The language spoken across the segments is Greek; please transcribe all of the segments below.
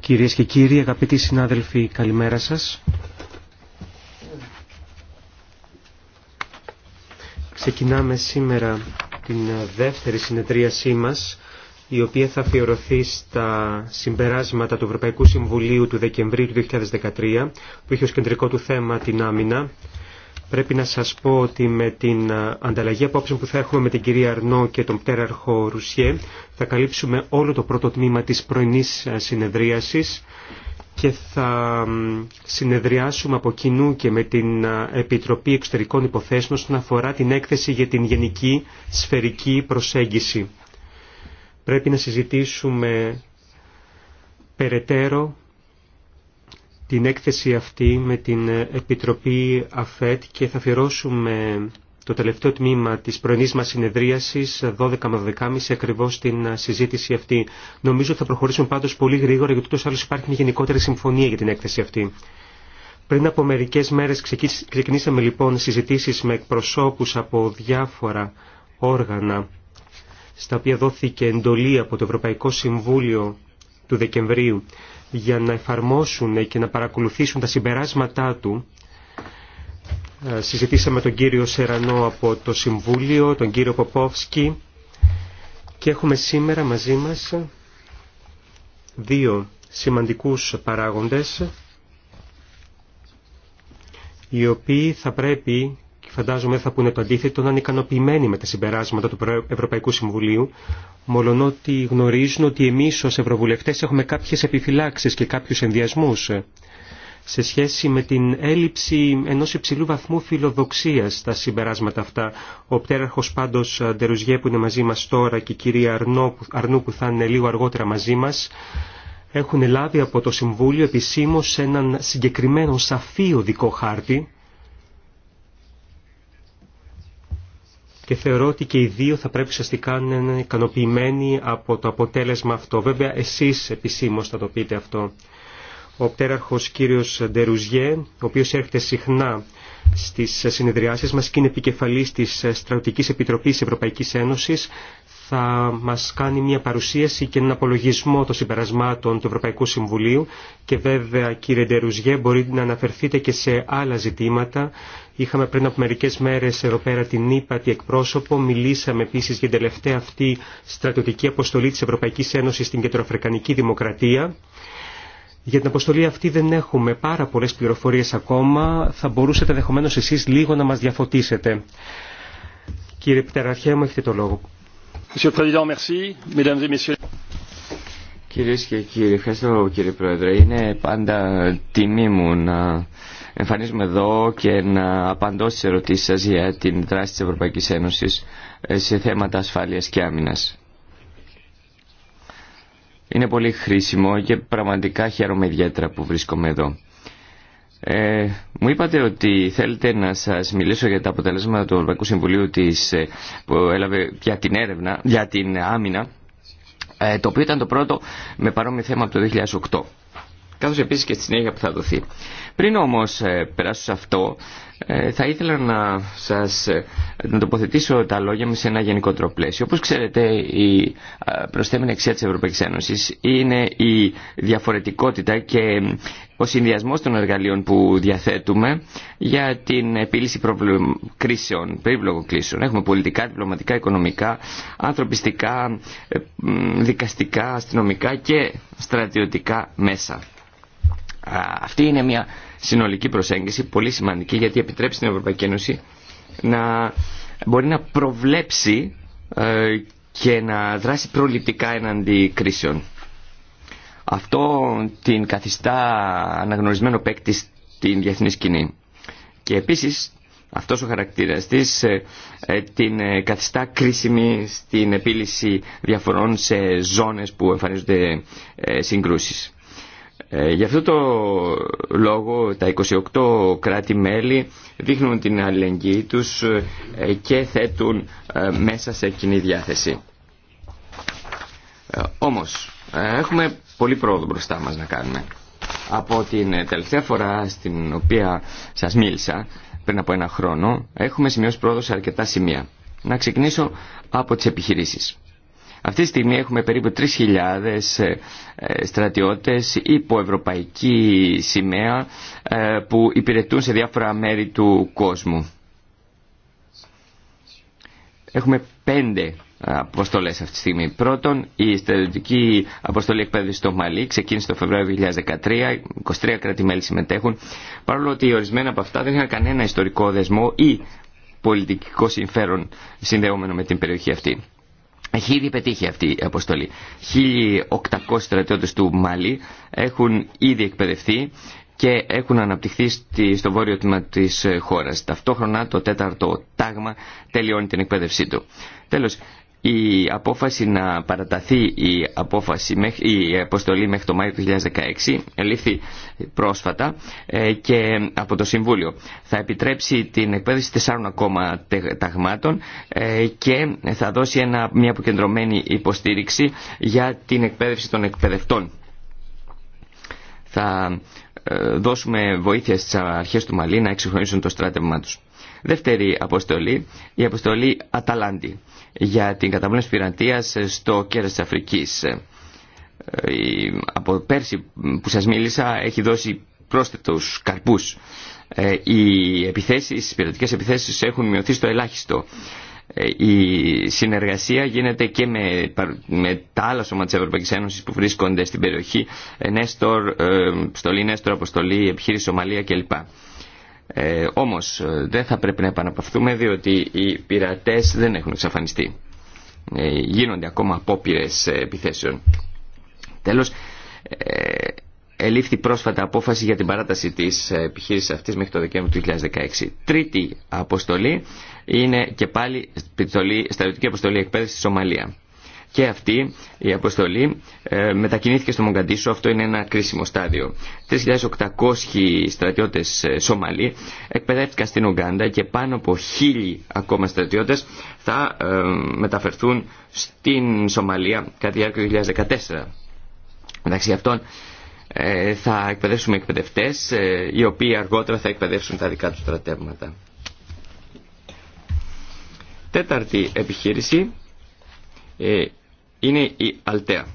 Κυρίες και κύριοι, αγαπητοί συνάδελφοι, καλημέρα σας. Ξεκινάμε σήμερα την δεύτερη συνεδρίασή μας, η οποία θα αφιερωθεί στα συμπεράσματα του Ευρωπαϊκού Συμβουλίου του Δεκεμβρίου του 2013, που είχε ως κεντρικό του θέμα την άμυνα Πρέπει να σας πω ότι με την ανταλλαγή απόψεων που θα έχουμε με την κυρία Αρνό και τον πτέραρχο Ρουσιέ θα καλύψουμε όλο το πρώτο τμήμα της πρωινής συνεδρίασης και θα συνεδριάσουμε από κοινού και με την Επιτροπή Εξωτερικών Υποθέσεων όσον αφορά την έκθεση για την γενική σφαιρική προσέγγιση. Πρέπει να συζητήσουμε περαιτέρω την έκθεση αυτή με την ε, Επιτροπή ΑΦΕΤ και θα αφιερώσουμε το τελευταίο τμήμα της πρωινής μας συνεδρίασης 12 με 12.30 ακριβώς στην ε, συζήτηση αυτή. Νομίζω ότι θα προχωρήσουμε πάντως πολύ γρήγορα γιατί τόσο άλλως υπάρχει μια γενικότερη συμφωνία για την έκθεση αυτή. Πριν από μερικές μέρες ξεκινήσαμε λοιπόν συζητήσεις με εκπροσώπους από διάφορα όργανα στα οποία δόθηκε εντολή από το Ευρωπαϊκό Συμβούλιο του Δεκεμβρίου για να εφαρμόσουν και να παρακολουθήσουν τα συμπεράσματά του. Ε, συζητήσαμε τον κύριο Σερανό από το Συμβούλιο, τον κύριο Ποπόφσκι και έχουμε σήμερα μαζί μας δύο σημαντικούς παράγοντες οι οποίοι θα πρέπει φαντάζομαι θα πούνε το αντίθετο να είναι ικανοποιημένοι με τα συμπεράσματα του Ευρωπαϊκού Συμβουλίου, μόλον ότι γνωρίζουν ότι εμεί ω ευρωβουλευτέ έχουμε κάποιε επιφυλάξει και κάποιου ενδιασμού σε σχέση με την έλλειψη ενός υψηλού βαθμού φιλοδοξίας στα συμπεράσματα αυτά. Ο πτέραρχος πάντως ε, Ντερουζιέ που είναι μαζί μας τώρα και η κυρία Αρνού που θα είναι λίγο αργότερα μαζί μας, έχουν λάβει από το Συμβούλιο επισήμως έναν συγκεκριμένο σαφή οδικό χάρτη, και θεωρώ ότι και οι δύο θα πρέπει ουσιαστικά να είναι ικανοποιημένοι από το αποτέλεσμα αυτό. Βέβαια εσείς επισήμως θα το πείτε αυτό. Ο πτέραρχος κύριος Ντερουζιέ, ο οποίος έρχεται συχνά στις συνεδριάσεις μας και είναι επικεφαλής της Στρατιωτικής Επιτροπής Ευρωπαϊκής Ένωσης, θα μας κάνει μια παρουσίαση και έναν απολογισμό των συμπερασμάτων του Ευρωπαϊκού Συμβουλίου και βέβαια κύριε Ντερουζιέ μπορείτε να αναφερθείτε και σε άλλα ζητήματα Είχαμε πριν από μερικές μέρες εδώ πέρα την ύπατη εκπρόσωπο. Μιλήσαμε επίσης για την τελευταία αυτή στρατιωτική αποστολή της Ευρωπαϊκής Ένωσης στην Κεντροαφρικανική Δημοκρατία. Για την αποστολή αυτή δεν έχουμε πάρα πολλές πληροφορίες ακόμα. Θα μπορούσατε ενδεχομένω εσείς λίγο να μας διαφωτίσετε. Κύριε Πτεραρχέ, μου έχετε το λόγο. Κυρίες και κύριοι, ευχαριστώ κύριε Πρόεδρε. Είναι πάντα τιμή μου να εμφανίζουμε εδώ και να απαντώ στις ερωτήσεις σας για την δράση της Ευρωπαϊκής Ένωσης ε, σε θέματα ασφάλειας και άμυνας. Είναι πολύ χρήσιμο και πραγματικά χαίρομαι ιδιαίτερα που βρίσκομαι εδώ. Ε, μου είπατε ότι θέλετε να σας μιλήσω για τα αποτελέσματα του Ευρωπαϊκού Συμβουλίου της, ε, που έλαβε για την έρευνα, για την άμυνα, ε, το οποίο ήταν το πρώτο με παρόμοιο θέμα από το 2008. Καθώς επίσης και στη συνέχεια που θα δοθεί. Πριν όμως ε, περάσω σε αυτό, ε, θα ήθελα να σας ε, να τοποθετήσω τα λόγια μου σε ένα γενικό πλαίσιο. Όπως ξέρετε, η προσθέμενη αξία της Ευρωπαϊκής Ένωσης είναι η διαφορετικότητα και ο συνδυασμός των εργαλείων που διαθέτουμε για την επίλυση κρίσεων, περίπλογων κρίσεων. Έχουμε πολιτικά, διπλωματικά, οικονομικά, ανθρωπιστικά, δικαστικά, αστυνομικά και στρατιωτικά μέσα. Αυτή είναι μια συνολική προσέγγιση, πολύ σημαντική, γιατί επιτρέπει στην Ευρωπαϊκή Ένωση να μπορεί να προβλέψει ε, και να δράσει προληπτικά εναντί κρίσεων. Αυτό την καθιστά αναγνωρισμένο παίκτη στην διεθνή σκηνή. Και επίσης αυτός ο χαρακτήρας της ε, ε, την καθιστά κρίσιμη στην επίλυση διαφορών σε ζώνες που εμφανίζονται συγκρούσεις. Ε, γι' αυτό το λόγο τα 28 κράτη-μέλη δείχνουν την αλληλεγγύη τους ε, και θέτουν ε, μέσα σε κοινή διάθεση. Ε, όμως, έχουμε πολύ πρόοδο μπροστά μας να κάνουμε. Από την τελευταία φορά στην οποία σας μίλησα, πριν από ένα χρόνο, έχουμε σημειώσει πρόοδο σε αρκετά σημεία. Να ξεκινήσω από τις επιχειρήσεις. Αυτή τη στιγμή έχουμε περίπου 3.000 ε, ε, στρατιώτες υπό ευρωπαϊκή σημαία ε, που υπηρετούν σε διάφορα μέρη του κόσμου. Έχουμε πέντε αποστολέ αυτή τη στιγμή. Πρώτον, η στρατιωτική αποστολή εκπαίδευση στο Μαλί ξεκίνησε το Φεβρουάριο 2013. 23 κράτη-μέλη συμμετέχουν. Παρόλο ότι ορισμένα από αυτά δεν είχαν κανένα ιστορικό δεσμό ή πολιτικό συμφέρον συνδεόμενο με την περιοχή αυτή. Έχει ήδη πετύχει αυτή η αποστολή. 1.800 στρατιώτες του Μάλι έχουν ήδη εκπαιδευτεί και έχουν αναπτυχθεί στο βόρειο τμήμα της χώρας. Ταυτόχρονα το τέταρτο τάγμα τελειώνει την εκπαίδευσή του. Τέλος, η απόφαση να παραταθεί η, απόφαση, η αποστολή μέχρι το Μάιο του 2016 λήφθη πρόσφατα ε, και από το Συμβούλιο. Θα επιτρέψει την εκπαίδευση τεσσάρων ακόμα ταγμάτων ε, και θα δώσει μια αποκεντρωμένη υποστήριξη για την εκπαίδευση των εκπαιδευτών. Θα ε, δώσουμε βοήθεια στις αρχές του Μαλή να εξυγχρονίσουν το στράτευμα τους. Δεύτερη αποστολή, η αποστολή Αταλάντη για την καταπολέμηση πειρατείας στο κέρας της Αφρικής. Ε, από πέρσι που σας μίλησα έχει δώσει πρόσθετους καρπούς. Ε, οι επιθέσεις, οι πειρατικές επιθέσεις έχουν μειωθεί στο ελάχιστο. Ε, η συνεργασία γίνεται και με, με τα άλλα σώματα τη Ευρωπαϊκής Ένωσης που βρίσκονται στην περιοχή, Νέστορ, Στολή Νέστορ, Αποστολή, Επιχείρηση Σομαλία κλπ. Ε, όμως ε, δεν θα πρέπει να επαναπαυθούμε διότι οι πειρατές δεν έχουν εξαφανιστεί. Ε, γίνονται ακόμα απόπειρε ε, επιθέσεων. Τέλος, ε, ελήφθη πρόσφατα απόφαση για την παράταση της ε, επιχείρησης αυτής μέχρι το Δεκέμβριο του 2016. Τρίτη αποστολή είναι και πάλι στρατιωτική αποστολή εκπαίδευση στη Σομαλία. Και αυτή η αποστολή ε, μετακινήθηκε στο Μογκαντήσο, αυτό είναι ένα κρίσιμο στάδιο. 3.800 στρατιώτες ε, Σομαλοί εκπαιδεύτηκαν στην Ουγγάντα και πάνω από 1.000 ακόμα στρατιώτες θα ε, μεταφερθούν στην Σομαλία κατά τη διάρκεια του 2014. Μεταξύ αυτών θα εκπαιδεύσουμε εκπαιδευτές οι οποίοι αργότερα θα εκπαιδεύσουν τα δικά του στρατεύματα. Τέταρτη επιχείρηση είναι η Αλτέα.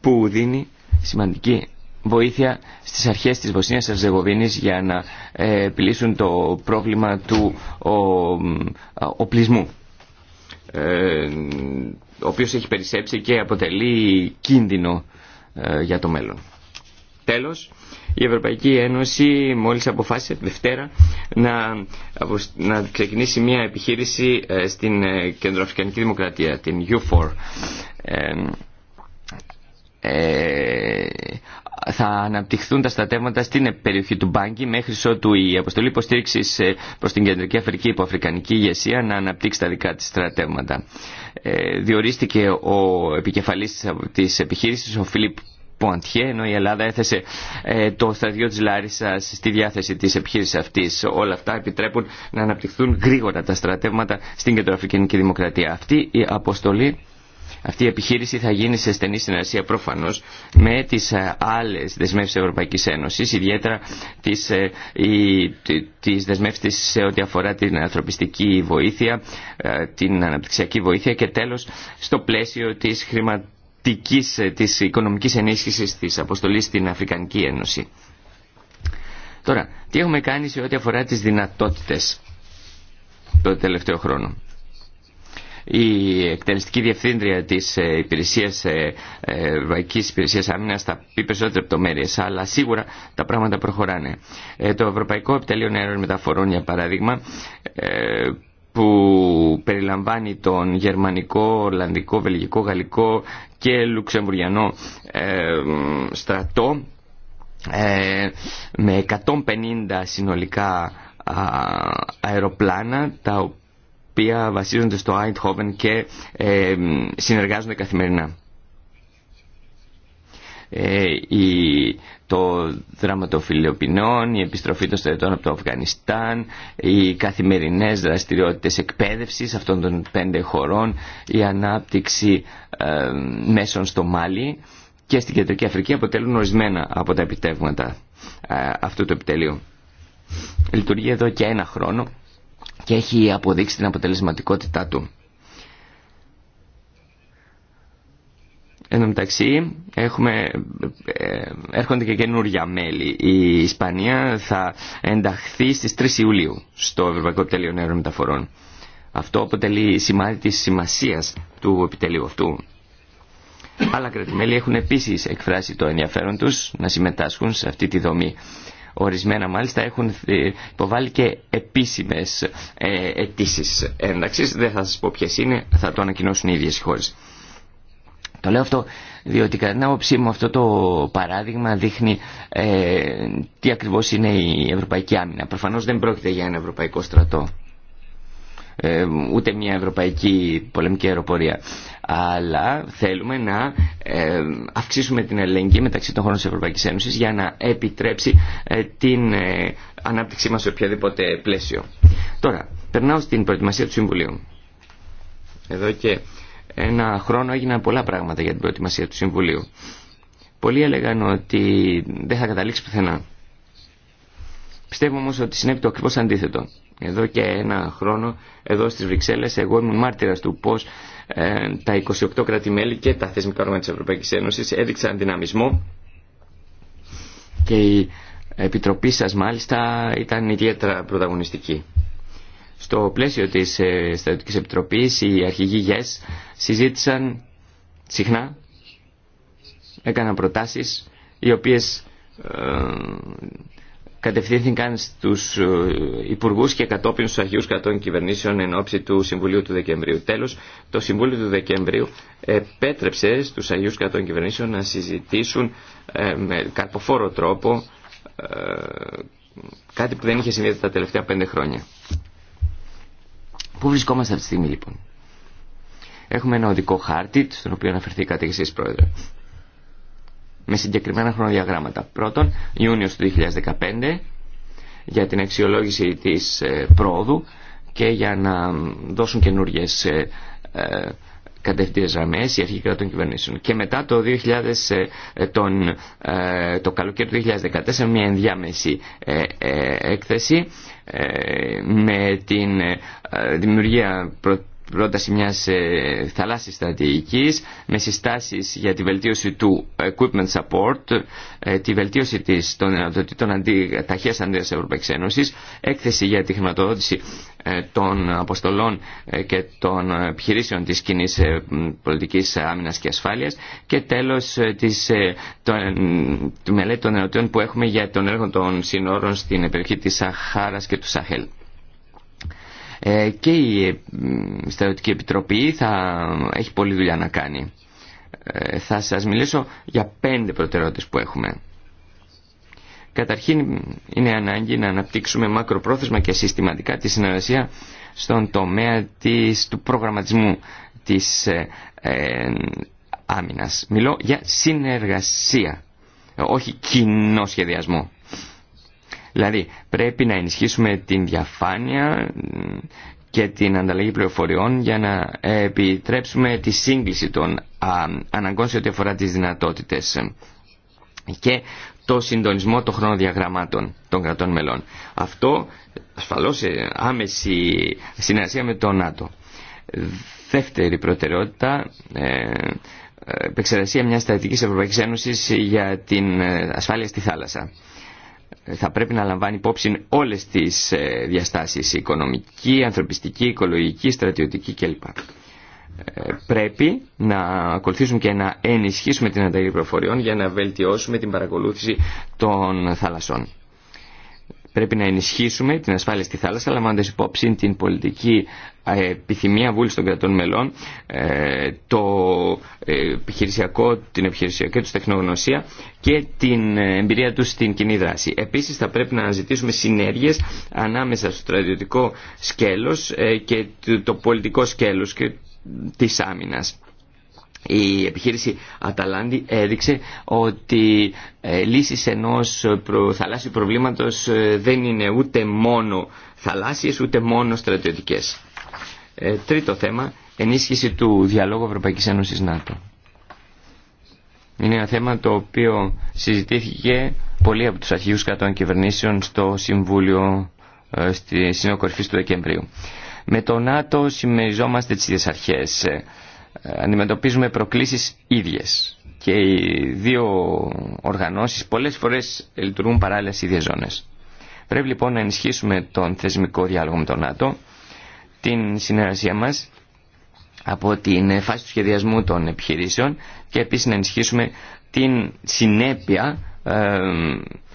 που δίνει σημαντική βοήθεια στις αρχές της Βοσνίας Αρζεγοβίνης για να ε, επιλύσουν το πρόβλημα του οπλισμού ε, ο οποίος έχει περισσέψει και αποτελεί κίνδυνο ε, για το μέλλον. Τέλος, η Ευρωπαϊκή Ένωση μόλις αποφάσισε τη Δευτέρα να, να ξεκινήσει μια επιχείρηση ε, στην ε, Κεντροαφρικανική Δημοκρατία, την U4. Ε, θα αναπτυχθούν τα στρατεύματα στην περιοχή του Μπάγκη μέχρι ότου η αποστολή υποστήριξη προ την Κεντρική Αφρική υπό Αφρικανική ηγεσία να αναπτύξει τα δικά τη στρατεύματα. διορίστηκε ο επικεφαλή τη επιχείρηση, ο Φιλίπ Ποντιέ, ενώ η Ελλάδα έθεσε ε, το στρατιό της Λάρισας στη διάθεση της επιχείρησης αυτής. Όλα αυτά επιτρέπουν να αναπτυχθούν γρήγορα τα στρατεύματα στην Κεντροαφρικανική Δημοκρατία. Αυτή η αποστολή αυτή η επιχείρηση θα γίνει σε στενή συνεργασία προφανώ με τι ε, άλλε δεσμεύσει Ευρωπαϊκή Ένωση, ιδιαίτερα τι ε, δεσμεύσει σε ό,τι αφορά την ανθρωπιστική βοήθεια, την αναπτυξιακή βοήθεια και τέλο στο πλαίσιο τη χρημα, τη ε, της οικονομικής ενίσχυσης της αποστολής στην Αφρικανική Ένωση. Τώρα, τι έχουμε κάνει σε ό,τι αφορά τις δυνατότητες το τελευταίο χρόνο. Η εκτελεστική διευθύντρια της ε, υπηρεσίας, ε, Ευρωπαϊκής Υπηρεσίας Άμυνας θα πει περισσότερες λεπτομέρειες, αλλά σίγουρα τα πράγματα προχωράνε. Το Ευρωπαϊκό Επιτελείο Νέων Μεταφορών, για παράδειγμα, που περιλαμβάνει τον γερμανικό, ολλανδικό, βελγικό, γαλλικό και λουξεμβουριανό ε, στρατό ε, με 150 συνολικά αεροπλάνα τα οποία βασίζονται στο Eindhoven και ε, συνεργάζονται καθημερινά. Ε, το δράμα των φιλιοπινών, η επιστροφή των στρατιωτών από το Αφγανιστάν, οι καθημερινές δραστηριότητες εκπαίδευσης αυτών των πέντε χωρών, η ανάπτυξη ε, μέσων στο Μάλι και στην Κεντρική Αφρική αποτελούν ορισμένα από τα επιτεύγματα ε, αυτού του επιτελείου. Λειτουργεί εδώ και ένα χρόνο και έχει αποδείξει την αποτελεσματικότητά του. Εν τω μεταξύ έχουμε, ε, έρχονται και καινούργια μέλη. Η Ισπανία θα ενταχθεί στις 3 Ιουλίου στο Ευρωπαϊκό Επιτελείο Νέων Μεταφορών. Αυτό αποτελεί σημάδι της σημασίας του επιτελείου αυτού. Άλλα κρατημέλη έχουν επίσης εκφράσει το ενδιαφέρον τους να συμμετάσχουν σε αυτή τη δομή. Ορισμένα μάλιστα έχουν ε, υποβάλει και επίσημες ε, αιτήσει ένταξης. Δεν θα σας πω ποιες είναι, θα το ανακοινώσουν οι ίδιες οι χώρες. Το λέω αυτό διότι κατά την άποψή μου αυτό το παράδειγμα δείχνει ε, τι ακριβώς είναι η Ευρωπαϊκή Άμυνα. Προφανώς δεν πρόκειται για ένα Ευρωπαϊκό στρατό, ε, ούτε μια Ευρωπαϊκή πολεμική αεροπορία. Αλλά θέλουμε να ε, αυξήσουμε την ελεγγύη μεταξύ των χωρών της Ευρωπαϊκής Ένωσης για να επιτρέψει ε, την ανάπτυξή μας σε οποιαδήποτε πλαίσιο. Τώρα, περνάω στην προετοιμασία του Συμβουλίου. Εδώ και ένα χρόνο έγιναν πολλά πράγματα για την προετοιμασία του Συμβουλίου. Πολλοί έλεγαν ότι δεν θα καταλήξει πουθενά. Πιστεύω όμω ότι συνέβη το ακριβώ αντίθετο. Εδώ και ένα χρόνο, εδώ στι Βρυξέλλε, εγώ ήμουν μάρτυρα του πώ ε, τα 28 κράτη-μέλη και τα θεσμικά όργανα τη Ευρωπαϊκή Ένωση έδειξαν δυναμισμό και η Επιτροπή σας μάλιστα ήταν ιδιαίτερα πρωταγωνιστική. Στο πλαίσιο της ε, Στρατιωτικής Επιτροπής οι αρχηγοί ΓΕΣ συζήτησαν συχνά, έκαναν προτάσεις οι οποίες ε, κατευθύνθηκαν στους ε, υπουργούς και κατόπιν στους αρχηγούς κρατών κυβερνήσεων εν ώψη του Συμβουλίου του Δεκεμβρίου. Τέλος, το Συμβούλιο του Δεκεμβρίου επέτρεψε στους αρχηγούς κρατών κυβερνήσεων να συζητήσουν ε, με καρποφόρο τρόπο ε, κάτι που δεν είχε συμβεί τα τελευταία πέντε χρόνια. Πού βρισκόμαστε αυτή τη στιγμή λοιπόν. Έχουμε ένα οδικό χάρτη, στον οποίο αναφερθήκατε εσείς πρόεδρε, με συγκεκριμένα χρονοδιαγράμματα. Πρώτον, Ιούνιο του 2015, για την αξιολόγηση της ε, πρόοδου και για να δώσουν καινούργιες ε, ε, κατευθύντες γραμμές οι αρχή κρατών κυβερνήσεων. Και μετά το, 2000, τον, το καλοκαίρι του 2014, μια ενδιάμεση έκθεση με την ε, δημιουργία πρόταση μιας ε, θαλάσσης στρατηγικής με συστάσεις για τη βελτίωση του equipment support, ε, τη βελτίωση της, των δυνατοτήτων αντί, ταχείας αντίδρασης Ευρωπαϊκής έκθεση για τη χρηματοδότηση των αποστολών και των επιχειρήσεων της κοινή πολιτικής άμυνας και ασφάλειας και τέλος της, τη μελέτη των ενωτών που έχουμε για τον έργο των σύνορων στην περιοχή της Σαχάρας και του Σαχέλ. Ε, και ε, η Στρατιωτική Επιτροπή θα έχει πολλή δουλειά να κάνει. Ε, θα σας μιλήσω για πέντε προτεραιότητες που έχουμε. Καταρχήν είναι ανάγκη να αναπτύξουμε μακροπρόθεσμα και συστηματικά τη συνεργασία στον τομέα της, του προγραμματισμού της ε, άμυνας. Μιλώ για συνεργασία, όχι κοινό σχεδιασμό. Δηλαδή πρέπει να ενισχύσουμε την διαφάνεια και την ανταλλαγή πληροφοριών για να ε, επιτρέψουμε τη σύγκληση των αναγκών σε ό,τι αφορά τις δυνατότητες και το συντονισμό των χρονοδιαγραμμάτων των κρατών μελών. Αυτό ασφαλώς άμεση συνεργασία με το ΝΑΤΟ. Δεύτερη προτεραιότητα, ε, ε, επεξεργασία μιας στρατηγικής Ευρωπαϊκής Ένωσης για την ασφάλεια στη θάλασσα θα πρέπει να λαμβάνει υπόψη όλες τις ε, διαστάσεις οικονομική, ανθρωπιστική, οικολογική, στρατιωτική κλπ. Ε, πρέπει να ακολουθήσουμε και να ενισχύσουμε την ανταγή προφοριών για να βελτιώσουμε την παρακολούθηση των θαλασσών. Πρέπει να ενισχύσουμε την ασφάλεια στη θάλασσα, λαμβάνοντα υπόψη την πολιτική ε, επιθυμία βούληση των κρατών μελών, ε, το ε, επιχειρησιακό, την επιχειρησιακή του τεχνογνωσία και την εμπειρία του στην κοινή δράση. Επίση, θα πρέπει να αναζητήσουμε συνέργειε ανάμεσα στο στρατιωτικό σκέλο και το πολιτικό σκέλο τη άμυνα η επιχείρηση Αταλάντη έδειξε ότι ε, λύσεις ενός θαλάσσιου προβλήματος ε, δεν είναι ούτε μόνο θαλάσσιες ούτε μόνο στρατιωτικές. Ε, τρίτο θέμα, ενίσχυση του διαλόγου Ευρωπαϊκής Ένωσης ΝΑΤΟ. Είναι ένα θέμα το οποίο συζητήθηκε πολύ από τους αρχηγούς κρατών κυβερνήσεων στο Συμβούλιο στη Συνοκορφής του Δεκεμβρίου. Με το ΝΑΤΟ συμμεριζόμαστε τις ίδιες αρχές αντιμετωπίζουμε προκλήσεις ίδιες και οι δύο οργανώσεις πολλές φορές λειτουργούν παράλληλες ίδιες ζώνες. Πρέπει λοιπόν να ενισχύσουμε τον θεσμικό διάλογο με τον ΝΑΤΟ, την συνεργασία μας από την φάση του σχεδιασμού των επιχειρήσεων και επίσης να ενισχύσουμε την συνέπεια ε,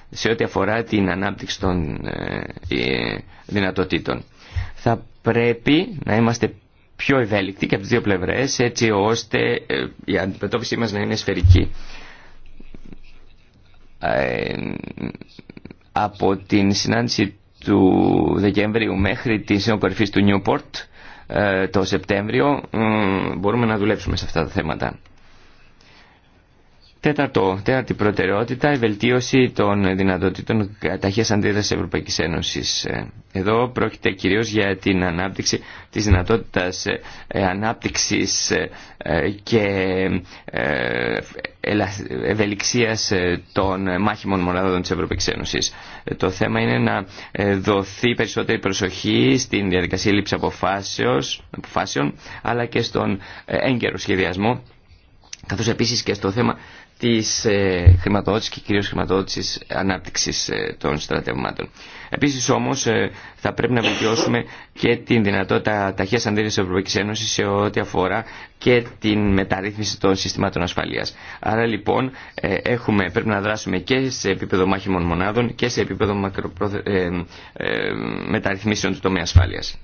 σε ό,τι αφορά την ανάπτυξη των ε, ε, δυνατοτήτων. Θα πρέπει να είμαστε πιο ευέλικτη και από τις δύο πλευρές έτσι ώστε ε, η αντιμετώπιση μας να είναι σφαιρική. Ε, από την συνάντηση του Δεκέμβριου μέχρι τη συνοκορυφή του Νιούπορτ ε, το Σεπτέμβριο μπορούμε να δουλέψουμε σε αυτά τα θέματα. Τέταρτο, τέταρτη προτεραιότητα, η βελτίωση των δυνατοτήτων ταχείας αντίδραση Ευρωπαϊκής Ένωσης. Ε, εδώ πρόκειται κυρίως για την ανάπτυξη της δυνατότητας ε, ε, ανάπτυξης και ευελιξίας των μάχημων μονάδων τη Ευρωπαϊκής Ένωσης. Το θέμα είναι να δοθεί περισσότερη προσοχή στην διαδικασία λήψη αποφάσεων αλλά και στον έγκαιρο σχεδιασμό καθώς επίσης και στο θέμα της ε, χρηματοδότησης και κυρίως χρηματοδότησης ανάπτυξης ε, των στρατευμάτων. Επίσης όμως ε, θα πρέπει να βελτιώσουμε και την δυνατότητα ταχείας αντίρρησης της Ευρωπαϊκής Ένωσης σε ό,τι αφορά και την μεταρρύθμιση των συστημάτων ασφαλείας. Άρα λοιπόν έχουμε, πρέπει να δράσουμε και σε επίπεδο μάχημων μονάδων και σε επίπεδο μεταρρυθμίσεων του τομέα ασφάλειας.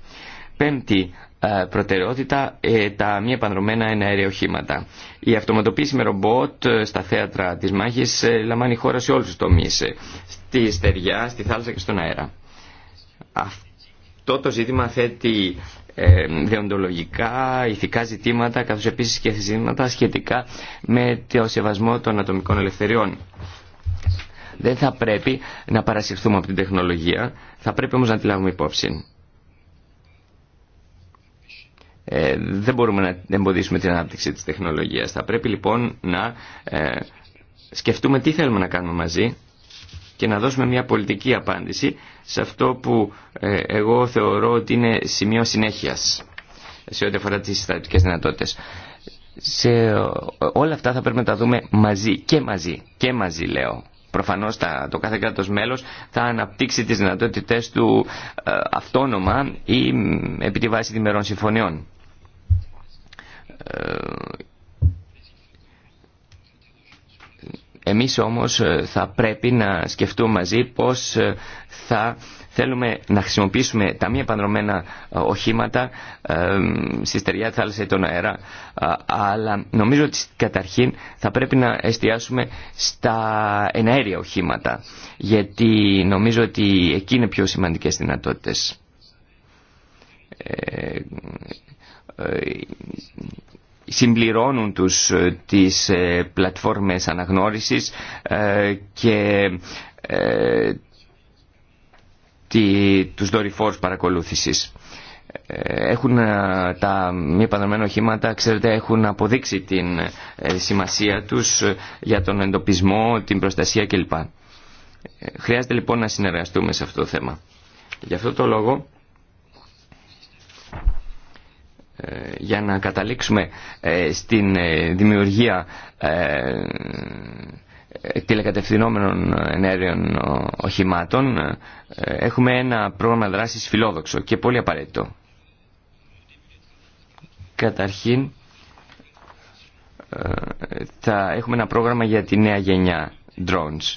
Πέμπτη ε, προτεραιότητα ε, τα μη επανδρομένα εναέρια οχήματα. Η αυτοματοποίηση με ρομπότ ε, στα θέατρα της μάχης λαμβάνει χώρα σε όλους τους τομείς, στη στεριά, στη θάλασσα και στον αέρα. Αυτό το ζήτημα θέτει δεοντολογικά, ηθικά ζητήματα, καθώς επίσης και ζητήματα σχετικά με το σεβασμό των ατομικών ελευθεριών. Δεν θα πρέπει να παρασυρθούμε από την τεχνολογία, θα πρέπει όμως να τη λάβουμε υπόψη. Ε, δεν μπορούμε να εμποδίσουμε την ανάπτυξη της τεχνολογίας. Θα πρέπει λοιπόν να ε, σκεφτούμε τι θέλουμε να κάνουμε μαζί και να δώσουμε μια πολιτική απάντηση σε αυτό που ε, εγώ θεωρώ ότι είναι σημείο συνέχειας σε ό,τι αφορά τις στρατιωτικές δυνατότητες. Σε, όλα αυτά θα πρέπει να τα δούμε μαζί και μαζί και μαζί λέω. Προφανώς το κάθε κράτος μέλος θα αναπτύξει τις δυνατότητες του αυτόνομα ή επί τη βάση δημερών συμφωνιών. Ε, εμείς όμως ε, θα πρέπει να σκεφτούμε μαζί πώς ε, θα θέλουμε να χρησιμοποιήσουμε τα μη επανδρομένα οχήματα στη στεριά θάλασσα ή τον αέρα. Αλλά νομίζω ότι καταρχήν θα πρέπει να εστιάσουμε στα εναέρια οχήματα. Γιατί νομίζω ότι εκεί είναι πιο σημαντικές δυνατότητες. Ε, συμπληρώνουν τους ε, τις ε, πλατφόρμες αναγνώρισης και τους δορυφόρους παρακολούθησης. Έχουν τα μη επανδρομένα οχήματα, ξέρετε, έχουν αποδείξει την σημασία τους για τον εντοπισμό, την προστασία κλπ. Χρειάζεται λοιπόν να συνεργαστούμε σε αυτό το θέμα. Γι' αυτό το λόγο για να καταλήξουμε ε, στην ε, δημιουργία ε, τηλεκατευθυνόμενων ενέργειων οχημάτων έχουμε ένα πρόγραμμα δράσης φιλόδοξο και πολύ απαραίτητο. Καταρχήν θα έχουμε ένα πρόγραμμα για τη νέα γενιά drones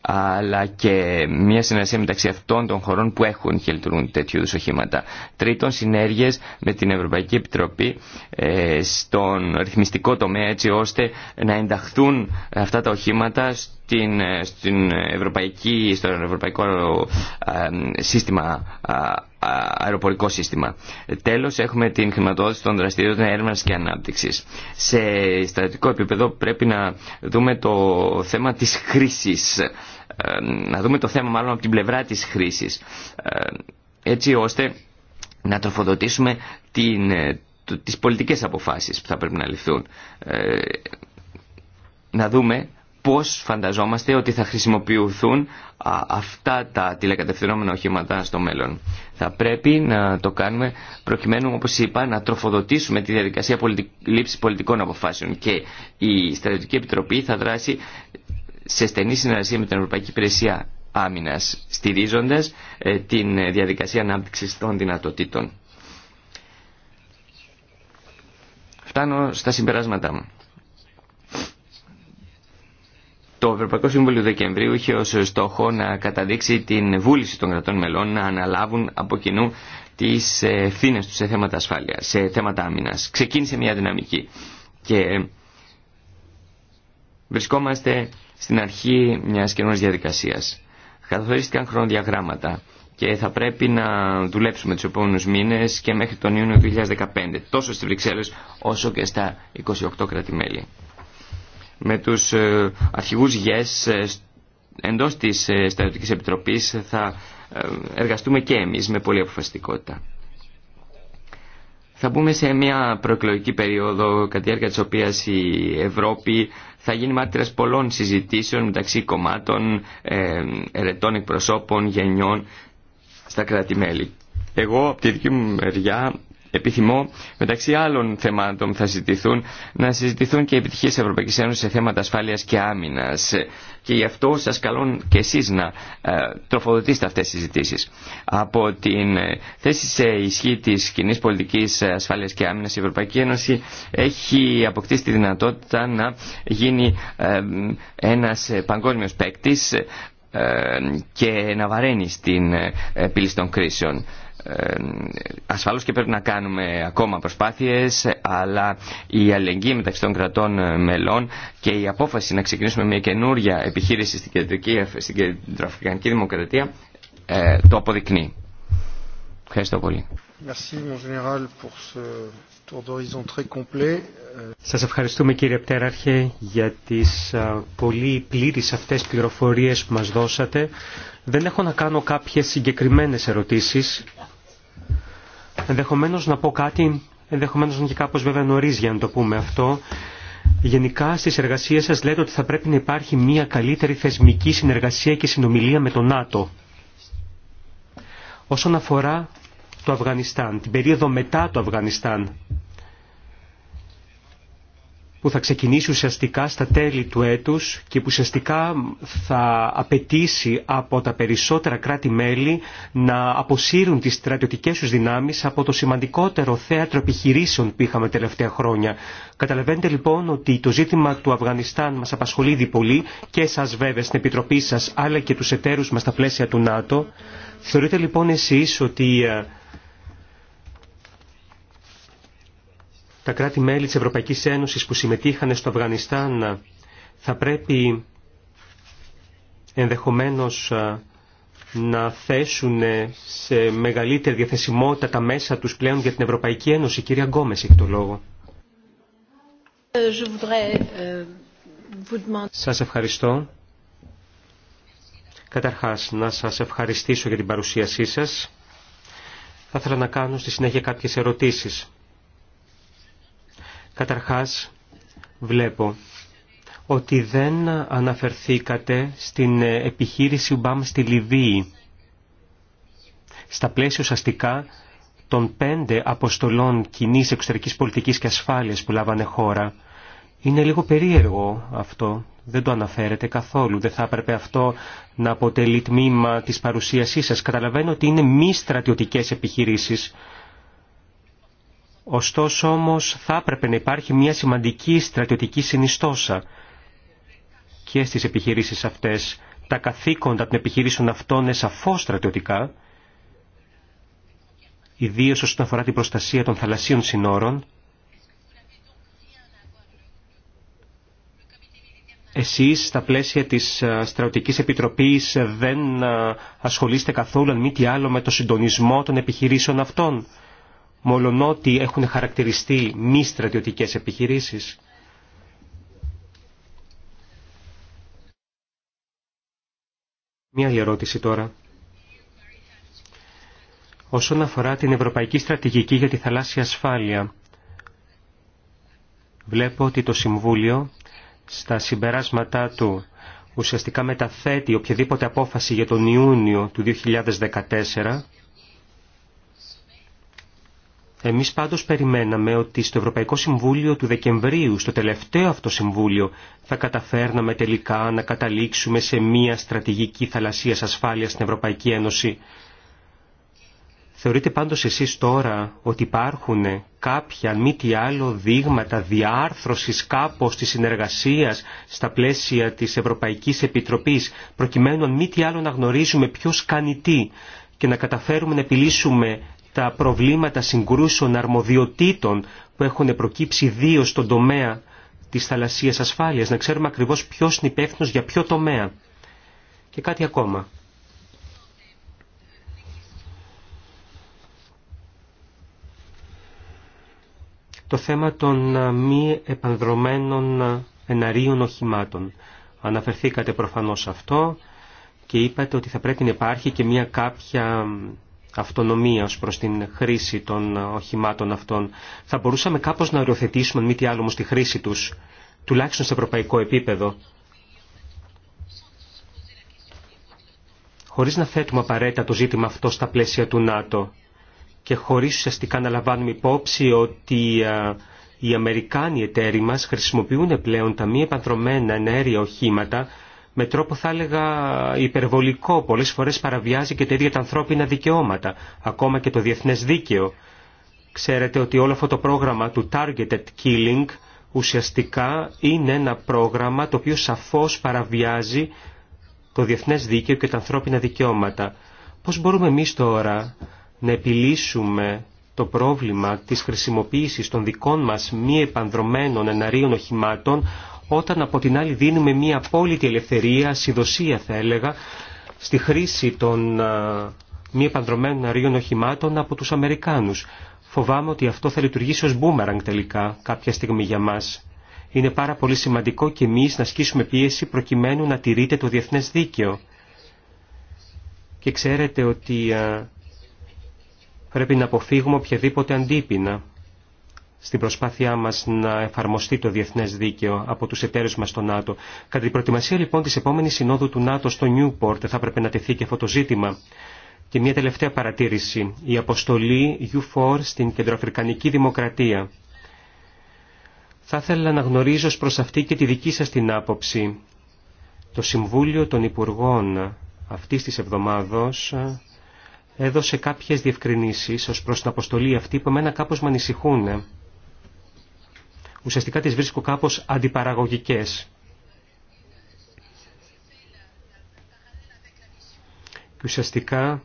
αλλά και μια συνεργασία μεταξύ αυτών των χωρών που έχουν και λειτουργούν τέτοιου είδου οχήματα. Τρίτον, συνέργειε με την Ευρωπαϊκή Επιτροπή ε, στον ρυθμιστικό τομέα, έτσι ώστε να ενταχθούν αυτά τα οχήματα στην, ε, στην ευρωπαϊκή, στο ευρωπαϊκό σύστημα, αεροπορικό σύστημα. Τέλος έχουμε την χρηματοδότηση των δραστηριότητων έρευνας και ανάπτυξης. Σε στρατηγικό επίπεδο πρέπει να δούμε το θέμα της χρήσης, να δούμε το θέμα μάλλον από την πλευρά της χρήσης, έτσι ώστε να τροφοδοτήσουμε την, ε, τις πολιτικές αποφάσεις που θα πρέπει να ληφθούν. Ε, να δούμε πώς φανταζόμαστε ότι θα χρησιμοποιηθούν αυτά τα τηλεκατευθυνόμενα οχήματα στο μέλλον. Θα πρέπει να το κάνουμε προκειμένου, όπως είπα, να τροφοδοτήσουμε τη διαδικασία λήψη λήψης πολιτικών αποφάσεων και η Στρατιωτική Επιτροπή θα δράσει σε στενή συνεργασία με την Ευρωπαϊκή Υπηρεσία Άμυνας, στηρίζοντας ε, τη διαδικασία ανάπτυξης των δυνατοτήτων. Φτάνω στα συμπεράσματά μου. Το Ευρωπαϊκό Συμβούλιο Δεκεμβρίου είχε ως στόχο να καταδείξει την βούληση των κρατών μελών να αναλάβουν από κοινού τι ευθύνε του σε θέματα ασφάλεια, σε θέματα άμυνα, Ξεκίνησε μια δυναμική και βρισκόμαστε στην αρχή μια καινούργια διαδικασία. Καθορίστηκαν χρονοδιαγράμματα και θα πρέπει να δουλέψουμε τους επόμενους μήνες και μέχρι τον Ιούνιο 2015, τόσο στις Βρυξέλλες όσο και στα 28 κράτη-μέλη με τους ε, αρχηγούς ΓΕΣ ε, εντός της ε, Στρατιωτικής Επιτροπής θα εργαστούμε και εμείς με πολύ αποφασιστικότητα. Θα μπούμε σε μια προεκλογική περίοδο κατά τη διάρκεια της οποίας η Ευρώπη θα γίνει μάρτυρας πολλών συζητήσεων μεταξύ κομμάτων, ερετών εκπροσώπων, γενιών στα κράτη-μέλη. Εγώ από τη δική μου μεριά επιθυμώ μεταξύ άλλων θεμάτων που θα συζητηθούν να συζητηθούν και οι τη Ευρωπαϊκή Ένωση σε θέματα ασφάλειας και άμυνας και γι' αυτό σας καλώ και εσείς να ε, τροφοδοτήσετε αυτές τις συζητήσει. Από την ε, θέση σε ισχύ τη κοινή πολιτική ασφάλειας και άμυνας η Ευρωπαϊκή Ένωση έχει αποκτήσει τη δυνατότητα να γίνει ε, ένα παγκόσμιο παίκτη και να βαραίνει στην πύλη των κρίσεων ασφαλώς και πρέπει να κάνουμε ακόμα προσπάθειες αλλά η αλληλεγγύη μεταξύ των κρατών μελών και η απόφαση να ξεκινήσουμε μια καινούρια επιχείρηση στην, κεντρική, στην κεντροαφρικανική δημοκρατία ε, το αποδεικνύει. Ευχαριστώ πολύ. Σας ευχαριστούμε κύριε Πτέραρχε για τις πολύ πλήρεις αυτές πληροφορίες που μας δώσατε. Δεν έχω να κάνω κάποιες συγκεκριμένες ερωτήσεις Ενδεχομένω να πω κάτι, ενδεχομένως είναι και κάπω βέβαια νωρί για να το πούμε αυτό. Γενικά στις εργασίες σας λέτε ότι θα πρέπει να υπάρχει μια καλύτερη θεσμική συνεργασία και συνομιλία με το ΝΑΤΟ. Όσον αφορά το Αφγανιστάν, την περίοδο μετά το Αφγανιστάν, που θα ξεκινήσει ουσιαστικά στα τέλη του έτους και που ουσιαστικά θα απαιτήσει από τα περισσότερα κράτη-μέλη να αποσύρουν τις στρατιωτικές τους δυνάμεις από το σημαντικότερο θέατρο επιχειρήσεων που είχαμε τελευταία χρόνια. Καταλαβαίνετε λοιπόν ότι το ζήτημα του Αφγανιστάν μας απασχολεί ήδη πολύ και σας βέβαια στην Επιτροπή σας αλλά και τους εταίρους μας στα πλαίσια του ΝΑΤΟ. Θεωρείτε λοιπόν εσείς ότι ε, τα κράτη-μέλη της Ευρωπαϊκής Ένωσης που συμμετείχαν στο Αφγανιστάν θα πρέπει ενδεχομένως να θέσουν σε μεγαλύτερη διαθεσιμότητα τα μέσα τους πλέον για την Ευρωπαϊκή Ένωση. Κυρία Γκόμες έχει το λόγο. Ε, ε, σας ευχαριστώ. Καταρχάς, να σας ευχαριστήσω για την παρουσίασή σας. Θα ήθελα να κάνω στη συνέχεια κάποιες ερωτήσεις. Καταρχάς, βλέπω ότι δεν αναφερθήκατε στην επιχείρηση Ουμπάμ στη Λιβύη. Στα πλαίσια ουσιαστικά των πέντε αποστολών κοινή εξωτερικής πολιτικής και ασφάλειας που λάβανε χώρα. Είναι λίγο περίεργο αυτό, δεν το αναφέρετε καθόλου. Δεν θα έπρεπε αυτό να αποτελεί τμήμα της παρουσίασής σας. Καταλαβαίνω ότι είναι μη στρατιωτικές επιχειρήσεις. Ωστόσο όμως θα έπρεπε να υπάρχει μια σημαντική στρατιωτική συνιστόσα και στις επιχειρήσεις αυτές. Τα καθήκοντα των επιχειρήσεων αυτών είναι σαφώς στρατιωτικά, ιδίως όσον αφορά την προστασία των θαλασσίων συνόρων. Εσείς στα πλαίσια της Στρατιωτικής Επιτροπής δεν ασχολείστε καθόλου αν μη τι άλλο με το συντονισμό των επιχειρήσεων αυτών μολονότι έχουν χαρακτηριστεί μη στρατιωτικές επιχειρήσεις. Μία άλλη ερώτηση τώρα. Όσον αφορά την Ευρωπαϊκή Στρατηγική για τη Θαλάσσια Ασφάλεια, βλέπω ότι το Συμβούλιο στα συμπεράσματά του ουσιαστικά μεταθέτει οποιαδήποτε απόφαση για τον Ιούνιο του 2014 εμείς πάντως περιμέναμε ότι στο Ευρωπαϊκό Συμβούλιο του Δεκεμβρίου, στο τελευταίο αυτό Συμβούλιο, θα καταφέρναμε τελικά να καταλήξουμε σε μία στρατηγική θαλασσίας ασφάλειας στην Ευρωπαϊκή Ένωση. Θεωρείτε πάντως εσείς τώρα ότι υπάρχουν κάποια, αν μη τι άλλο, δείγματα διάρθρωσης κάπως της συνεργασίας στα πλαίσια της Ευρωπαϊκής Επιτροπής, προκειμένου αν μη τι άλλο να γνωρίζουμε ποιος κάνει τι και να καταφέρουμε να επιλύσουμε τα προβλήματα συγκρούσεων αρμοδιοτήτων που έχουν προκύψει ιδίω στον τομέα της θαλασσίας ασφάλειας, να ξέρουμε ακριβώς ποιος είναι υπεύθυνο για ποιο τομέα. Και κάτι ακόμα. Το θέμα των μη επανδρομένων εναρίων οχημάτων. Αναφερθήκατε προφανώς αυτό και είπατε ότι θα πρέπει να υπάρχει και μια κάποια αυτονομία προς την χρήση των ε, οχημάτων αυτών. Θα μπορούσαμε κάπως να οριοθετήσουμε, μη τι άλλο όμως, τη χρήση τους, τουλάχιστον σε ευρωπαϊκό επίπεδο. Χωρίς να θέτουμε απαραίτητα το ζήτημα αυτό στα πλαίσια του ΝΑΤΟ και χωρίς ουσιαστικά να λαμβάνουμε υπόψη ότι ε, οι Αμερικάνοι εταίροι μας χρησιμοποιούν πλέον τα μη επανδρομένα ενέργεια οχήματα με τρόπο θα έλεγα υπερβολικό πολλές φορές παραβιάζει και τα ίδια τα ανθρώπινα δικαιώματα, ακόμα και το διεθνές δίκαιο. Ξέρετε ότι όλο αυτό το πρόγραμμα του Targeted Killing ουσιαστικά είναι ένα πρόγραμμα το οποίο σαφώς παραβιάζει το διεθνές δίκαιο και τα ανθρώπινα δικαιώματα. Πώς μπορούμε εμείς τώρα να επιλύσουμε το πρόβλημα της χρησιμοποίησης των δικών μας μη επανδρομένων εναρίων οχημάτων όταν από την άλλη δίνουμε μια απόλυτη ελευθερία, συνδοσία θα έλεγα, στη χρήση των μη επανδρομένων αρίων οχημάτων από τους Αμερικάνους. Φοβάμαι ότι αυτό θα λειτουργήσει ως μπούμεραγκ τελικά κάποια στιγμή για μας. Είναι πάρα πολύ σημαντικό και εμείς να ασκήσουμε πίεση προκειμένου να τηρείται το διεθνές δίκαιο. Και ξέρετε ότι πρέπει να αποφύγουμε οποιαδήποτε αντίπεινα στην προσπάθειά μας να εφαρμοστεί το διεθνές δίκαιο από τους εταίρους μας στο ΝΑΤΟ. Κατά την προετοιμασία λοιπόν της επόμενης συνόδου του ΝΑΤΟ στο Νιούπορτ θα έπρεπε να τεθεί και αυτό το ζήτημα. Και μια τελευταία παρατήρηση. Η αποστολή U4 στην Κεντροαφρικανική Δημοκρατία. Θα ήθελα να γνωρίζω προς αυτή και τη δική σας την άποψη. Το Συμβούλιο των Υπουργών αυτής της εβδομάδος έδωσε κάποιες διευκρινήσεις ως προς την αποστολή αυτή που εμένα κάπως με ανησυχούν ουσιαστικά τις βρίσκω κάπως αντιπαραγωγικές. Και ουσιαστικά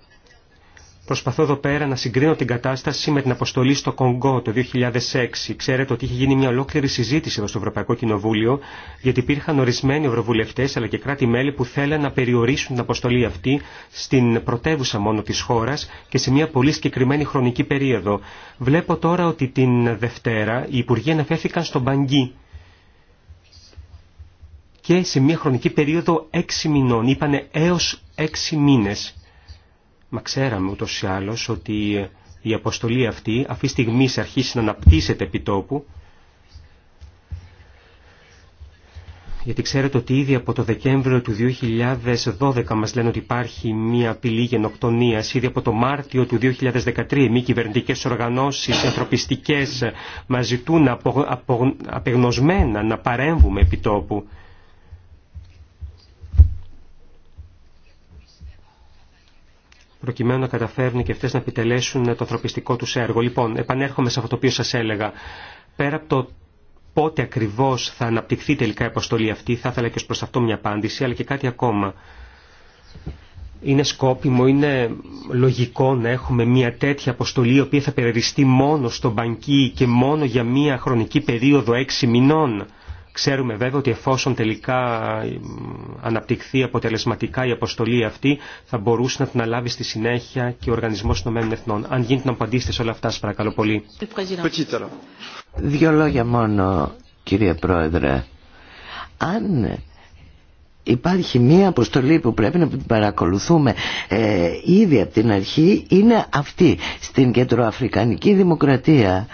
Προσπαθώ εδώ πέρα να συγκρίνω την κατάσταση με την αποστολή στο Κονγκό το 2006. Ξέρετε ότι είχε γίνει μια ολόκληρη συζήτηση εδώ στο Ευρωπαϊκό Κοινοβούλιο, γιατί υπήρχαν ορισμένοι ευρωβουλευτέ αλλά και κράτη-μέλη που θέλαν να περιορίσουν την αποστολή αυτή στην πρωτεύουσα μόνο τη χώρα και σε μια πολύ συγκεκριμένη χρονική περίοδο. Βλέπω τώρα ότι την Δευτέρα οι υπουργοί αναφέρθηκαν στον Μπαγκή και σε μια χρονική περίοδο έξι μηνών. Είπανε έως 6 μήνες. Μα ξέραμε ούτως ή άλλως ότι η αποστολή αυτή αυτή τη στιγμή αρχίσει να αναπτύσσεται επί τόπου γιατί ξέρετε ότι ήδη από το Δεκέμβριο του 2012 μας λένε ότι υπάρχει μια απειλή γενοκτονίας, ήδη από το Μάρτιο του 2013 μη κυβερνητικές οργανώσεις, ανθρωπιστικές μας ζητούν απεγνωσμένα να παρέμβουμε επί τόπου. προκειμένου να καταφέρουν και αυτές να επιτελέσουν το ανθρωπιστικό τους έργο. Λοιπόν, επανέρχομαι σε αυτό το οποίο σας έλεγα. Πέρα από το πότε ακριβώς θα αναπτυχθεί τελικά η αποστολή αυτή, θα ήθελα και ως προς αυτό μια απάντηση, αλλά και κάτι ακόμα. Είναι σκόπιμο, είναι λογικό να έχουμε μια τέτοια αποστολή η οποία θα περιοριστεί μόνο στον μπανκί και μόνο για μια χρονική περίοδο έξι μηνών. Ξέρουμε βέβαια ότι εφόσον τελικά ε, αναπτυχθεί αποτελεσματικά η αποστολή αυτή, θα μπορούσε να την αλάβει στη συνέχεια και ο Οργανισμό των Εθνών. Αν γίνεται να απαντήσετε σε όλα αυτά, σα παρακαλώ πολύ. Δύο λόγια μόνο, κύριε Πρόεδρε. Αν υπάρχει μία αποστολή που πρέπει να την παρακολουθούμε ε, ήδη από την αρχή, είναι αυτή στην Κεντροαφρικανική Δημοκρατία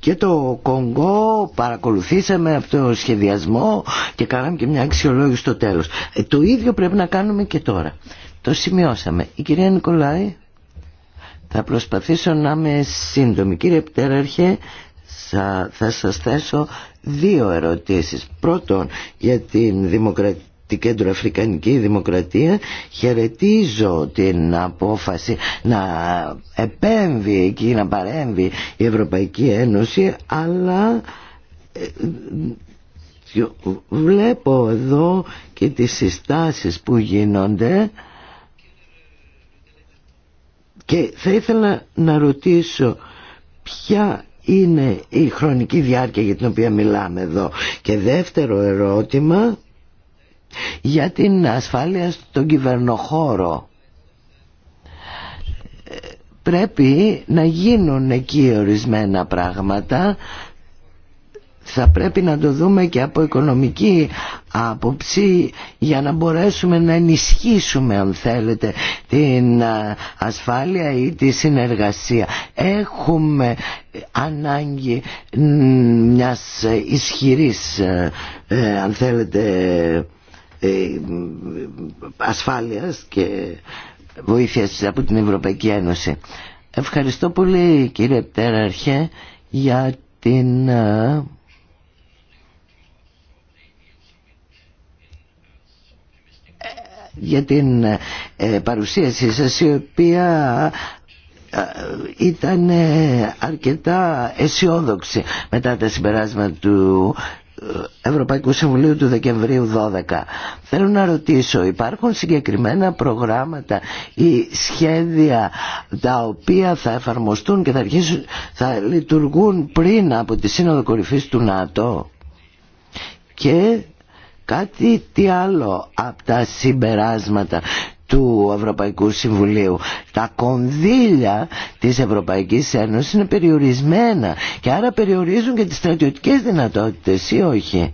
και το Κονγκό παρακολουθήσαμε αυτό το σχεδιασμό και κάναμε και μια αξιολόγηση στο τέλος. Ε, το ίδιο πρέπει να κάνουμε και τώρα. Το σημειώσαμε. Η κυρία Νικολάη, θα προσπαθήσω να είμαι σύντομη. Κύριε Πτέραρχε, θα σας θέσω δύο ερωτήσεις. Πρώτον, για την δημοκρατία την Αφρικανική Δημοκρατία χαιρετίζω την απόφαση να επέμβει εκεί, να παρέμβει η Ευρωπαϊκή Ένωση αλλά ε, βλέπω εδώ και τις συστάσεις που γίνονται και θα ήθελα να ρωτήσω ποια είναι η χρονική διάρκεια για την οποία μιλάμε εδώ. Και δεύτερο ερώτημα για την ασφάλεια στον κυβερνοχώρο πρέπει να γίνουν εκεί ορισμένα πράγματα θα πρέπει να το δούμε και από οικονομική άποψη για να μπορέσουμε να ενισχύσουμε αν θέλετε την ασφάλεια ή τη συνεργασία. Έχουμε ανάγκη μιας ισχυρής ε, ε, αν θέλετε ε, ασφάλειας και βοήθειας από την Ευρωπαϊκή Ένωση. Ευχαριστώ πολύ κύριε Πτέραρχε για την ε, για την ε, παρουσίασή σας η οποία ήταν αρκετά αισιόδοξη μετά τα συμπεράσματα του Ευρωπαϊκού Συμβουλίου του Δεκεμβρίου 12. Θέλω να ρωτήσω, υπάρχουν συγκεκριμένα προγράμματα ή σχέδια τα οποία θα εφαρμοστούν και θα, θα λειτουργούν πριν από τη Σύνοδο Κορυφής του ΝΑΤΟ και κάτι τι άλλο από τα συμπεράσματα του Ευρωπαϊκού Συμβουλίου. Τα κονδύλια της Ευρωπαϊκής Ένωσης είναι περιορισμένα και άρα περιορίζουν και τις στρατιωτικές δυνατότητες ή όχι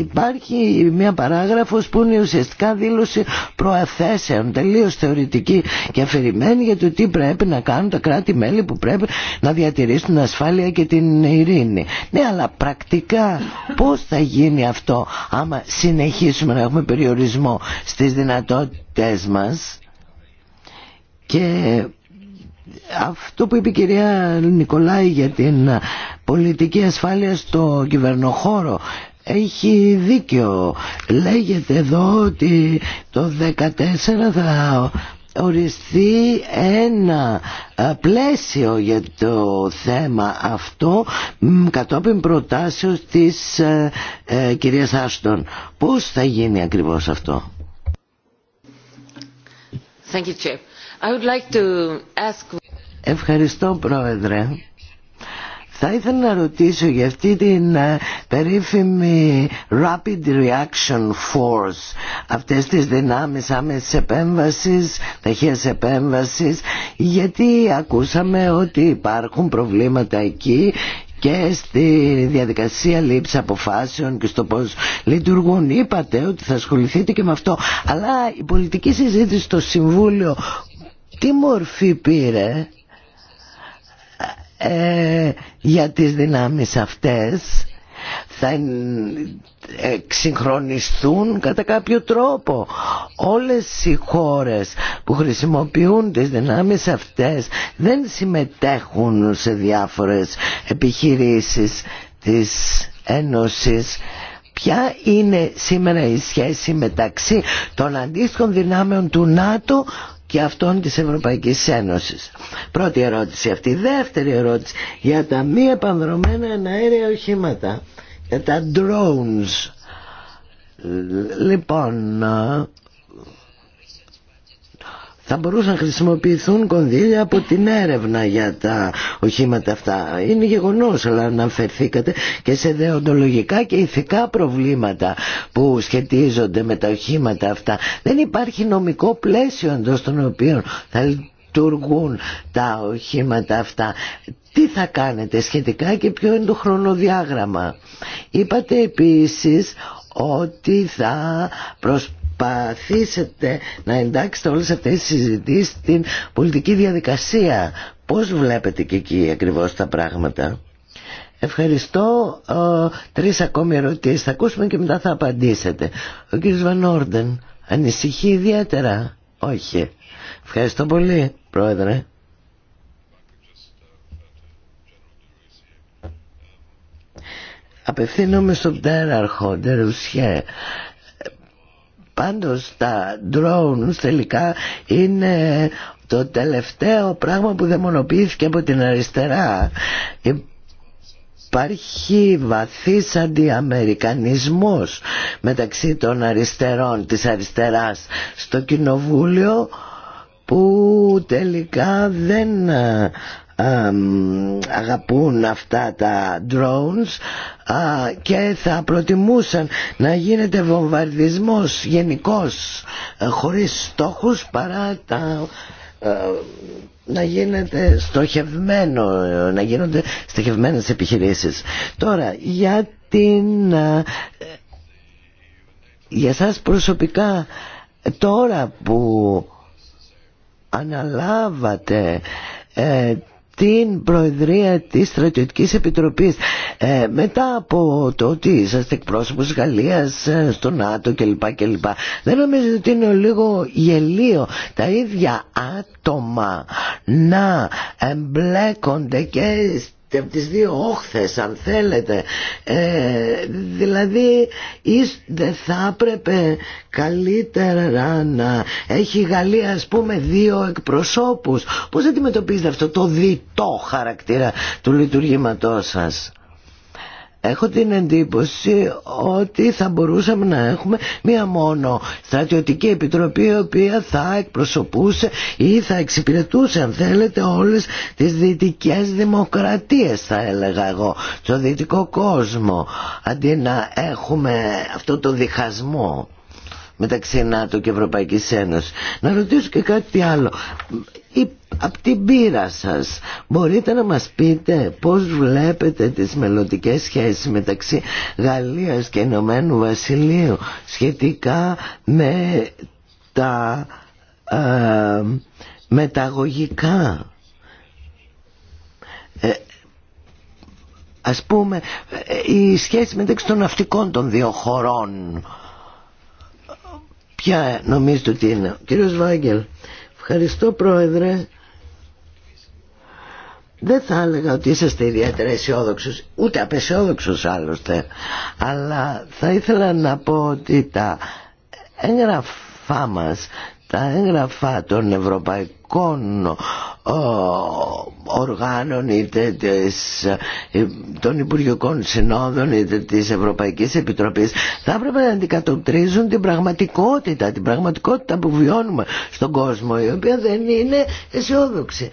υπάρχει μια παράγραφος που είναι ουσιαστικά δήλωση προαθέσεων τελείως θεωρητική και αφηρημένη για το τι πρέπει να κάνουν τα κράτη-μέλη που πρέπει να διατηρήσουν την ασφάλεια και την ειρήνη. Ναι, αλλά πρακτικά πώς θα γίνει αυτό άμα συνεχίσουμε να έχουμε περιορισμό στις δυνατότητες μας και αυτό που είπε η κυρία Νικολάη για την πολιτική ασφάλεια στο κυβερνοχώρο έχει δίκιο. Λέγεται εδώ ότι το 14 θα οριστεί ένα πλαίσιο για το θέμα αυτό κατόπιν προτάσεως της ε, κυρίας Άστον. Πώς θα γίνει ακριβώς αυτό. Thank you, I would like to ask... Ευχαριστώ Πρόεδρε. Θα ήθελα να ρωτήσω για αυτή την ε, περίφημη Rapid Reaction Force, αυτές τις δυνάμεις άμεσης επέμβασης, ταχείας επέμβασης, γιατί ακούσαμε ότι υπάρχουν προβλήματα εκεί και στη διαδικασία λήψη αποφάσεων και στο πώς λειτουργούν. Είπατε ότι θα ασχοληθείτε και με αυτό. Αλλά η πολιτική συζήτηση στο Συμβούλιο τι μορφή πήρε ε, για τις δυνάμεις αυτές θα ε, εξυγχρονιστούν κατά κάποιο τρόπο όλες οι χώρες που χρησιμοποιούν τις δυνάμεις αυτές δεν συμμετέχουν σε διάφορες επιχειρήσεις της Ένωσης Ποια είναι σήμερα η σχέση μεταξύ των αντίστοιχων δυνάμεων του ΝΑΤΟ και αυτών της Ευρωπαϊκής Ένωσης. Πρώτη ερώτηση αυτή. Δεύτερη ερώτηση για τα μη επανδρομένα αέρια οχήματα, για τα drones. Λοιπόν, θα μπορούσαν να χρησιμοποιηθούν κονδύλια από την έρευνα για τα οχήματα αυτά. Είναι γεγονός, αλλά αναφερθήκατε και σε δεοντολογικά και ηθικά προβλήματα που σχετίζονται με τα οχήματα αυτά. Δεν υπάρχει νομικό πλαίσιο εντό των οποίων θα λειτουργούν τα οχήματα αυτά. Τι θα κάνετε σχετικά και ποιο είναι το χρονοδιάγραμμα. Είπατε επίσης ότι θα προσπαθήσετε Παθήσετε να εντάξετε όλες αυτές τις συζητήσεις στην πολιτική διαδικασία. Πώς βλέπετε και εκεί ακριβώς τα πράγματα. Ευχαριστώ. Ε, τρεις ακόμη ερωτήσεις θα ακούσουμε και μετά θα απαντήσετε. Ο κύριος Βανόρντεν ανησυχεί ιδιαίτερα. Όχι. Ευχαριστώ πολύ, Πρόεδρε. Απευθύνομαι στον τέραρχο Ντερουσιέ. Πάντως τα drones τελικά είναι το τελευταίο πράγμα που δαιμονοποιήθηκε από την αριστερά. Υπάρχει βαθύς αντιαμερικανισμός μεταξύ των αριστερών, της αριστεράς στο κοινοβούλιο που τελικά δεν αγαπούν αυτά τα drones και θα προτιμούσαν να γίνεται βομβαρδισμός γενικός ε, χωρίς στόχους παρά τα ε, να γίνεται στοχευμένο, ε, να γίνονται στοχευμένες επιχειρήσεις. Τώρα, για την... Για σας προσωπικά, τώρα που αναλάβατε την Προεδρία της Στρατιωτικής Επιτροπής ε, μετά από το ότι είσαστε εκπρόσωπος της Γαλλίας ε, στο ΝΑΤΟ κλπ. κλπ. Δεν νομίζω ότι είναι λίγο γελίο τα ίδια άτομα να εμπλέκονται και από τις δύο όχθες αν θέλετε ε, δηλαδή δεν θα έπρεπε καλύτερα να έχει η Γαλλία ας πούμε δύο εκπροσώπους πώς αντιμετωπίζετε αυτό το διτό χαρακτήρα του λειτουργήματός σας έχω την εντύπωση ότι θα μπορούσαμε να έχουμε μία μόνο στρατιωτική επιτροπή η οποία θα εκπροσωπούσε ή θα εξυπηρετούσε αν θέλετε όλες τις δυτικές δημοκρατίες θα έλεγα εγώ στο δυτικό κόσμο αντί να έχουμε αυτό το διχασμό μεταξύ ΝΑΤΟ και Ευρωπαϊκής Ένωσης. Να ρωτήσω και κάτι άλλο από την πείρα σας μπορείτε να μας πείτε πώς βλέπετε τις μελλοντικέ σχέσεις μεταξύ Γαλλίας και Ηνωμένου Βασιλείου σχετικά με τα ε, μεταγωγικά ε, ας πούμε ε, η σχέση μεταξύ των ναυτικών των δύο χωρών ποια νομίζετε ότι είναι ο κύριος Ευχαριστώ Πρόεδρε. Δεν θα έλεγα ότι είσαστε ιδιαίτερα αισιόδοξο, ούτε απεσιόδοξο άλλωστε, αλλά θα ήθελα να πω ότι τα έγγραφά μας τα έγγραφα των ευρωπαϊκών ε, οργάνων είτε της, ε, των Υπουργικών Συνόδων είτε της Ευρωπαϊκής Επιτροπής θα έπρεπε να αντικατοπτρίζουν την πραγματικότητα την πραγματικότητα που βιώνουμε στον κόσμο η οποία δεν είναι αισιόδοξη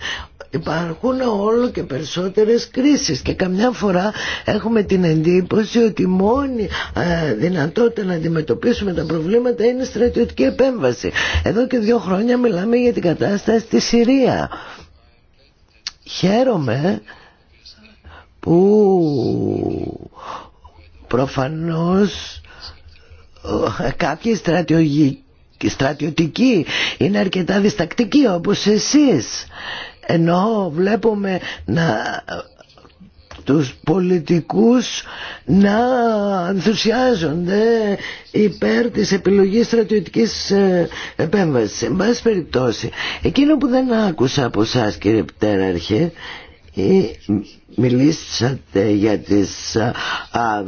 Υπάρχουν όλο και περισσότερες κρίσεις και καμιά φορά έχουμε την εντύπωση ότι η μόνη ε, δυνατότητα να αντιμετωπίσουμε τα προβλήματα είναι η στρατιωτική επέμβαση. Εδώ και δύο χρόνια μιλάμε για την κατάσταση στη Συρία. Χαίρομαι που προφανώς ε, κάποιοι στρατιωτικοί είναι αρκετά διστακτικοί όπως εσείς ενώ βλέπουμε να τους πολιτικούς να ενθουσιάζονται υπέρ της επιλογής στρατιωτικής ε, επέμβασης. Εν πάση περιπτώσει, εκείνο που δεν άκουσα από εσά κύριε Πτέραρχε ε, μιλήσατε για τις α,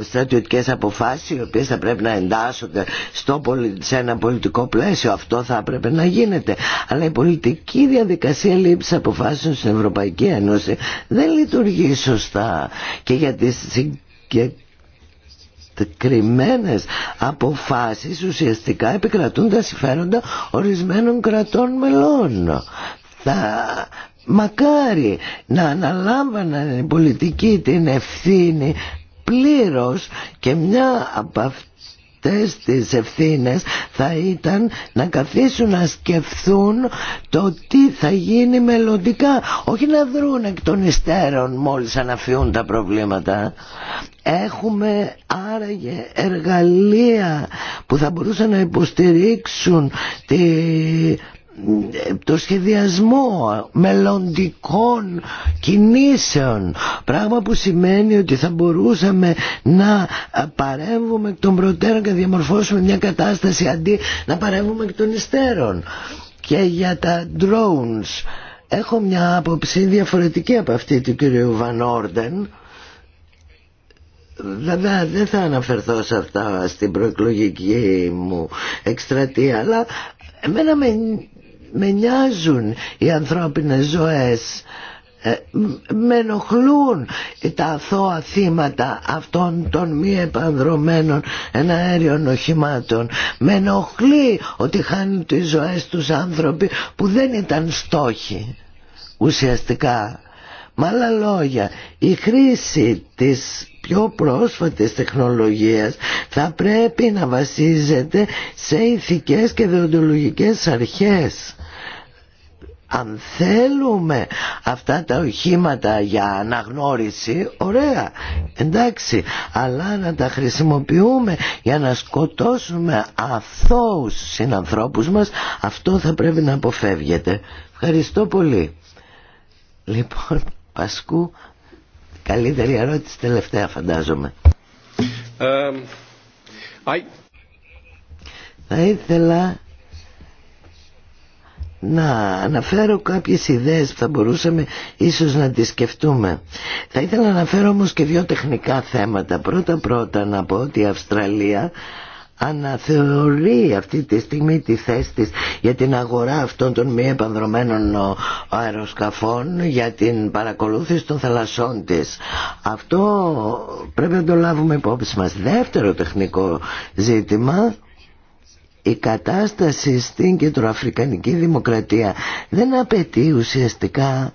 στρατιωτικές αποφάσεις οι οποίες θα πρέπει να εντάσσονται στο, σε ένα πολιτικό πλαίσιο. Αυτό θα έπρεπε να γίνεται. Αλλά η πολιτική διαδικασία λήψης αποφάσεων στην Ευρωπαϊκή Ένωση δεν λειτουργεί σωστά και για τις συγκεκριμένες αποφάσεις ουσιαστικά επικρατούν τα συμφέροντα ορισμένων κρατών μελών. Θα Μακάρι να αναλάμβαναν οι πολιτικοί την ευθύνη πλήρως και μια από αυτές τις ευθύνες θα ήταν να καθίσουν να σκεφτούν το τι θα γίνει μελλοντικά όχι να δρούν εκ των υστέρων μόλις αναφιούν τα προβλήματα έχουμε άραγε εργαλεία που θα μπορούσαν να υποστηρίξουν τη το σχεδιασμό μελλοντικών κινήσεων πράγμα που σημαίνει ότι θα μπορούσαμε να παρέμβουμε εκ των προτέρων και διαμορφώσουμε μια κατάσταση αντί να παρέμβουμε εκ των υστέρων και για τα drones έχω μια άποψη διαφορετική από αυτή του κύριου Βαν Όρντεν Βέβαια δεν θα αναφερθώ σε αυτά στην προεκλογική μου εκστρατεία αλλά εμένα με με νοιάζουν οι ανθρώπινες ζωές ε, με ενοχλούν τα αθώα θύματα αυτών των μη επανδρομένων εναέριων οχημάτων με ενοχλεί ότι χάνουν τις ζωές τους άνθρωποι που δεν ήταν στόχοι ουσιαστικά με άλλα λόγια η χρήση της πιο πρόσφατης τεχνολογίας θα πρέπει να βασίζεται σε ηθικές και δεοντολογικές αρχές αν θέλουμε αυτά τα οχήματα για αναγνώριση, ωραία, εντάξει, αλλά να τα χρησιμοποιούμε για να σκοτώσουμε αθώους συνανθρώπους μας, αυτό θα πρέπει να αποφεύγεται. Ευχαριστώ πολύ. Λοιπόν, Πασκού, καλύτερη ερώτηση τελευταία φαντάζομαι. Um, I... Θα ήθελα να αναφέρω κάποιες ιδέες που θα μπορούσαμε ίσως να τις σκεφτούμε. Θα ήθελα να αναφέρω όμως και δύο τεχνικά θέματα. Πρώτα πρώτα να πω ότι η Αυστραλία αναθεωρεί αυτή τη στιγμή τη θέση της για την αγορά αυτών των μη επανδρομένων αεροσκαφών για την παρακολούθηση των θαλασσών της. Αυτό πρέπει να το λάβουμε υπόψη μας. Δεύτερο τεχνικό ζήτημα η κατάσταση στην κεντροαφρικανική δημοκρατία δεν απαιτεί ουσιαστικά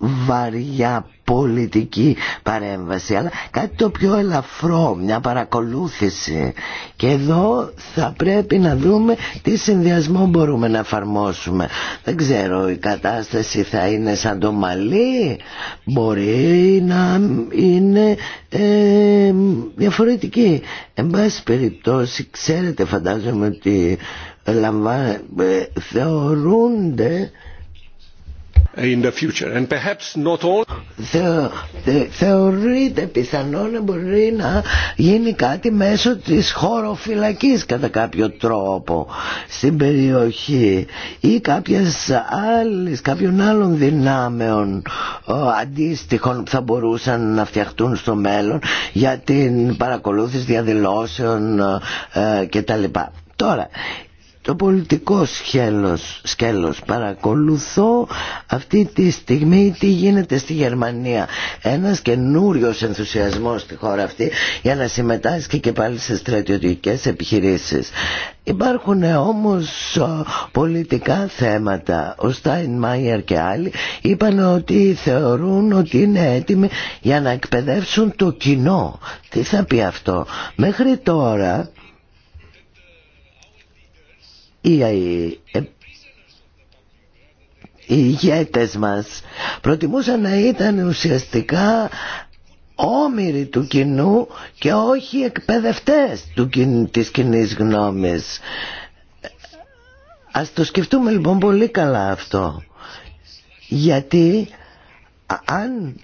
βαριά πολιτική παρέμβαση αλλά κάτι το πιο ελαφρό, μια παρακολούθηση και εδώ θα πρέπει να δούμε τι συνδυασμό μπορούμε να εφαρμόσουμε δεν ξέρω η κατάσταση θα είναι σαν το μαλλί μπορεί να είναι ε, διαφορετική εν πάση περιπτώσει ξέρετε φαντάζομαι ότι ε, ε, θεωρούνται in the future and perhaps not all θεωρείται πιθανό να μπορεί να γίνει κάτι μέσω της χωροφυλακής κατά κάποιο τρόπο στην περιοχή ή κάποιες άλλες, κάποιων άλλων δυνάμεων ο, αντίστοιχων που θα μπορούσαν να φτιαχτούν στο μέλλον για την παρακολούθηση διαδηλώσεων ε, κτλ. Τώρα, το πολιτικό σκέλος, σκέλος παρακολουθώ αυτή τη στιγμή τι γίνεται στη Γερμανία ένας καινούριο ενθουσιασμός στη χώρα αυτή για να συμμετάσχει και πάλι σε στρατιωτικές επιχειρήσεις υπάρχουν όμως πολιτικά θέματα ο Στάιν Μάιερ και άλλοι είπαν ότι θεωρούν ότι είναι έτοιμοι για να εκπαιδεύσουν το κοινό τι θα πει αυτό μέχρι τώρα οι, ε, οι ηγέτες μας προτιμούσαν να ήταν ουσιαστικά όμοιροι του κοινού και όχι εκπαιδευτές του, της κοινή γνώμης. Ας το σκεφτούμε λοιπόν πολύ καλά αυτό. Γιατί αν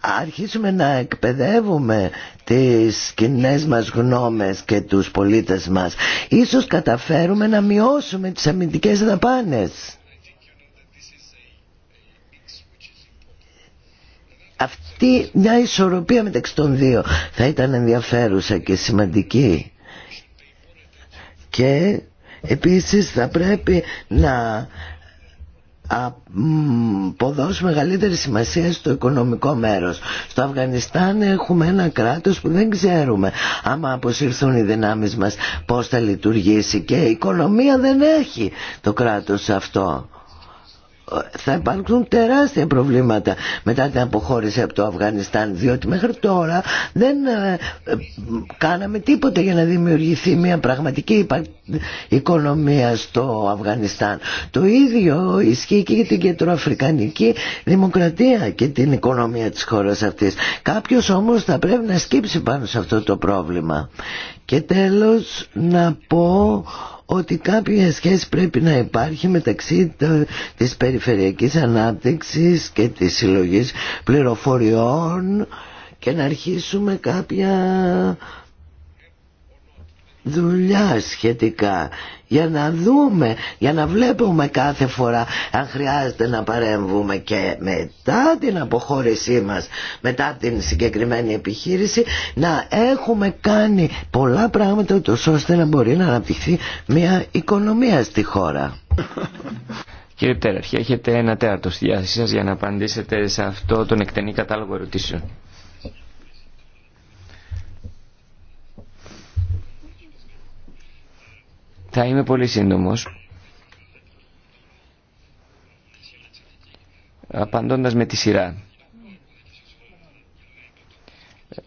αρχίσουμε να εκπαιδεύουμε τις κοινέ μας γνώμες και τους πολίτες μας ίσως καταφέρουμε να μειώσουμε τις αμυντικές δαπάνες αυτή μια ισορροπία μεταξύ των δύο θα ήταν ενδιαφέρουσα και σημαντική και επίσης θα πρέπει να αποδώσει μεγαλύτερη σημασία στο οικονομικό μέρος. Στο Αφγανιστάν έχουμε ένα κράτος που δεν ξέρουμε άμα αποσυρθούν οι δυνάμεις μας πώς θα λειτουργήσει και η οικονομία δεν έχει το κράτος αυτό θα υπάρξουν τεράστια προβλήματα μετά την αποχώρηση από το Αφγανιστάν διότι μέχρι τώρα δεν ε, ε, κάναμε τίποτα για να δημιουργηθεί μια πραγματική οικονομία στο Αφγανιστάν. Το ίδιο ισχύει και για την κεντροαφρικανική δημοκρατία και την οικονομία της χώρας αυτής. Κάποιος όμως θα πρέπει να σκύψει πάνω σε αυτό το πρόβλημα. Και τέλος να πω ότι κάποια σχέση πρέπει να υπάρχει μεταξύ της περιφερειακής ανάπτυξης και της συλλογής πληροφοριών και να αρχίσουμε κάποια δουλειά σχετικά για να δούμε, για να βλέπουμε κάθε φορά αν χρειάζεται να παρέμβουμε και μετά την αποχώρησή μας, μετά την συγκεκριμένη επιχείρηση να έχουμε κάνει πολλά πράγματα ούτως ώστε να μπορεί να αναπτυχθεί μια οικονομία στη χώρα. Κύριε Πτέραρχη, έχετε ένα τέταρτο στη διάθεσή σας για να απαντήσετε σε αυτό τον εκτενή κατάλογο ερωτήσεων. Θα είμαι πολύ σύντομος. Απαντώντας με τη σειρά.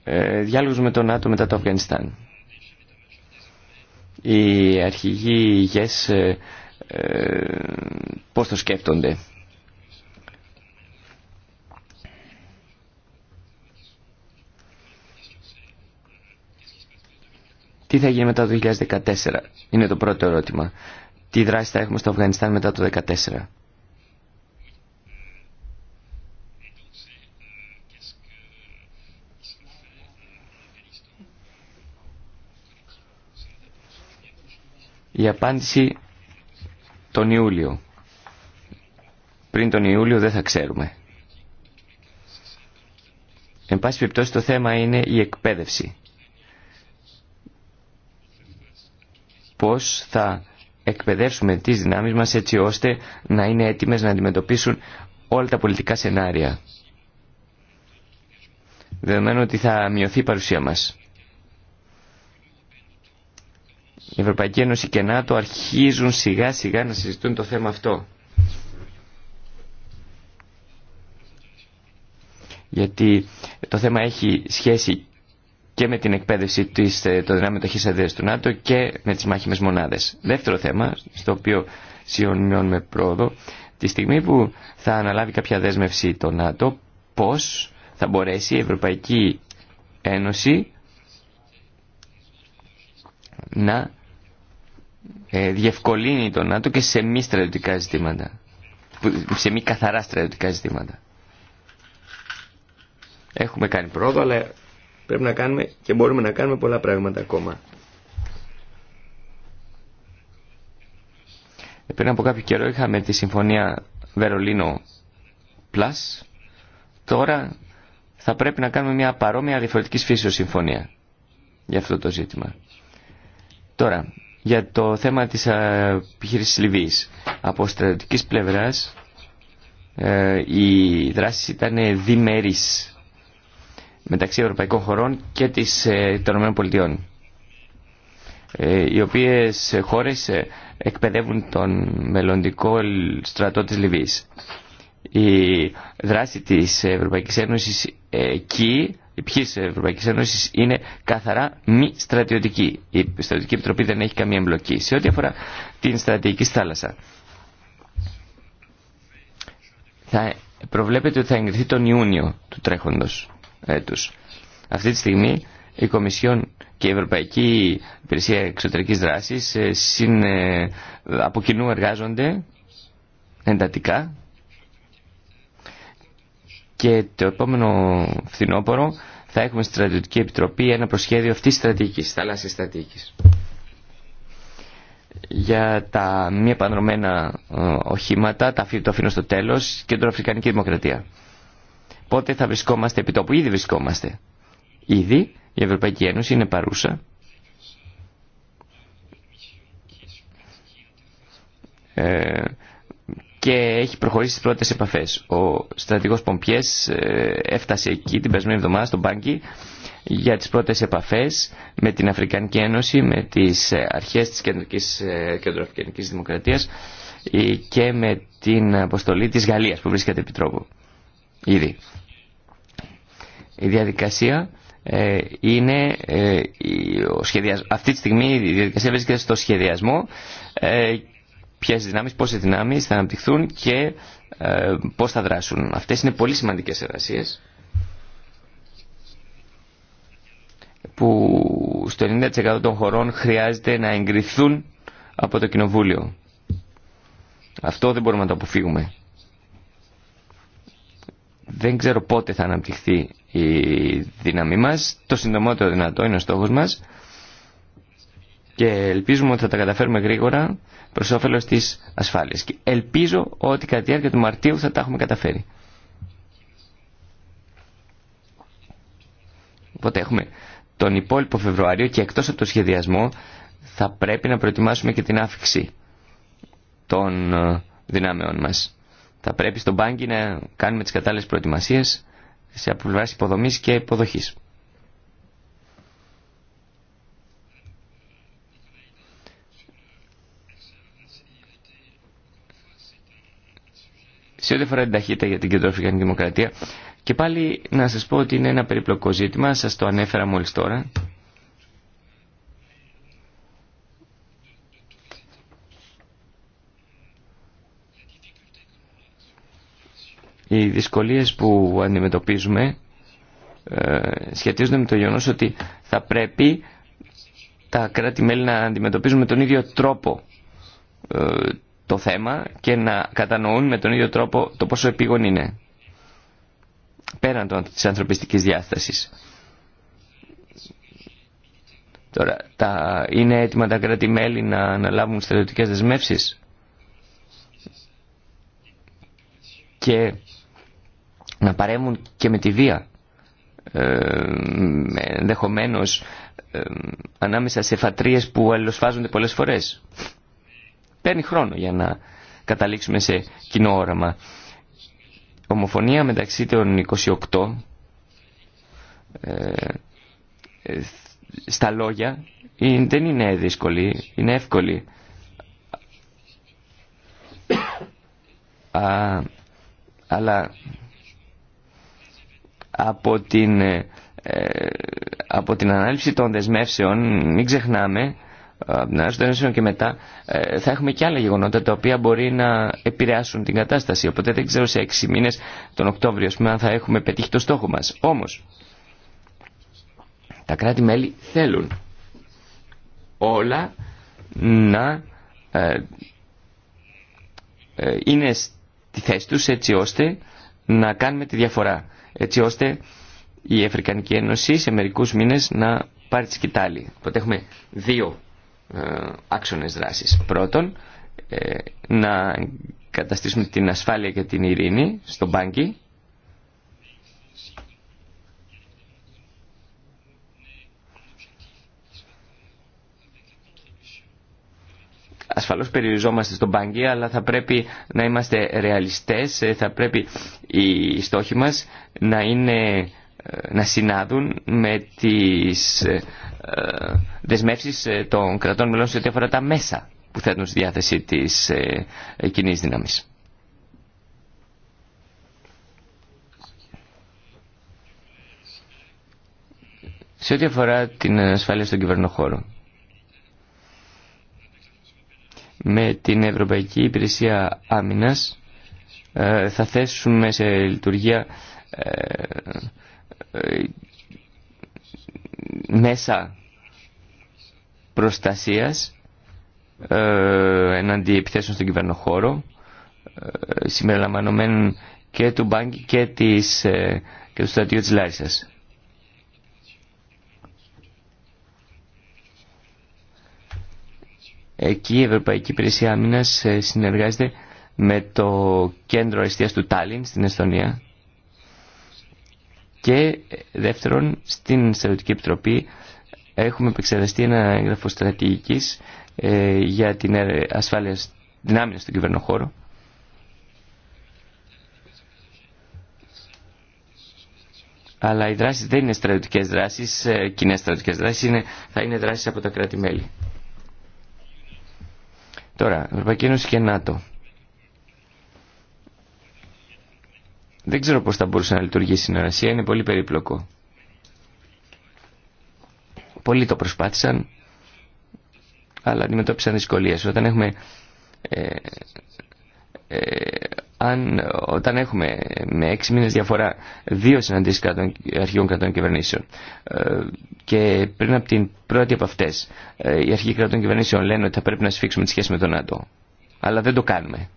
Ε, διάλογος με τον ΝΑΤΟ μετά το Αφγανιστάν. Οι αρχηγοί ηγές ε, ε, πώς το σκέφτονται. Τι θα γίνει μετά το 2014 είναι το πρώτο ερώτημα. Τι δράση θα έχουμε στο Αφγανιστάν μετά το 2014. Η απάντηση τον Ιούλιο. Πριν τον Ιούλιο δεν θα ξέρουμε. Εν πάση περιπτώσει το θέμα είναι η εκπαίδευση. πώς θα εκπαιδεύσουμε τις δυνάμεις μας έτσι ώστε να είναι έτοιμες να αντιμετωπίσουν όλα τα πολιτικά σενάρια. Δεδομένου ότι θα μειωθεί η παρουσία μας. Η Ευρωπαϊκή Ένωση και ΝΑΤΟ αρχίζουν σιγά σιγά να συζητούν το θέμα αυτό. Γιατί το θέμα έχει σχέση και με την εκπαίδευση της, ε, των δυνάμεων του ΝΑΤΟ και με τις μάχημε μονάδε. Δεύτερο θέμα, στο οποίο σιωνιώνουμε πρόοδο, τη στιγμή που θα αναλάβει κάποια δέσμευση το ΝΑΤΟ, πώς θα μπορέσει η Ευρωπαϊκή Ένωση να ε, διευκολύνει το ΝΑΤΟ και σε μη ζητήματα, σε μη καθαρά στρατιωτικά ζητήματα. Έχουμε κάνει πρόοδο, αλλά Πρέπει να κάνουμε και μπορούμε να κάνουμε πολλά πράγματα ακόμα. Πριν από κάποιο καιρό είχαμε τη συμφωνία Βερολίνο Plus. Τώρα θα πρέπει να κάνουμε μια παρόμοια διαφορετική φύση συμφωνία για αυτό το ζήτημα. Τώρα, για το θέμα της ε, επιχείρησης Λιβύης. Από στρατιωτικής πλευράς η ε, δράση ήταν διμερής μεταξύ ευρωπαϊκών χωρών και της, ε, των ΗΠΑ ε, οι οποίες χώρες ε, εκπαιδεύουν τον μελλοντικό στρατό της Λιβύης. Η δράση της Ευρωπαϊκής Ένωσης εκεί, η ποιήση της Ευρωπαϊκής Ένωσης είναι καθαρά μη στρατιωτική. Η Στρατιωτική Επιτροπή δεν έχει καμία εμπλοκή. Σε ό,τι αφορά την στρατηγική θάλασσα, θα προβλέπετε ότι θα εγκριθεί τον Ιούνιο του τρέχοντος. Αυτή τη στιγμή η Κομισιόν και η Ευρωπαϊκή Υπηρεσία Εξωτερικής Δράσης ε, συν, ε, από κοινού εργάζονται εντατικά και το επόμενο φθινόπωρο θα έχουμε στη Στρατιωτική Επιτροπή ένα προσχέδιο αυτής της στρατηγικής, θαλάσσιας στρατηγικής. Για τα μη επανδρομένα ε, οχήματα, το αφήνω στο τέλος, Κέντρο Αφρικανική Δημοκρατία πότε θα βρισκόμαστε επί τόπου. Ήδη βρισκόμαστε. Ήδη η Ευρωπαϊκή Ένωση είναι παρούσα. Ε, και έχει προχωρήσει στις πρώτες επαφές. Ο στρατηγός Πομπιές ε, έφτασε εκεί την περσμένη εβδομάδα στον Πάγκη για τις πρώτες επαφές με την Αφρικανική Ένωση, με τις ε, αρχές της Κεντρικής, Κεντροαφρικανικής Δημοκρατίας και με την αποστολή της Γαλλίας που βρίσκεται επί τρόπου ήδη. Η διαδικασία ε, είναι, ε, ο σχεδιασ... αυτή τη στιγμή η διαδικασία βρίσκεται στο σχεδιασμό ε, ποιε δυνάμει, πόσε δυνάμει θα αναπτυχθούν και ε, πώ θα δράσουν. Αυτέ είναι πολύ σημαντικέ εργασίε που στο 90% των χωρών χρειάζεται να εγκριθούν από το Κοινοβούλιο. Αυτό δεν μπορούμε να το αποφύγουμε. Δεν ξέρω πότε θα αναπτυχθεί η δύναμή μας. Το συντομότερο δυνατό είναι ο στόχος μας και ελπίζουμε ότι θα τα καταφέρουμε γρήγορα προς όφελος της ασφάλειας. Και ελπίζω ότι κατά τη διάρκεια του Μαρτίου θα τα έχουμε καταφέρει. Οπότε έχουμε τον υπόλοιπο Φεβρουάριο και εκτός από το σχεδιασμό θα πρέπει να προετοιμάσουμε και την αύξηση των ε, δυνάμεών μας. Θα πρέπει στον πάγκι να κάνουμε τις κατάλληλες προετοιμασίες σε αποβουλάς υποδομής και υποδοχής. Σε ό,τι αφορά την ταχύτητα για την Κεντροαφρικανική Δημοκρατία, και πάλι να σας πω ότι είναι ένα περίπλοκο ζήτημα, σας το ανέφερα μόλις τώρα. Οι δυσκολίες που αντιμετωπίζουμε ε, σχετίζονται με το γεγονό ότι θα πρέπει τα κράτη-μέλη να αντιμετωπίζουν με τον ίδιο τρόπο ε, το θέμα και να κατανοούν με τον ίδιο τρόπο το πόσο επίγον είναι πέραν της ανθρωπιστικής διάστασης. Τώρα, τα, είναι έτοιμα τα κράτη-μέλη να αναλάβουν στρατιωτικές δεσμεύσεις και να παρέμουν και με τη βία ε, ενδεχομένω ε, ανάμεσα σε φατρίες που αλληλοσφάζονται πολλές φορές. Παίρνει χρόνο για να καταλήξουμε σε κοινό όραμα. Ομοφωνία μεταξύ των 28 ε, ε, στα λόγια δεν είναι δύσκολη, είναι εύκολη. Α, αλλά από την, ε, ε, από την ανάληψη των δεσμεύσεων, μην ξεχνάμε, ε, από την και μετά, θα έχουμε και άλλα γεγονότα τα οποία μπορεί να επηρεάσουν την κατάσταση. Οπότε δεν ξέρω σε έξι μήνες, τον Οκτώβριο, πούμε, αν θα έχουμε πετύχει το στόχο μας. Όμως, τα κράτη-μέλη θέλουν όλα να είναι στη θέση τους έτσι ώστε να κάνουμε τη διαφορά έτσι ώστε η Αφρικανική Ένωση σε μερικούς μήνες να πάρει τη σκητάλη. Οπότε έχουμε δύο ε, άξονες δράσης. Πρώτον, ε, να καταστήσουμε την ασφάλεια και την ειρήνη στον πάνκι. ασφαλώς περιοριζόμαστε στον Πάγκη, αλλά θα πρέπει να είμαστε ρεαλιστές, ε, θα πρέπει οι στόχοι μας να, είναι, ε, να συνάδουν με τις ε, δεσμεύσεις των κρατών μελών σε ό,τι αφορά τα μέσα που θέτουν στη διάθεση της κοινή δύναμης. Σε ό,τι αφορά την ασφάλεια στον κυβερνοχώρο. με την Ευρωπαϊκή Υπηρεσία Άμυνας ε, θα θέσουμε σε λειτουργία ε, ε, μέσα προστασίας εναντί επιθέσεων στον κυβερνοχώρο συμπεριλαμβανομένων και του Μπάνκι και, της, και του στρατιού της Λάρισας. Εκεί η Ευρωπαϊκή Υπηρεσία Άμυνα ε, συνεργάζεται με το κέντρο αριστεία του Τάλιν στην Εστονία. Και ε, δεύτερον, στην Στρατιωτική Επιτροπή έχουμε επεξεργαστεί ένα έγγραφο στρατηγική ε, για την ασφάλεια την άμυνα στον κυβερνοχώρο. Αλλά οι δράσεις δεν είναι στρατιωτικές δράσεις, κοινές στρατιωτικές δράσεις, θα είναι δράσεις από τα κράτη-μέλη. Τώρα, Ευρωπαϊκή Ένωση και ΝΑΤΟ. Δεν ξέρω πώς θα μπορούσε να λειτουργήσει η συνεργασία, είναι πολύ περίπλοκο. Πολλοί το προσπάθησαν, αλλά αντιμετώπισαν δυσκολίες. Όταν έχουμε ε, ε, αν, όταν έχουμε με έξι μήνες διαφορά δύο συναντήσεις κρατών, αρχηγών κρατών κυβερνήσεων ε, και πριν από την πρώτη από αυτές ε, οι αρχηγοί κρατών κυβερνήσεων λένε ότι θα πρέπει να σφίξουμε τη σχέση με τον ΝΑΤΟ αλλά δεν το κάνουμε.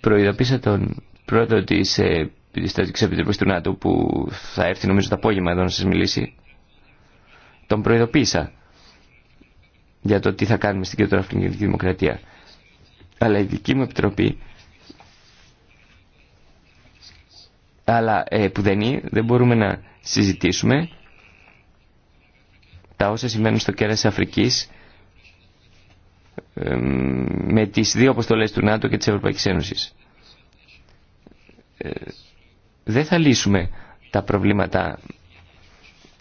Προειδοποίησα τον πρώτο της, ε, της Επιτροπής του ΝΑΤΟ που θα έρθει νομίζω το απόγευμα εδώ να σας μιλήσει. Τον προειδοποίησα για το τι θα κάνουμε στην κεντροαφρικανική δημοκρατία. Αλλά η δική μου επιτροπή, αλλά ε, που δεν είναι, δεν μπορούμε να συζητήσουμε τα όσα συμβαίνουν στο κέρας Αφρικής ε, με τις δύο αποστολές του ΝΑΤΟ και της Ευρωπαϊκής Ένωσης. Ε, δεν θα λύσουμε τα προβλήματα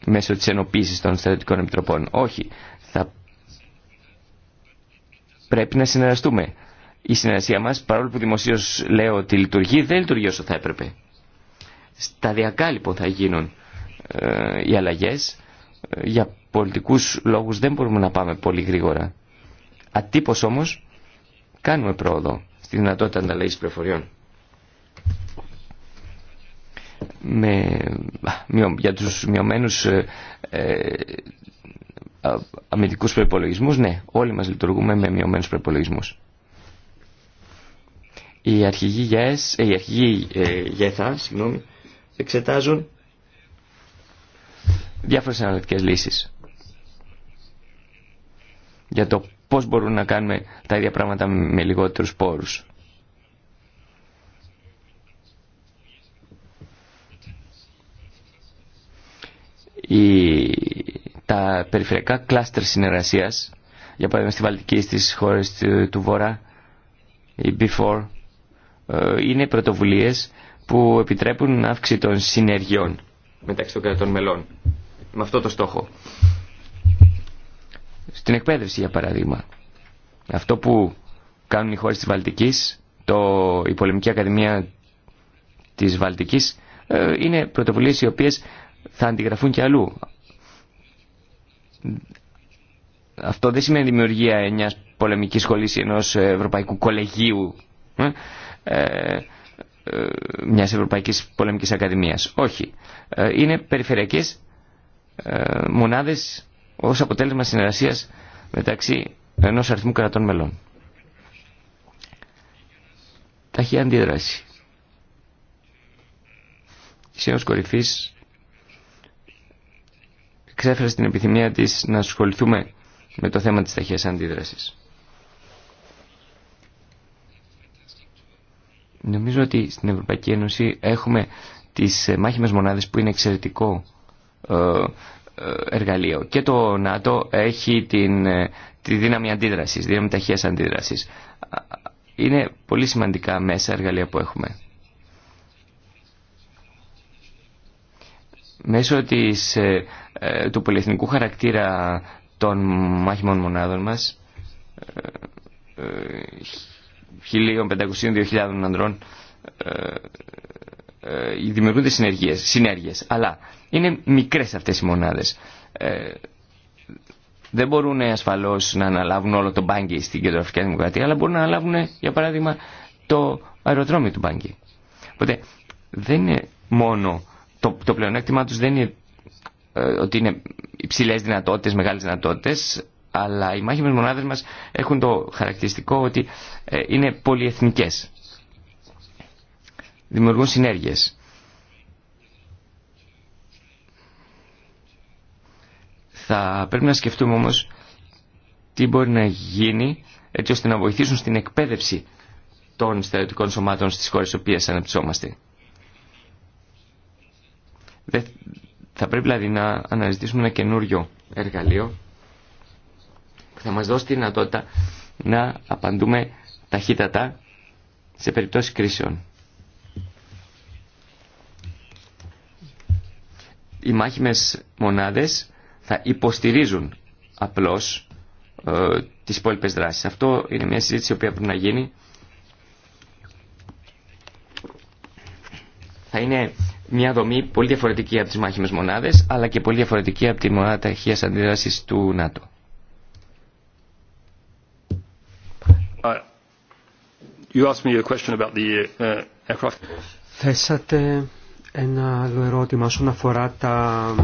μέσω της ενοποίησης των στρατιωτικών επιτροπών. Όχι πρέπει να συνεργαστούμε. Η συνεργασία μας, παρόλο που δημοσίως λέω ότι λειτουργεί, δεν λειτουργεί όσο θα έπρεπε. Σταδιακά λοιπόν θα γίνουν ε, οι αλλαγές. Ε, για πολιτικούς λόγους δεν μπορούμε να πάμε πολύ γρήγορα. Ατύπως όμως κάνουμε πρόοδο στη δυνατότητα ανταλλαγής πληροφοριών. Με, για τους μειωμένους ε, αμυντικού προπολογισμού, ναι, όλοι μα λειτουργούμε με μειωμένου προπολογισμού. Οι αρχηγοί ΓΕΣ, ε, οι αρχηγοί, ε, συγγνώμη, εξετάζουν διάφορες αναλυτικές λύσει. για το πώ μπορούν να κάνουμε τα ίδια πράγματα με λιγότερους πόρους. Οι τα περιφερειακά κλάστερ συνεργασίας, για παράδειγμα στη Βαλτική, στι χώρε του Βόρα, η B4, ε, είναι πρωτοβουλίε που επιτρέπουν αύξηση των συνεργειών μεταξύ των κρατών μελών. Με αυτό το στόχο. Στην εκπαίδευση, για παράδειγμα. Αυτό που κάνουν οι χώρε τη Βαλτικής, το, η Πολεμική Ακαδημία της Βαλτικής, ε, είναι πρωτοβουλίε οι οποίε θα αντιγραφούν και αλλού αυτό δεν σημαίνει δημιουργία μιας πολεμικής σχολής ή ενός ευρωπαϊκού κολεγίου, ε, ε, ε μιας ευρωπαϊκής πολεμικής ακαδημίας. Όχι. Ε, είναι περιφερειακές μονάδες ως αποτέλεσμα συνεργασίας μεταξύ ενός αριθμού κρατών μελών. Ταχεία αντίδραση. Σύνος κορυφής εξέφρασε την επιθυμία της να ασχοληθούμε με το θέμα της ταχείας αντίδρασης. Νομίζω ότι στην Ευρωπαϊκή Ένωση έχουμε τις ε, μάχημες μονάδες που είναι εξαιρετικό ε, ε, εργαλείο. Και το ΝΑΤΟ έχει την, τη δύναμη αντίδρασης, δύναμη ταχείας αντίδρασης. Είναι πολύ σημαντικά μέσα εργαλεία που έχουμε. Μέσω της ε, του πολυεθνικού χαρακτήρα των μάχημων μονάδων μας 1.500-2.000 ε, ε, ανδρών δημιουργούνται συνεργίες, συνέργειες αλλά είναι μικρές αυτές οι μονάδες δεν μπορούν ασφαλώς να αναλάβουν όλο το μπάγκι στην Κεντροαφρικανική Δημοκρατία αλλά μπορούν να αναλάβουν για παράδειγμα το αεροδρόμιο του μπάνκι. οπότε δεν είναι μόνο το, το πλεονέκτημά τους δεν είναι ε, ότι είναι υψηλές δυνατότητες, μεγάλες δυνατότητες, αλλά οι μάχημες μονάδες μας έχουν το χαρακτηριστικό ότι ε, είναι πολυεθνικές. Δημιουργούν συνέργειες. Θα πρέπει να σκεφτούμε όμως τι μπορεί να γίνει έτσι ώστε να βοηθήσουν στην εκπαίδευση των στερεωτικών σωμάτων στις χώρες στις οποίες αναπτυσσόμαστε. Θα πρέπει δηλαδή να αναζητήσουμε ένα καινούριο εργαλείο που θα μας δώσει τη δυνατότητα να απαντούμε ταχύτατα σε περιπτώσεις κρίσεων. Οι μάχημες μονάδες θα υποστηρίζουν απλώς ε, τις υπόλοιπες δράσεις. Αυτό είναι μια συζήτηση που πρέπει να γίνει θα είναι μια δομή πολύ διαφορετική από τις μάχημες μονάδες, αλλά και πολύ διαφορετική από τη μονάδα ταχείας αντίδρασης του ΝΑΤΟ. Θέσατε ένα άλλο ερώτημα όσον αφορά τα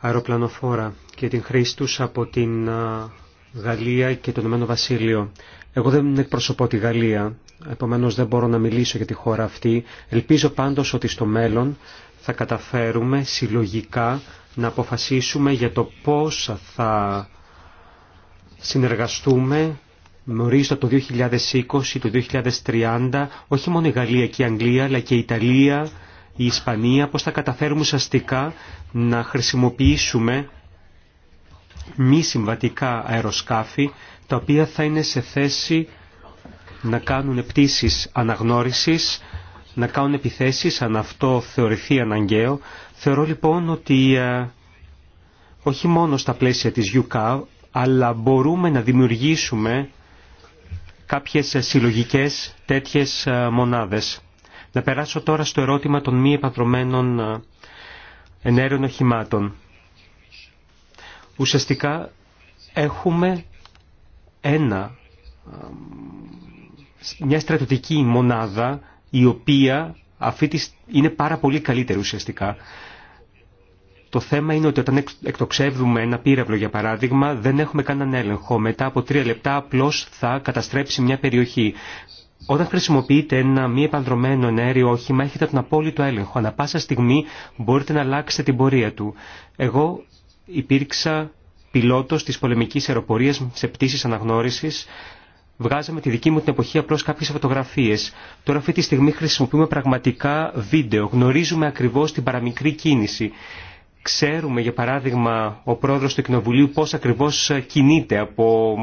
αεροπλανοφόρα και την χρήση τους από την uh, Γαλλία και το Ηνωμένο Βασίλειο. Εγώ δεν εκπροσωπώ τη Γαλλία, επομένως δεν μπορώ να μιλήσω για τη χώρα αυτή. Ελπίζω πάντως ότι στο μέλλον θα καταφέρουμε συλλογικά να αποφασίσουμε για το πώς θα συνεργαστούμε με το 2020, το 2030, όχι μόνο η Γαλλία και η Αγγλία, αλλά και η Ιταλία, η Ισπανία, πώς θα καταφέρουμε ουσιαστικά να χρησιμοποιήσουμε μη συμβατικά αεροσκάφη, τα οποία θα είναι σε θέση να κάνουν πτήσεις αναγνώρισης, να κάνουν επιθέσεις, αν αυτό θεωρηθεί αναγκαίο. Θεωρώ λοιπόν ότι ε, όχι μόνο στα πλαίσια της UCAV, αλλά μπορούμε να δημιουργήσουμε κάποιες συλλογικές τέτοιες ε, μονάδες. Να περάσω τώρα στο ερώτημα των μη επαντρωμένων ε, ενέργειων οχημάτων. Ουσιαστικά έχουμε ένα μια στρατιωτική μονάδα η οποία αυτή είναι πάρα πολύ καλύτερη ουσιαστικά. Το θέμα είναι ότι όταν εκτοξεύδουμε ένα πύραυλο για παράδειγμα δεν έχουμε κανέναν έλεγχο. Μετά από τρία λεπτά απλώς θα καταστρέψει μια περιοχή. Όταν χρησιμοποιείτε ένα μη επανδρομένο ενέργειο όχημα έχετε τον απόλυτο έλεγχο. Ανα πάσα στιγμή μπορείτε να αλλάξετε την πορεία του. Εγώ υπήρξα πιλότος της πολεμικής αεροπορίας σε πτήσεις αναγνώρισης βγάζαμε τη δική μου την εποχή απλώ κάποιε φωτογραφίε. Τώρα αυτή τη στιγμή χρησιμοποιούμε πραγματικά βίντεο. Γνωρίζουμε ακριβώ την παραμικρή κίνηση. Ξέρουμε, για παράδειγμα, ο πρόεδρο του Κοινοβουλίου πώ ακριβώ κινείται, από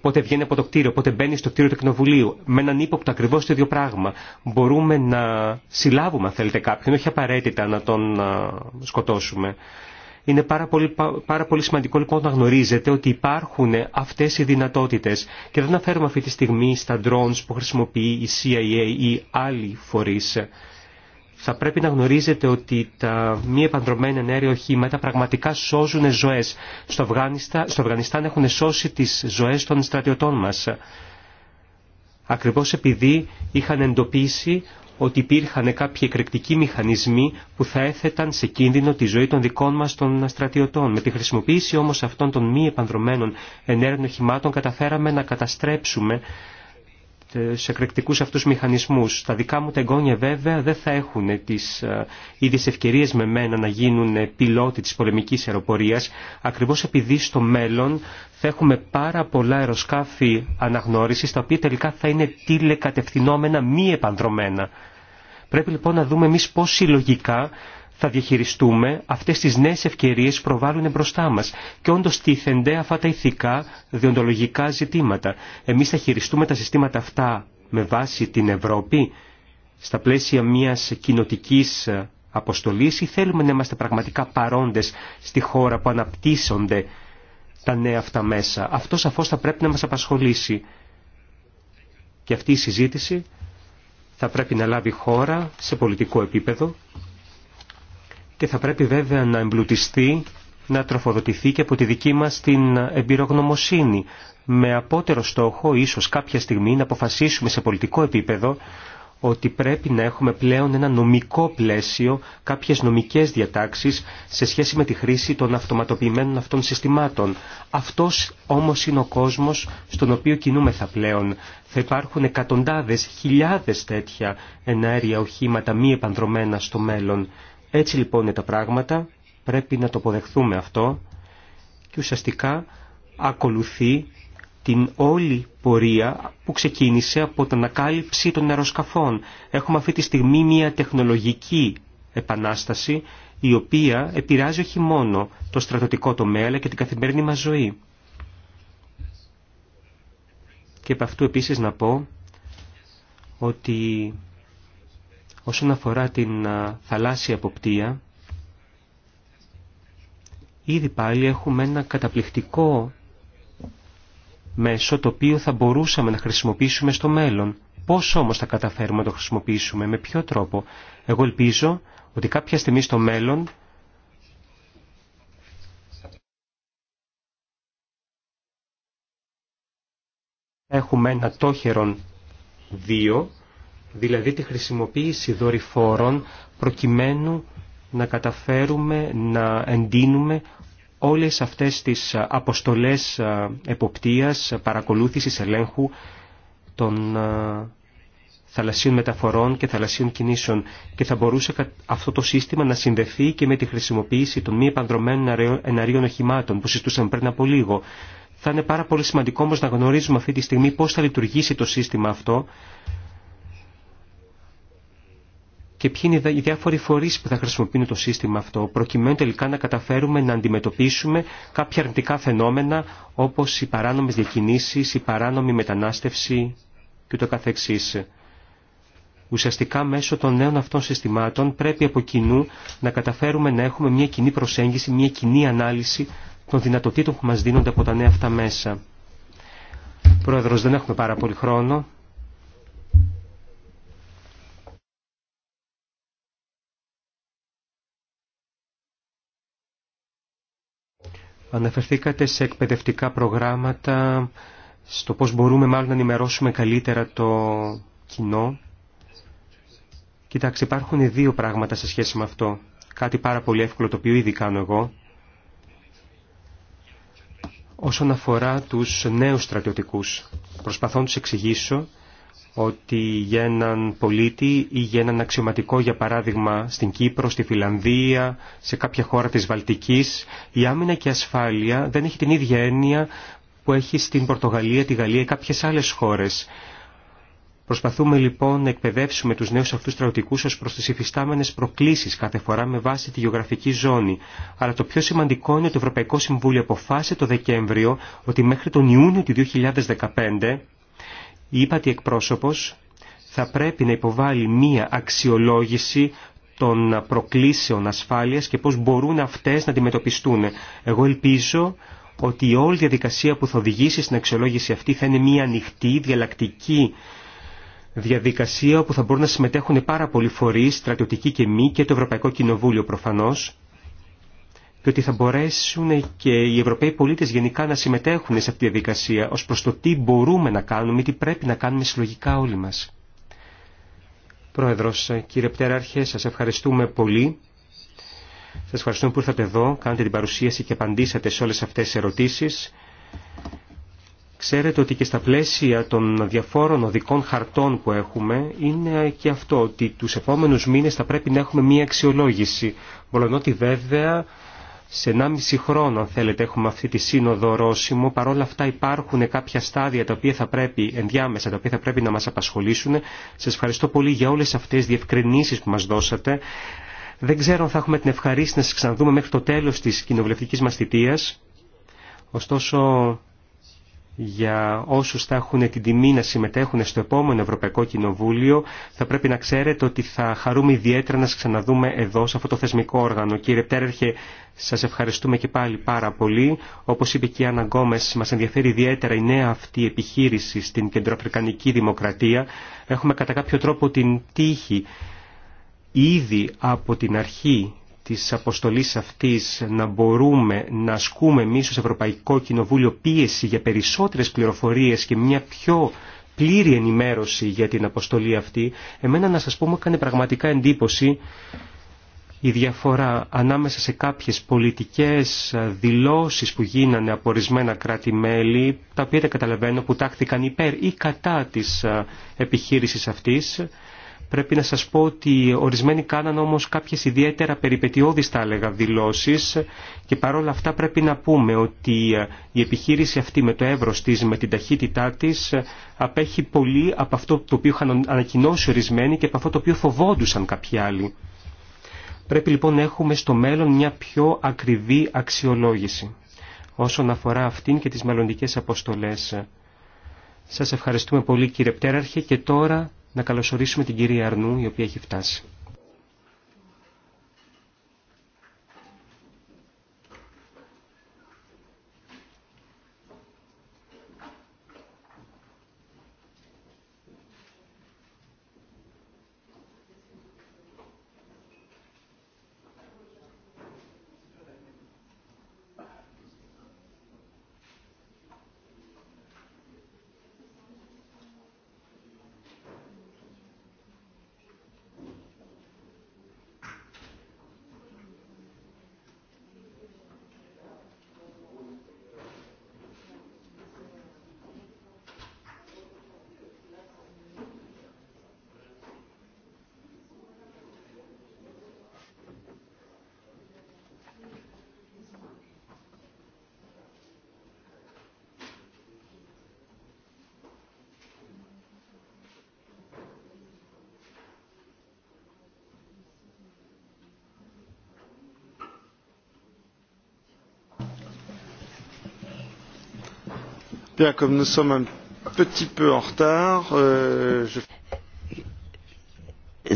πότε βγαίνει από το κτίριο, πότε μπαίνει στο κτίριο του Κοινοβουλίου. Με έναν ύποπτο ακριβώ το ίδιο πράγμα. Μπορούμε να συλλάβουμε, αν θέλετε, κάποιον, όχι απαραίτητα να τον σκοτώσουμε. Είναι πάρα πολύ, πάρα πολύ σημαντικό λοιπόν να γνωρίζετε ότι υπάρχουν αυτές οι δυνατότητες και δεν αναφέρουμε αυτή τη στιγμή στα drones που χρησιμοποιεί η CIA ή άλλοι φορείς. Θα πρέπει να γνωρίζετε ότι τα μη επανδρομένα ενέργεια οχήματα πραγματικά σώζουν ζωές. Στο, Αφγανιστάν, στο Αφγανιστάν έχουν σώσει τις ζωές των στρατιωτών μας. Ακριβώς επειδή είχαν εντοπίσει ότι υπήρχαν κάποιοι εκρηκτικοί μηχανισμοί που θα έθεταν σε κίνδυνο τη ζωή των δικών μας των στρατιωτών. Με τη χρησιμοποίηση όμως αυτών των μη επανδρομένων ενέργων οχημάτων καταφέραμε να καταστρέψουμε ε, σε εκρηκτικούς αυτούς μηχανισμούς. Τα δικά μου τεγόνια βέβαια δεν θα έχουν τις ε, ίδιες ευκαιρίες με μένα να γίνουν πιλότοι της πολεμικής αεροπορίας, ακριβώς επειδή στο μέλλον θα έχουμε πάρα πολλά αεροσκάφη αναγνώρισης, τα οποία τελικά θα είναι τηλεκατευθυνόμενα μη επανδρομένα. Πρέπει λοιπόν να δούμε εμεί πώς συλλογικά θα διαχειριστούμε αυτές τις νέες ευκαιρίες που προβάλλουν μπροστά μας και όντως τίθενται αυτά τα ηθικά διοντολογικά ζητήματα. Εμείς θα χειριστούμε τα συστήματα αυτά με βάση την Ευρώπη στα πλαίσια μιας κοινοτική ε, αποστολής ή θέλουμε να είμαστε πραγματικά παρόντες στη χώρα που αναπτύσσονται τα νέα αυτά μέσα. Αυτό σαφώς θα πρέπει να μας απασχολήσει. Και αυτή η συζήτηση θα πρέπει να λάβει χώρα σε πολιτικό επίπεδο και θα πρέπει βέβαια να εμπλουτιστεί, να τροφοδοτηθεί και από τη δική μας την εμπειρογνωμοσύνη, με απότερο στόχο ίσως κάποια στιγμή να αποφασίσουμε σε πολιτικό επίπεδο ότι πρέπει να έχουμε πλέον ένα νομικό πλαίσιο, κάποιες νομικές διατάξεις σε σχέση με τη χρήση των αυτοματοποιημένων αυτών συστημάτων. Αυτός όμως είναι ο κόσμος στον οποίο κινούμεθα πλέον. Θα υπάρχουν εκατοντάδες, χιλιάδες τέτοια εναέρια οχήματα μη επανδρομένα στο μέλλον. Έτσι λοιπόν είναι τα πράγματα, πρέπει να το αποδεχθούμε αυτό και ουσιαστικά ακολουθεί την όλη πορεία που ξεκίνησε από την ανακάλυψη των αεροσκαφών. Έχουμε αυτή τη στιγμή μια τεχνολογική επανάσταση η οποία επηρεάζει όχι μόνο το στρατοτικό τομέα αλλά και την καθημερινή μας ζωή. Και από αυτού επίσης να πω ότι Όσον αφορά την θαλάσσια αποπτία, ήδη πάλι έχουμε ένα καταπληκτικό μέσο το οποίο θα μπορούσαμε να χρησιμοποιήσουμε στο μέλλον. Πώς όμως θα καταφέρουμε να το χρησιμοποιήσουμε, με ποιο τρόπο. Εγώ ελπίζω ότι κάποια στιγμή στο μέλλον έχουμε ένα τόχερον 2 δηλαδή τη χρησιμοποίηση δορυφόρων προκειμένου να καταφέρουμε να εντείνουμε όλες αυτές τις αποστολές εποπτείας, παρακολούθησης, ελέγχου των θαλασσίων μεταφορών και θαλασσίων κινήσεων και θα μπορούσε αυτό το σύστημα να συνδεθεί και με τη χρησιμοποίηση των μη επανδρομένων εναρίων οχημάτων που συστούσαμε πριν από λίγο. Θα είναι πάρα πολύ σημαντικό όμως να γνωρίζουμε αυτή τη στιγμή πώς θα λειτουργήσει το σύστημα αυτό και ποιοι είναι οι διάφοροι φορεί που θα χρησιμοποιούν το σύστημα αυτό, προκειμένου τελικά να καταφέρουμε να αντιμετωπίσουμε κάποια αρνητικά φαινόμενα όπω οι παράνομε διακινήσει, η παράνομη μετανάστευση κ.ο.κ. Ουσιαστικά μέσω των νέων αυτών συστημάτων πρέπει από κοινού να καταφέρουμε να έχουμε μια κοινή προσέγγιση, μια κοινή ανάλυση των δυνατοτήτων που μας δίνονται από τα νέα αυτά μέσα. Πρόεδρος, δεν έχουμε πάρα πολύ χρόνο. Αναφερθήκατε σε εκπαιδευτικά προγράμματα, στο πώς μπορούμε μάλλον να ενημερώσουμε καλύτερα το κοινό. Κοιτάξτε, υπάρχουν δύο πράγματα σε σχέση με αυτό. Κάτι πάρα πολύ εύκολο, το οποίο ήδη κάνω εγώ. Όσον αφορά τους νέους στρατιωτικούς, προσπαθώ να τους εξηγήσω ότι για έναν πολίτη ή για έναν αξιωματικό, για παράδειγμα, στην Κύπρο, στη Φιλανδία, σε κάποια χώρα της Βαλτικής, η άμυνα και η ασφάλεια δεν έχει την ίδια έννοια που έχει στην Πορτογαλία, τη Γαλλία ή κάποιες άλλες χώρες. Προσπαθούμε λοιπόν να εκπαιδεύσουμε τους νέους αυτούς στρατιωτικούς ως προς τις υφιστάμενες προκλήσεις κάθε φορά με βάση τη γεωγραφική ζώνη. Αλλά το πιο σημαντικό είναι ότι το Ευρωπαϊκό Συμβούλιο αποφάσισε το Δεκέμβριο ότι μέχρι τον Ιούνιο του 2015 η ύπατη εκπρόσωπος θα πρέπει να υποβάλει μία αξιολόγηση των προκλήσεων ασφάλειας και πώς μπορούν αυτές να αντιμετωπιστούν. Εγώ ελπίζω ότι η όλη διαδικασία που θα οδηγήσει στην αξιολόγηση αυτή θα είναι μία ανοιχτή, διαλλακτική διαδικασία όπου θα μπορούν να συμμετέχουν πάρα πολλοί φορείς, στρατιωτικοί και μη και το Ευρωπαϊκό Κοινοβούλιο προφανώς και ότι θα μπορέσουν και οι Ευρωπαίοι πολίτες γενικά να συμμετέχουν σε αυτή τη διαδικασία ως προς το τι μπορούμε να κάνουμε ή τι πρέπει να κάνουμε συλλογικά όλοι μας. Πρόεδρος, κύριε Πτέραρχε, σας ευχαριστούμε πολύ. Σας ευχαριστούμε που ήρθατε εδώ, κάνετε την παρουσίαση και απαντήσατε σε όλες αυτές τις ερωτήσεις. Ξέρετε ότι και στα πλαίσια των διαφόρων οδικών χαρτών που έχουμε είναι και αυτό ότι τους επόμενους μήνες θα πρέπει να έχουμε μία αξιολόγηση. Μολονότι βέβαια σε 1,5 χρόνο, αν θέλετε, έχουμε αυτή τη σύνοδο ορόσημο. Παρ' όλα αυτά υπάρχουν κάποια στάδια τα οποία θα πρέπει, ενδιάμεσα, τα οποία θα πρέπει να μας απασχολήσουν. Σας ευχαριστώ πολύ για όλες αυτές τις διευκρινήσεις που μας δώσατε. Δεν ξέρω αν θα έχουμε την ευχαρίστηση να σας ξαναδούμε μέχρι το τέλος της κοινοβουλευτικής μας θητείας. Ωστόσο, για όσους θα έχουν την τιμή να συμμετέχουν στο επόμενο Ευρωπαϊκό Κοινοβούλιο θα πρέπει να ξέρετε ότι θα χαρούμε ιδιαίτερα να σας ξαναδούμε εδώ σε αυτό το θεσμικό όργανο. Κύριε Πτέρερχε, σας ευχαριστούμε και πάλι πάρα πολύ. Όπως είπε και η Άννα Γκόμες, μας ενδιαφέρει ιδιαίτερα η νέα αυτή επιχείρηση στην κεντροαφρικανική δημοκρατία. Έχουμε κατά κάποιο τρόπο την τύχη ήδη από την αρχή της αποστολής αυτής να μπορούμε να ασκούμε εμεί ως Ευρωπαϊκό Κοινοβούλιο πίεση για περισσότερες πληροφορίες και μια πιο πλήρη ενημέρωση για την αποστολή αυτή, εμένα να σας πω μου έκανε πραγματικά εντύπωση η διαφορά ανάμεσα σε κάποιες πολιτικές δηλώσεις που γίνανε από ορισμένα κράτη-μέλη, τα οποία δεν καταλαβαίνω που τάχθηκαν υπέρ ή κατά της ε, επιχείρησης αυτής, Πρέπει να σας πω ότι ορισμένοι κάναν όμως κάποιες ιδιαίτερα περιπετειώδεις θα έλεγα δηλώσεις και παρόλα αυτά πρέπει να πούμε ότι ε, η επιχείρηση αυτή με το εύρος της, με την ταχύτητά της ε, απέχει πολύ από αυτό το οποίο είχαν ανακοινώσει ορισμένοι και από αυτό το οποίο φοβόντουσαν κάποιοι άλλοι. Πρέπει λοιπόν να έχουμε στο μέλλον μια πιο ακριβή αξιολόγηση όσον αφορά αυτήν και τις μελλοντικές αποστολές. Σας ευχαριστούμε πολύ κύριε Πτέραρχε και τώρα να καλωσορίσουμε την κυρία Αρνού η οποία έχει φτάσει.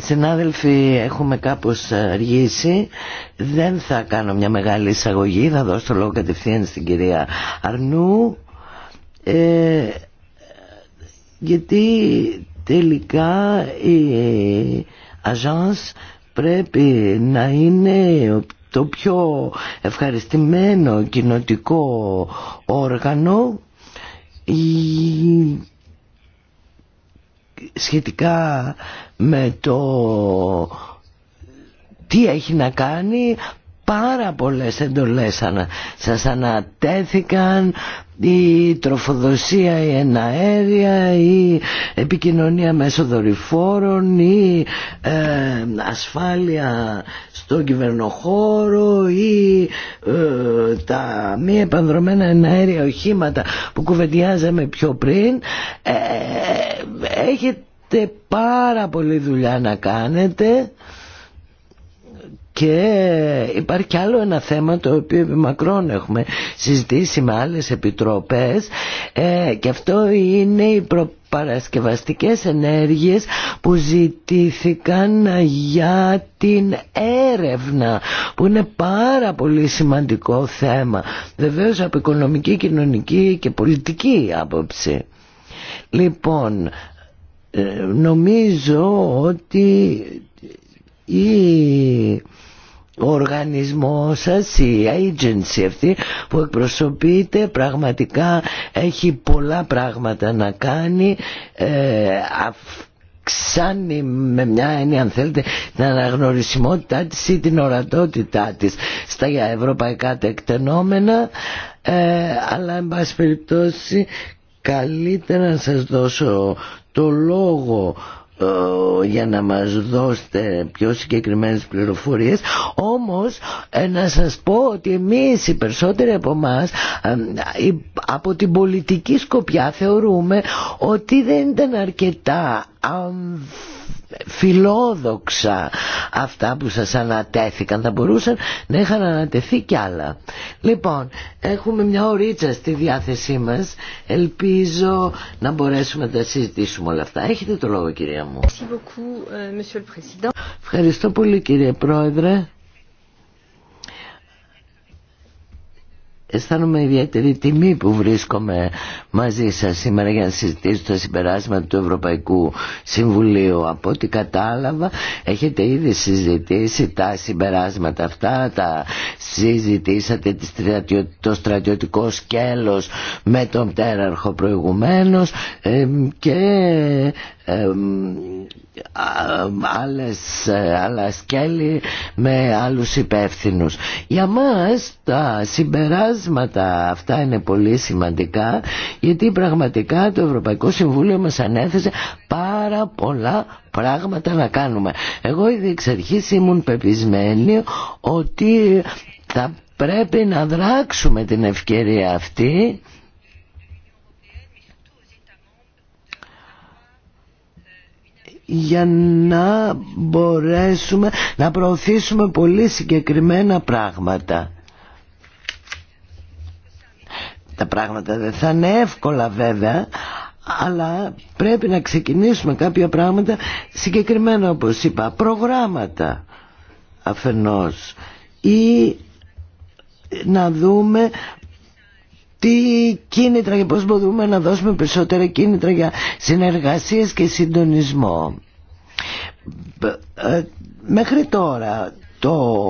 Συνάδελφοι, έχουμε κάπως αργήσει. Δεν θα κάνω μια μεγάλη εισαγωγή. Θα δώσω το λόγο κατευθείαν στην κυρία Αρνού. Ε, γιατί τελικά η Αζάνς πρέπει να είναι το πιο ευχαριστημένο κοινοτικό όργανο σχετικά με το τι έχει να κάνει πάρα πολλές εντολές ανα, σας ανατέθηκαν η τροφοδοσία η εναέρια η επικοινωνία μέσω δορυφόρων η ε, ασφάλεια στον κυβερνοχώρο ή ε, τα μη επανδρομένα εναέρια οχήματα που κουβεντιάζαμε πιο πριν ε, έχετε πάρα πολλή δουλειά να κάνετε και υπάρχει άλλο ένα θέμα το οποίο επί μακρόν έχουμε συζητήσει με άλλες επιτροπές ε, και αυτό είναι οι προπαρασκευαστικές ενέργειες που ζητήθηκαν για την έρευνα που είναι πάρα πολύ σημαντικό θέμα βεβαίως από οικονομική, κοινωνική και πολιτική άποψη. Λοιπόν, ε, νομίζω ότι η ο οργανισμός σας, ε, η agency αυτή που εκπροσωπείται πραγματικά έχει πολλά πράγματα να κάνει ε, αυξάνει με μια έννοια αν θέλετε την αναγνωρισιμότητά της ή την ορατότητά της στα ευρωπαϊκά τεκτενόμενα ε, αλλά εν πάση περιπτώσει καλύτερα να σας δώσω το λόγο ε, για να μας δώσετε πιο συγκεκριμένες πληροφορίες όμως ε, να σας πω ότι εμείς οι περισσότεροι από εμά ε, από την πολιτική σκοπιά θεωρούμε ότι δεν ήταν αρκετά φιλόδοξα αυτά που σας ανατέθηκαν θα μπορούσαν να είχαν ανατεθεί κι άλλα λοιπόν έχουμε μια ωρίτσα στη διάθεσή μας ελπίζω να μπορέσουμε να τα συζητήσουμε όλα αυτά έχετε το λόγο κυρία μου euh, ευχαριστώ πολύ κύριε πρόεδρε αισθάνομαι ιδιαίτερη τιμή που βρίσκομαι μαζί σας σήμερα για να συζητήσω τα συμπεράσματα του Ευρωπαϊκού Συμβουλίου. Από ό,τι κατάλαβα έχετε ήδη συζητήσει τα συμπεράσματα αυτά, τα συζητήσατε το στρατιωτικό σκέλος με τον τέραρχο προηγουμένως και άλλες, άλλα σκέλη με άλλους υπεύθυνους. Για μας τα συμπεράσματα αυτά είναι πολύ σημαντικά γιατί πραγματικά το Ευρωπαϊκό Συμβούλιο μας ανέθεσε πάρα πολλά πράγματα να κάνουμε. Εγώ ήδη εξ αρχής ήμουν πεπισμένη ότι θα πρέπει να δράξουμε την ευκαιρία αυτή για να μπορέσουμε να προωθήσουμε πολύ συγκεκριμένα πράγματα. Τα πράγματα δεν θα είναι εύκολα βέβαια, αλλά πρέπει να ξεκινήσουμε κάποια πράγματα συγκεκριμένα όπως είπα, προγράμματα αφενός ή να δούμε τι κίνητρα και πώς μπορούμε να δώσουμε περισσότερα κίνητρα για συνεργασίες και συντονισμό. Ε, μέχρι τώρα το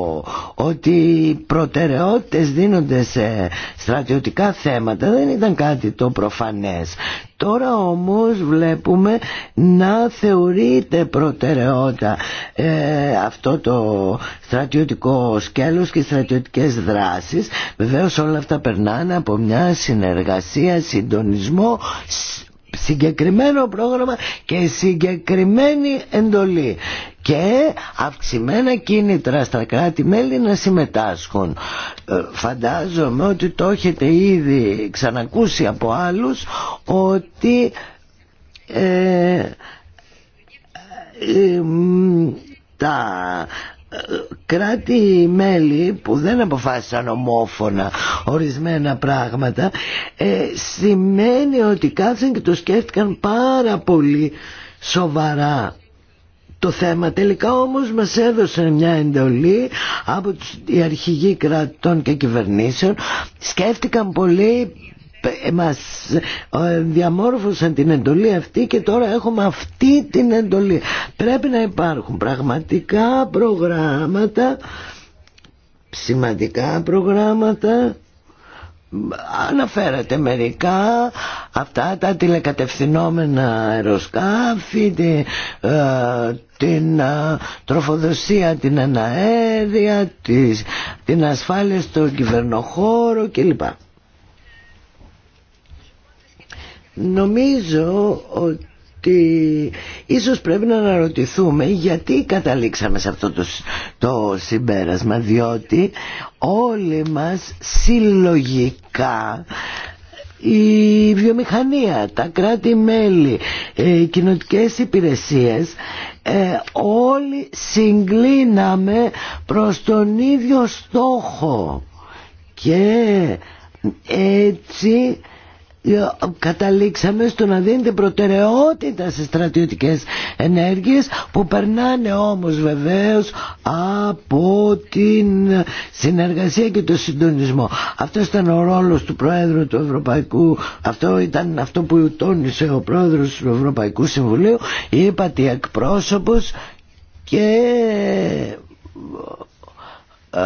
ότι οι προτεραιότητες δίνονται σε στρατιωτικά θέματα δεν ήταν κάτι το προφανές. Τώρα όμως βλέπουμε να θεωρείται προτεραιότητα ε, αυτό το στρατιωτικό σκέλος και στρατιωτικές δράσεις. Βεβαίως όλα αυτά περνάνε από μια συνεργασία, συντονισμό, συγκεκριμένο πρόγραμμα και συγκεκριμένη εντολή και αυξημένα κίνητρα στα κράτη-μέλη να συμμετάσχουν. Ε, φαντάζομαι ότι το έχετε ήδη ξανακούσει από άλλους ότι ε, ε, τα κράτη-μέλη που δεν αποφάσισαν ομόφωνα ορισμένα πράγματα ε, σημαίνει ότι κάθισαν και το σκέφτηκαν πάρα πολύ σοβαρά το θέμα. Τελικά όμως μας έδωσαν μια εντολή από τους, οι αρχηγοί κρατών και κυβερνήσεων. Σκέφτηκαν πολύ, μας ε, διαμόρφωσαν την εντολή αυτή και τώρα έχουμε αυτή την εντολή. Πρέπει να υπάρχουν πραγματικά προγράμματα, σημαντικά προγράμματα, αναφέρατε μερικά αυτά τα τηλεκατευθυνόμενα αεροσκάφη ε, την ε, τροφοδοσία την αναέδεια την ασφάλεια στον κυβερνοχώρο κλπ. Νομίζω ότι ίσως πρέπει να αναρωτηθούμε γιατί καταλήξαμε σε αυτό το, συμπέρασμα διότι όλοι μας συλλογικά η βιομηχανία, τα κράτη-μέλη, ε, οι κοινωτικές υπηρεσίες ε, όλοι συγκλίναμε προς τον ίδιο στόχο και έτσι ε, καταλήξαμε στο να δίνεται προτεραιότητα σε στρατιωτικές ενέργειες που περνάνε όμως βεβαίως από την συνεργασία και το συντονισμό. Αυτό ήταν ο ρόλος του Πρόεδρου του Ευρωπαϊκού, αυτό ήταν αυτό που τόνισε ο Πρόεδρος του Ευρωπαϊκού Συμβουλίου, είπα ότι εκπρόσωπος και ε,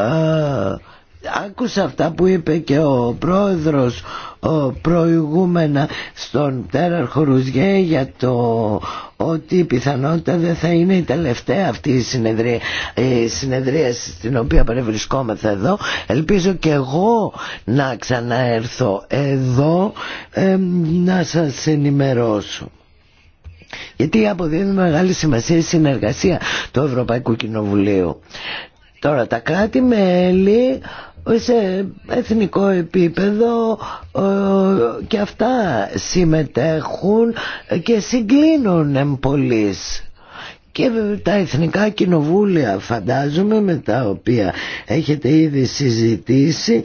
άκουσα αυτά που είπε και ο πρόεδρος ο προηγούμενα στον Τέραρχο Ρουζιέ για το ότι η πιθανότητα δεν θα είναι η τελευταία αυτή η συνεδρία, η συνεδρία στην οποία παρευρισκόμεθα εδώ. Ελπίζω και εγώ να ξαναέρθω εδώ να σας ενημερώσω. Γιατί αποδίδουν μεγάλη σημασία η συνεργασία του Ευρωπαϊκού Κοινοβουλίου. Τώρα τα κράτη-μέλη σε εθνικό επίπεδο ε, και αυτά συμμετέχουν και συγκλίνουν εμπολείς και τα εθνικά κοινοβούλια φαντάζομαι με τα οποία έχετε ήδη συζητήσει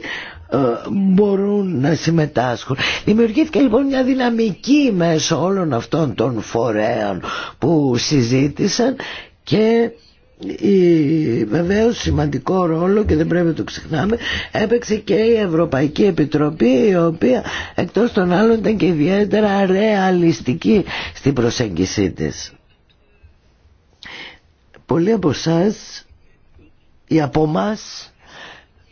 ε, μπορούν να συμμετάσχουν. Δημιουργήθηκε λοιπόν μια δυναμική μέσω όλων αυτών των φορέων που συζήτησαν και βεβαίω σημαντικό ρόλο και δεν πρέπει να το ξεχνάμε έπαιξε και η Ευρωπαϊκή Επιτροπή η οποία εκτός των άλλων ήταν και ιδιαίτερα ρεαλιστική στην προσέγγισή της. Πολλοί από εσά ή από εμά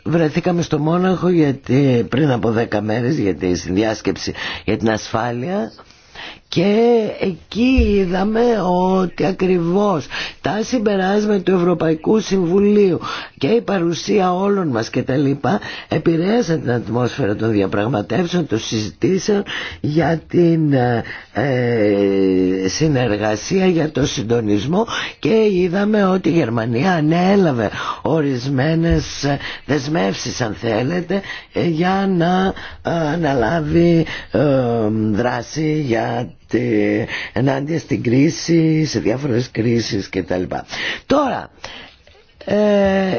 βρεθήκαμε στο Μόναχο γιατί, πριν από δέκα μέρες για τη συνδιάσκεψη για την ασφάλεια και εκεί είδαμε ότι ακριβώς τα συμπεράσματα του Ευρωπαϊκού Συμβουλίου και η παρουσία όλων μας και τα λοιπά επηρέασαν την ατμόσφαιρα των διαπραγματεύσεων, των συζητήσεων για την ε, συνεργασία, για το συντονισμό και είδαμε ότι η Γερμανία ανέλαβε ορισμένες δεσμεύσεις αν θέλετε για να ε, αναλάβει ε, δράση για ενάντια στην κρίση, σε διάφορες κρίσεις κτλ. Τώρα, ε,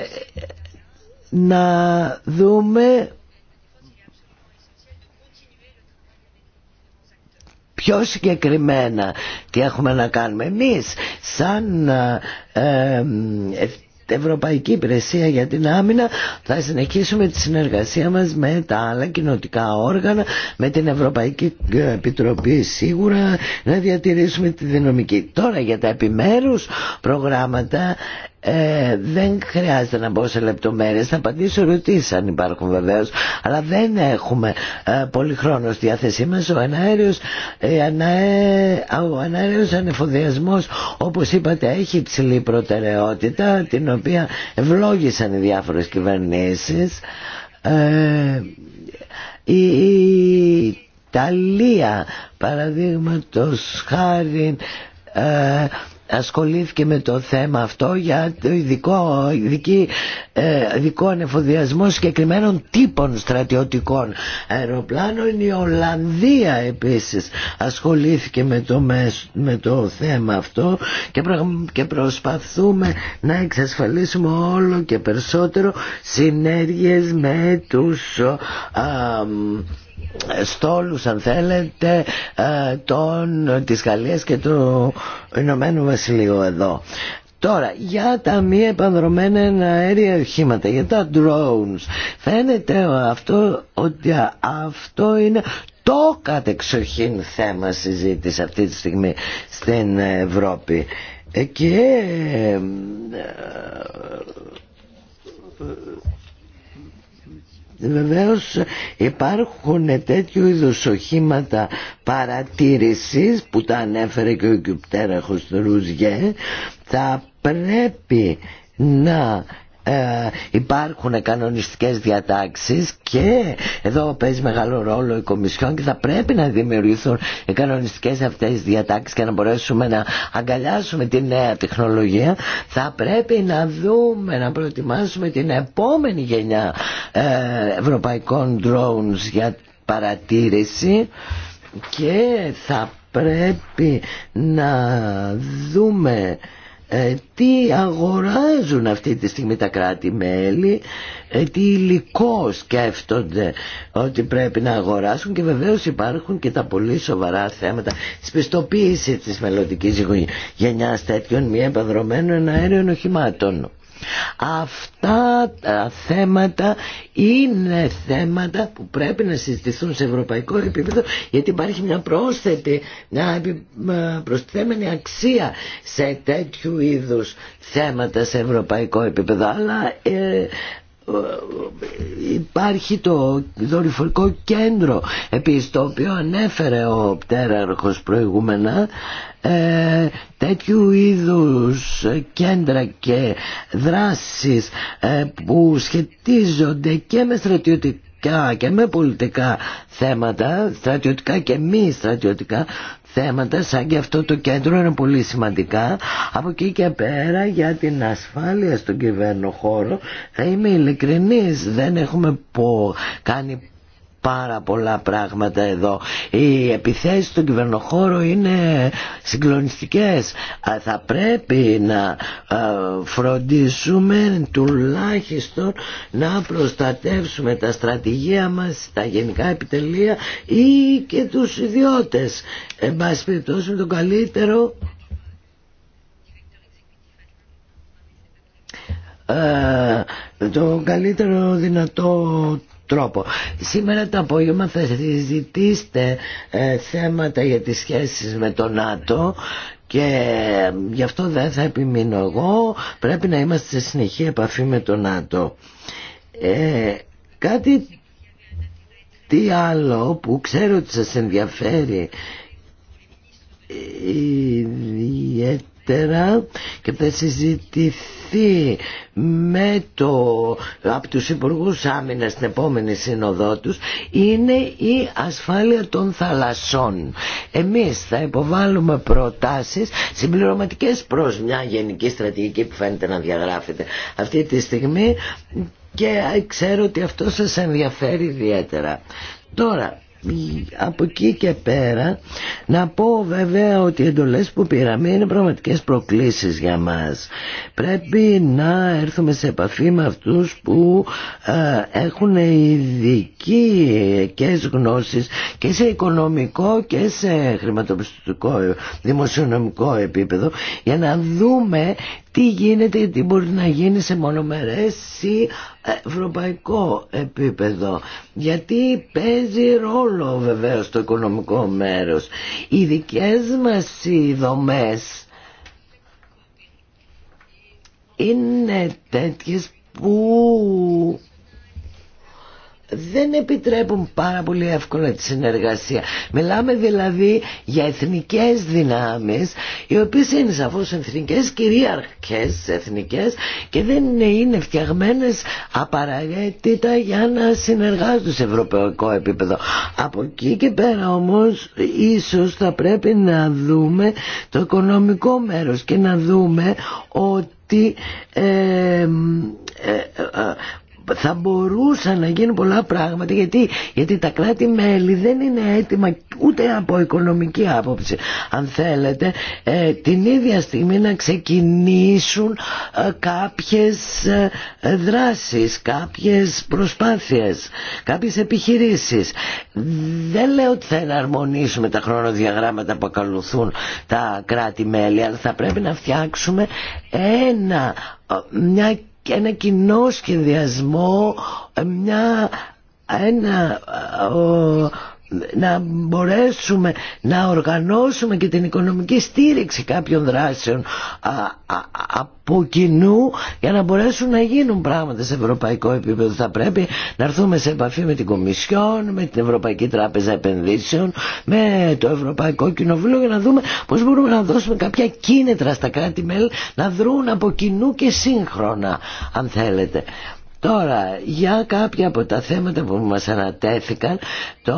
να δούμε πιο συγκεκριμένα τι έχουμε να κάνουμε εμείς σαν ε, ε, Ευρωπαϊκή Υπηρεσία για την Άμυνα θα συνεχίσουμε τη συνεργασία μας με τα άλλα κοινοτικά όργανα με την Ευρωπαϊκή Επιτροπή σίγουρα να διατηρήσουμε τη δυναμική τώρα για τα επιμέρους προγράμματα ε, δεν χρειάζεται να μπω σε λεπτομέρειες, θα απαντήσω ρωτήσεις αν υπάρχουν βεβαίως, αλλά δεν έχουμε ε, πολύ χρόνο στη διάθεσή μας. Ο αναέριος, ε, αναέ, ε, ο ανεφοδιασμός, όπως είπατε, έχει υψηλή προτεραιότητα, την οποία ευλόγησαν οι διάφορες κυβερνήσεις. Ε, η, η Ιταλία, παραδείγματος χάρη, ασχολήθηκε με το θέμα αυτό για το ειδικό, ειδική, ε, ειδικό ανεφοδιασμό συγκεκριμένων τύπων στρατιωτικών αεροπλάνων. Η Ολλανδία επίσης ασχολήθηκε με το, με το θέμα αυτό και, και προσπαθούμε να εξασφαλίσουμε όλο και περισσότερο συνέργειες με τους στόλους αν θέλετε ε, των, της Γαλλίας και του Ηνωμένου Βασιλείου εδώ. Τώρα, για τα μη επανδρομένα αέρια οχήματα, για τα drones, φαίνεται αυτό, ότι αυτό είναι το κατεξοχήν θέμα συζήτηση αυτή τη στιγμή στην Ευρώπη. Και ε, ε, Βεβαίως υπάρχουν τέτοιου είδους οχήματα παρατήρησης που τα ανέφερε και ο Κιουπτέραχος του Ρουζιέ θα πρέπει να ε, υπάρχουν κανονιστικές διατάξεις και εδώ παίζει μεγάλο ρόλο η Κομισιόν και θα πρέπει να δημιουργηθούν οι κανονιστικές αυτές διατάξεις και να μπορέσουμε να αγκαλιάσουμε τη νέα τεχνολογία θα πρέπει να δούμε, να προετοιμάσουμε την επόμενη γενιά ε, ευρωπαϊκών drones για παρατήρηση και θα πρέπει να δούμε ε, τι αγοράζουν αυτή τη στιγμή τα κράτη-μέλη, ε, τι υλικό σκέφτονται ότι πρέπει να αγοράσουν και βεβαίως υπάρχουν και τα πολύ σοβαρά θέματα της πιστοποίηση της μελλοντικής γενιάς τέτοιων μη επαδρομένων αέριων οχημάτων. Αυτά τα θέματα είναι θέματα που πρέπει να συζητηθούν σε ευρωπαϊκό επίπεδο γιατί υπάρχει μια πρόσθετη, μια ε, προσθέμενη αξία σε τέτοιου είδους θέματα σε ευρωπαϊκό επίπεδο αλλά ε, υπάρχει το δορυφορικό κέντρο επίσης το οποίο ανέφερε ο πτέραρχος προηγούμενα ε, τέτοιου είδους κέντρα και δράσεις ε, που σχετίζονται και με στρατιωτικά και με πολιτικά θέματα, στρατιωτικά και μη στρατιωτικά, θέματα σαν και αυτό το κέντρο είναι πολύ σημαντικά. Από εκεί και πέρα για την ασφάλεια στον κυβέρνο χώρο θα είμαι ειλικρινής. Δεν έχουμε πο, κάνει πάρα πολλά πράγματα εδώ. Οι επιθέσεις στον κυβερνοχώρο είναι συγκλονιστικές. Θα πρέπει να φροντίσουμε τουλάχιστον να προστατεύσουμε τα στρατηγία μας, τα γενικά επιτελεία ή και τους ιδιώτες. Εν πάση περιπτώσει το καλύτερο ε, το καλύτερο δυνατό τρόπο. Σήμερα το απόγευμα θα συζητήσετε ε, θέματα για τις σχέσεις με τον ΝΑΤΟ και ε, γι' αυτό δεν θα επιμείνω εγώ. Πρέπει να είμαστε σε συνεχή επαφή με τον ΝΑΤΟ. Ε, κάτι τι άλλο που ξέρω ότι σας ενδιαφέρει ιδιαίτερα και θα συζητηθεί με το, από τους Υπουργούς Άμυνας στην επόμενη σύνοδό τους είναι η ασφάλεια των θαλασσών. Εμείς θα υποβάλουμε προτάσεις συμπληρωματικές προς μια γενική στρατηγική που φαίνεται να διαγράφεται αυτή τη στιγμή και ξέρω ότι αυτό σας ενδιαφέρει ιδιαίτερα. Τώρα, από εκεί και πέρα να πω βέβαια ότι οι εντολές που πήραμε είναι πραγματικές προκλήσεις για μας πρέπει να έρθουμε σε επαφή με αυτούς που ε, έχουν ειδική και γνώσεις και σε οικονομικό και σε χρηματοπιστωτικό δημοσιονομικό επίπεδο για να δούμε τι γίνεται, τι μπορεί να γίνει σε μονομερές ή ευρωπαϊκό επίπεδο γιατί παίζει ρόλο βεβαίως στο οικονομικό μέρος οι δικές μας οι δομές είναι τέτοιες που δεν επιτρέπουν πάρα πολύ εύκολα τη συνεργασία. Μιλάμε δηλαδή για εθνικές δυνάμεις, οι οποίες είναι σαφώς εθνικές, κυρίαρχες εθνικές και δεν είναι φτιαγμένες απαραίτητα για να συνεργάζονται σε ευρωπαϊκό επίπεδο. Από εκεί και πέρα όμως ίσως θα πρέπει να δούμε το οικονομικό μέρος και να δούμε ότι ε, ε, ε, θα μπορούσαν να γίνουν πολλά πράγματα γιατί, γιατί τα κράτη-μέλη δεν είναι έτοιμα ούτε από οικονομική άποψη αν θέλετε ε, την ίδια στιγμή να ξεκινήσουν ε, κάποιες ε, δράσεις, κάποιες προσπάθειες, κάποιες επιχειρήσεις. Δεν λέω ότι θα εναρμονίσουμε τα χρονοδιαγράμματα που ακολουθούν τα κράτη-μέλη αλλά θα πρέπει να φτιάξουμε ένα μια και ένα κοινό σχεδιασμό, μια, ένα να μπορέσουμε να οργανώσουμε και την οικονομική στήριξη κάποιων δράσεων από κοινού για να μπορέσουν να γίνουν πράγματα σε ευρωπαϊκό επίπεδο. Θα πρέπει να έρθουμε σε επαφή με την Κομισιόν, με την Ευρωπαϊκή Τράπεζα Επενδύσεων, με το Ευρωπαϊκό Κοινοβούλιο για να δούμε πώς μπορούμε να δώσουμε κάποια κίνητρα στα κράτη-μέλη να δρουν από κοινού και σύγχρονα αν θέλετε. Τώρα, για κάποια από τα θέματα που μας ανατέθηκαν, το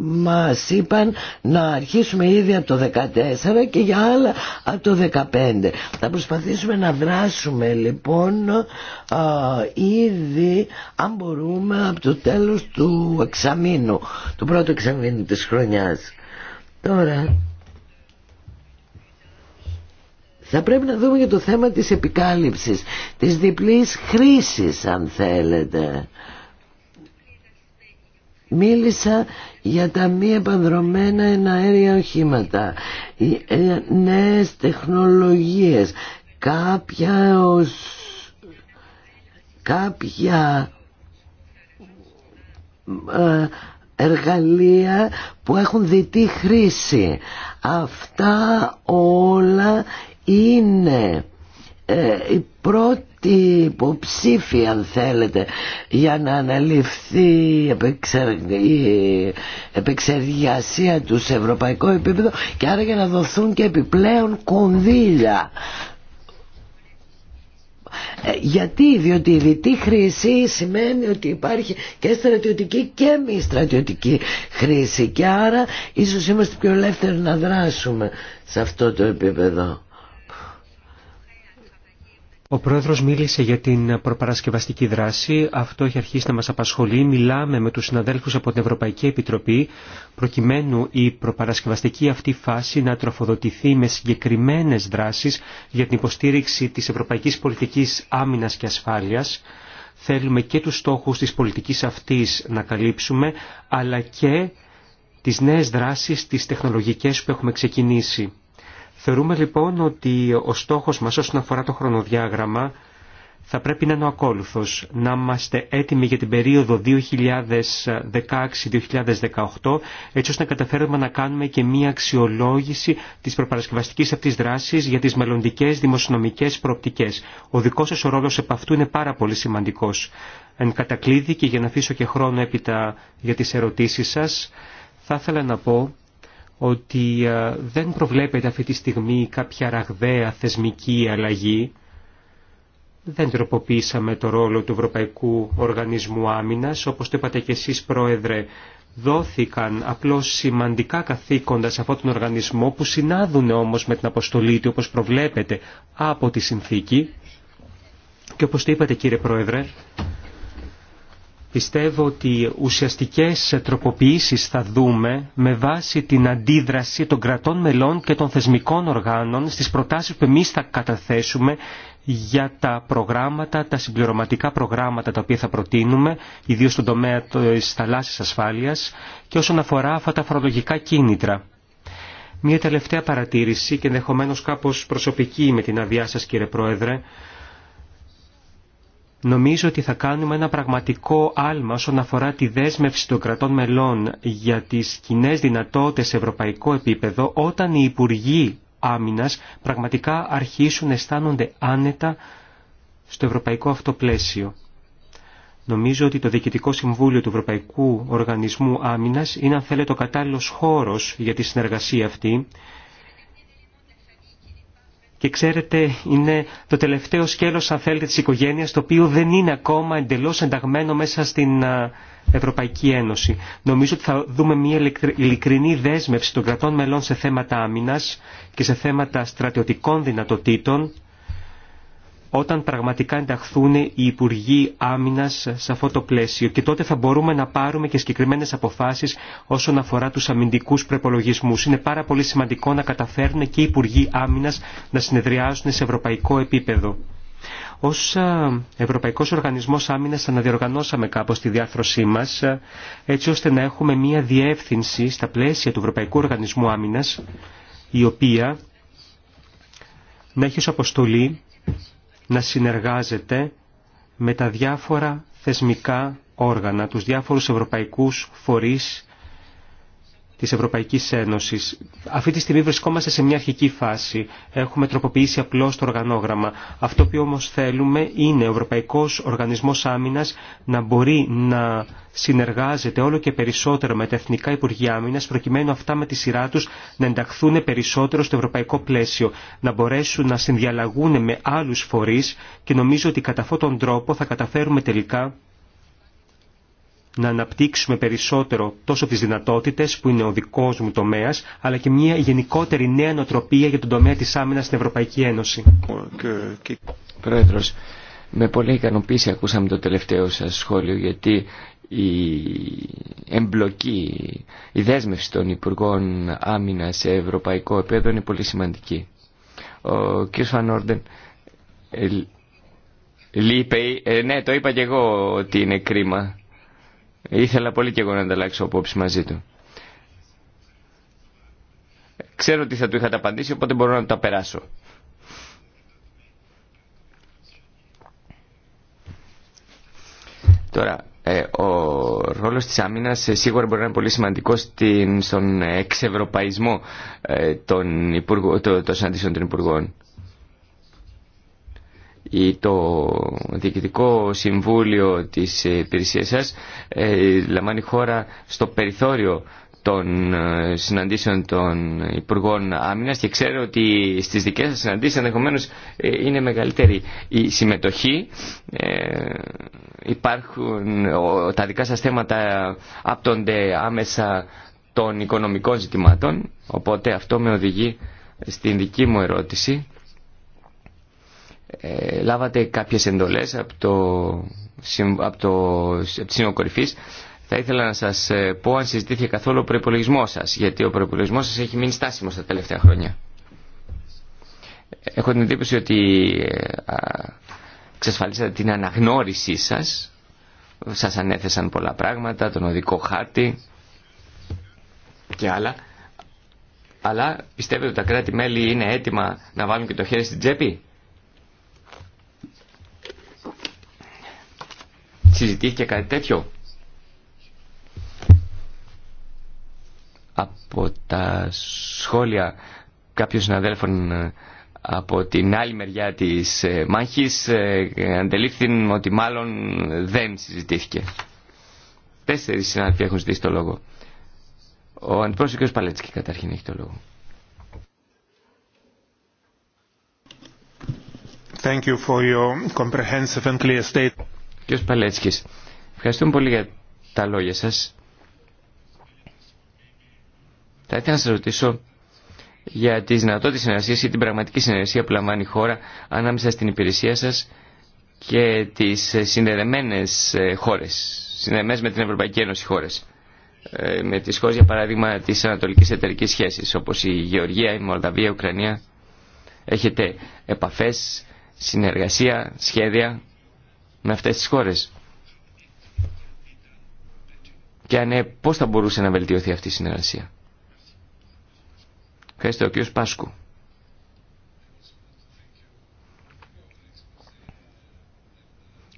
μας είπαν να αρχίσουμε ήδη από το 14 και για άλλα από το 15. Θα προσπαθήσουμε να δράσουμε λοιπόν α, ήδη αν μπορούμε από το τέλος του εξαμήνου, του πρώτου εξαμήνου της χρονιάς. Τώρα... Θα πρέπει να δούμε και το θέμα της επικάλυψης, της διπλής χρήσης αν θέλετε. Μίλησα για τα μη επανδρομένα εναέρια οχήματα, ε, νέες τεχνολογίες, κάποια, ως, κάποια ε, εργαλεία που έχουν διτή χρήση. Αυτά όλα είναι ε, η πρώτη υποψήφια αν θέλετε για να αναλυφθεί η επεξεργασία του σε ευρωπαϊκό επίπεδο και άρα για να δοθούν και επιπλέον κονδύλια ε, γιατί, διότι η διτή χρήση σημαίνει ότι υπάρχει και στρατιωτική και μη στρατιωτική χρήση και άρα ίσως είμαστε πιο ελεύθεροι να δράσουμε σε αυτό το επίπεδο. Ο πρόεδρος μίλησε για την προπαρασκευαστική δράση. Αυτό έχει αρχίσει να μας απασχολεί. Μιλάμε με τους συναδέλφους από την Ευρωπαϊκή Επιτροπή προκειμένου η προπαρασκευαστική αυτή φάση να τροφοδοτηθεί με συγκεκριμένες δράσεις για την υποστήριξη της ευρωπαϊκής πολιτικής άμυνας και ασφάλειας. Θέλουμε και τους στόχους της πολιτικής αυτής να καλύψουμε, αλλά και τις νέες δράσεις, τις τεχνολογικές που έχουμε ξεκινήσει. Θεωρούμε λοιπόν ότι ο στόχος μας όσον αφορά το χρονοδιάγραμμα θα πρέπει να είναι ο ακόλουθος. Να είμαστε έτοιμοι για την περίοδο 2016-2018 έτσι ώστε να καταφέρουμε να κάνουμε και μία αξιολόγηση της προπαρασκευαστικής αυτής δράσης για τις μελλοντικές δημοσιονομικές προοπτικές. Ο δικός σας ο ρόλος επ' αυτού είναι πάρα πολύ σημαντικός. Εν κατακλείδη και για να αφήσω και χρόνο έπειτα για τις ερωτήσεις σας, θα ήθελα να πω ότι ε, δεν προβλέπεται αυτή τη στιγμή κάποια ραγδαία θεσμική αλλαγή. Δεν τροποποίησαμε το ρόλο του Ευρωπαϊκού Οργανισμού Άμυνας, όπως το είπατε και εσείς Πρόεδρε, δόθηκαν απλώς σημαντικά καθήκοντα σε αυτόν τον οργανισμό που συνάδουν όμως με την αποστολή του όπως προβλέπεται από τη συνθήκη και όπως το είπατε κύριε Πρόεδρε Πιστεύω ότι ουσιαστικές τροποποιήσεις θα δούμε με βάση την αντίδραση των κρατών μελών και των θεσμικών οργάνων στις προτάσεις που εμείς θα καταθέσουμε για τα προγράμματα, τα συμπληρωματικά προγράμματα τα οποία θα προτείνουμε, ιδίως στον τομέα της θαλάσσης ασφάλειας και όσον αφορά αυτά τα φορολογικά κίνητρα. Μία τελευταία παρατήρηση και ενδεχομένω κάπως προσωπική με την αδειά σας κύριε Πρόεδρε, Νομίζω ότι θα κάνουμε ένα πραγματικό άλμα όσον αφορά τη δέσμευση των κρατών μελών για τις κοινέ δυνατότητες σε ευρωπαϊκό επίπεδο όταν οι Υπουργοί Άμυνας πραγματικά αρχίσουν να αισθάνονται άνετα στο ευρωπαϊκό αυτό πλαίσιο. Νομίζω ότι το Διοικητικό Συμβούλιο του Ευρωπαϊκού Οργανισμού Άμυνας είναι αν θέλετε ο κατάλληλος χώρος για τη συνεργασία αυτή και ξέρετε είναι το τελευταίο σκέλος αν θέλετε της οικογένειας το οποίο δεν είναι ακόμα εντελώς ενταγμένο μέσα στην Ευρωπαϊκή Ένωση. Νομίζω ότι θα δούμε μια ειλικρινή δέσμευση των κρατών μελών σε θέματα άμυνας και σε θέματα στρατιωτικών δυνατοτήτων όταν πραγματικά ενταχθούν οι Υπουργοί Άμυνα σε αυτό το πλαίσιο και τότε θα μπορούμε να πάρουμε και συγκεκριμένε αποφάσει όσον αφορά του αμυντικού προπολογισμού. Είναι πάρα πολύ σημαντικό να καταφέρουν και οι Υπουργοί Άμυνα να συνεδριάζουν σε ευρωπαϊκό επίπεδο. Ω ε, Ευρωπαϊκό Οργανισμό Άμυνα αναδιοργανώσαμε κάπω τη διάρθρωσή μα ε, έτσι ώστε να έχουμε μία διεύθυνση στα πλαίσια του Ευρωπαϊκού Οργανισμού Άμυνα η οποία να έχει ως αποστολή να συνεργάζεται με τα διάφορα θεσμικά όργανα, τους διάφορους ευρωπαϊκούς φορείς της Ευρωπαϊκής Ένωσης. Αυτή τη στιγμή βρισκόμαστε σε μια αρχική φάση. Έχουμε τροποποιήσει απλώς το οργανόγραμμα. Αυτό που όμως θέλουμε είναι ο Ευρωπαϊκός Οργανισμός Άμυνας να μπορεί να συνεργάζεται όλο και περισσότερο με τα Εθνικά Υπουργεία Άμυνας προκειμένου αυτά με τη σειρά τους να ενταχθούν περισσότερο στο ευρωπαϊκό πλαίσιο, να μπορέσουν να συνδιαλλαγούν με άλλους φορείς και νομίζω ότι κατά αυτόν τον τρόπο θα καταφέρουμε τελικά να αναπτύξουμε περισσότερο τόσο τις δυνατότητες που είναι ο δικός μου τομέας, αλλά και μια γενικότερη νέα νοοτροπία για τον τομέα της άμυνας στην Ευρωπαϊκή Ένωση. Πρόεδρος, με πολλή ικανοποίηση ακούσαμε το τελευταίο σας σχόλιο, γιατί η εμπλοκή, η δέσμευση των Υπουργών Άμυνα σε ευρωπαϊκό επίπεδο είναι πολύ σημαντική. Ο κ. Φανόρντεν ε, λείπει, ε, ναι το είπα και εγώ ότι είναι κρίμα. Ήθελα πολύ και εγώ να ανταλλάξω απόψη μαζί του. Ξέρω ότι θα του είχατε απαντήσει, οπότε μπορώ να το τα περάσω. Τώρα, ε, ο ρόλος της άμυνας ε, σίγουρα μπορεί να είναι πολύ σημαντικός στην, στον εξευρωπαϊσμό ε, των, των συναντήσεων των Υπουργών το Διοικητικό Συμβούλιο της ε, υπηρεσία σας ε, λαμβάνει χώρα στο περιθώριο των ε, συναντήσεων των Υπουργών Άμυνα και ξέρω ότι στις δικές σας συναντήσεις ενδεχομένως είναι μεγαλύτερη η συμμετοχή. υπάρχουν, τα δικά σας θέματα άπτονται άμεσα των οικονομικών ζητημάτων, οπότε αυτό με οδηγεί στην δική μου ερώτηση. Ε, λάβατε κάποιες εντολές από το, από το, από τη σύνολο Κορυφής. Θα ήθελα να σας ε, πω αν συζητήθηκε καθόλου ο προπολογισμό σας, γιατί ο προπολογισμό σας έχει μείνει στάσιμος τα τελευταία χρόνια. Έχω την εντύπωση ότι ε, εξασφαλίσατε την αναγνώρισή σας, σας ανέθεσαν πολλά πράγματα, τον οδικό χάρτη και άλλα. Αλλά πιστεύετε ότι τα κράτη-μέλη είναι έτοιμα να βάλουν και το χέρι στην τσέπη. συζητήθηκε κάτι τέτοιο. Από τα σχόλια κάποιων συναδέλφων ε, από την άλλη μεριά της ε, μάχης ε, αντελήφθη ότι μάλλον δεν συζητήθηκε. Τέσσερις συνάδελφοι έχουν ζητήσει το λόγο. Ο αντιπρόσωπος Παλέτσκι καταρχήν έχει το λόγο. Thank you for your comprehensive and clear statement. Κύριος Παλέτσκης, ευχαριστούμε πολύ για τα λόγια σας. Θα ήθελα να σας ρωτήσω για τη δυνατότητα συνεργασίας ή την πραγματική συνεργασία που λαμβάνει η χώρα ανάμεσα στην υπηρεσία σας και τις συνδεδεμένες ε, χώρες, συνδεδεμένες με την Ευρωπαϊκή Ένωση χώρες. Ε, με τις χώρες, για παράδειγμα, της ανατολικής εταιρικής σχέσης, όπως η Γεωργία, η Μολδαβία, η Ουκρανία. Έχετε επαφές, συνεργασία, σχέδια με αυτές τις χώρες. Και αν ναι, πώς θα μπορούσε να βελτιωθεί αυτή η συνεργασία. Ευχαριστώ, κύριο Πάσκου.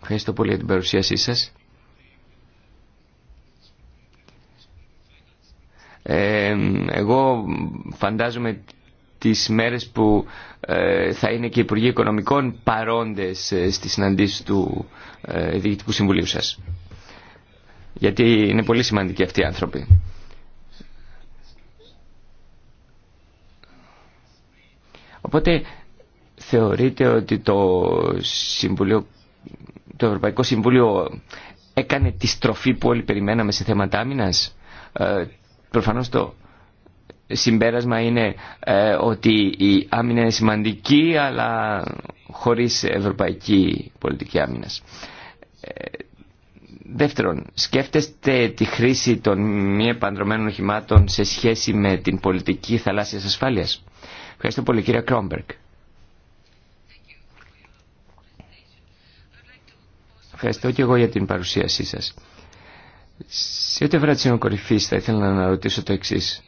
Ευχαριστώ πολύ για την παρουσίασή σας. Ε, εγώ φαντάζομαι τις μέρες που ε, θα είναι και οι Υπουργοί Οικονομικών παρόντες ε, στις συναντήσεις του ε, Διοικητικού Συμβουλίου σας. Γιατί είναι πολύ σημαντικοί αυτοί οι άνθρωποι. Οπότε θεωρείτε ότι το, Συμβουλίο, το Ευρωπαϊκό Συμβούλιο έκανε τη στροφή που όλοι περιμέναμε σε θέματα άμυνας. Ε, προφανώς το συμπέρασμα είναι ε, ότι η άμυνα είναι σημαντική αλλά χωρίς ευρωπαϊκή πολιτική άμυνας. Ε, δεύτερον, σκέφτεστε τη χρήση των μη επανδρομένων οχημάτων σε σχέση με την πολιτική θαλάσσιας ασφάλειας. Ευχαριστώ πολύ κύριε Κρόμπερκ. Ευχαριστώ και εγώ για την παρουσίασή σας. Σε ό,τι αφορά κορυφής θα ήθελα να ρωτήσω το εξής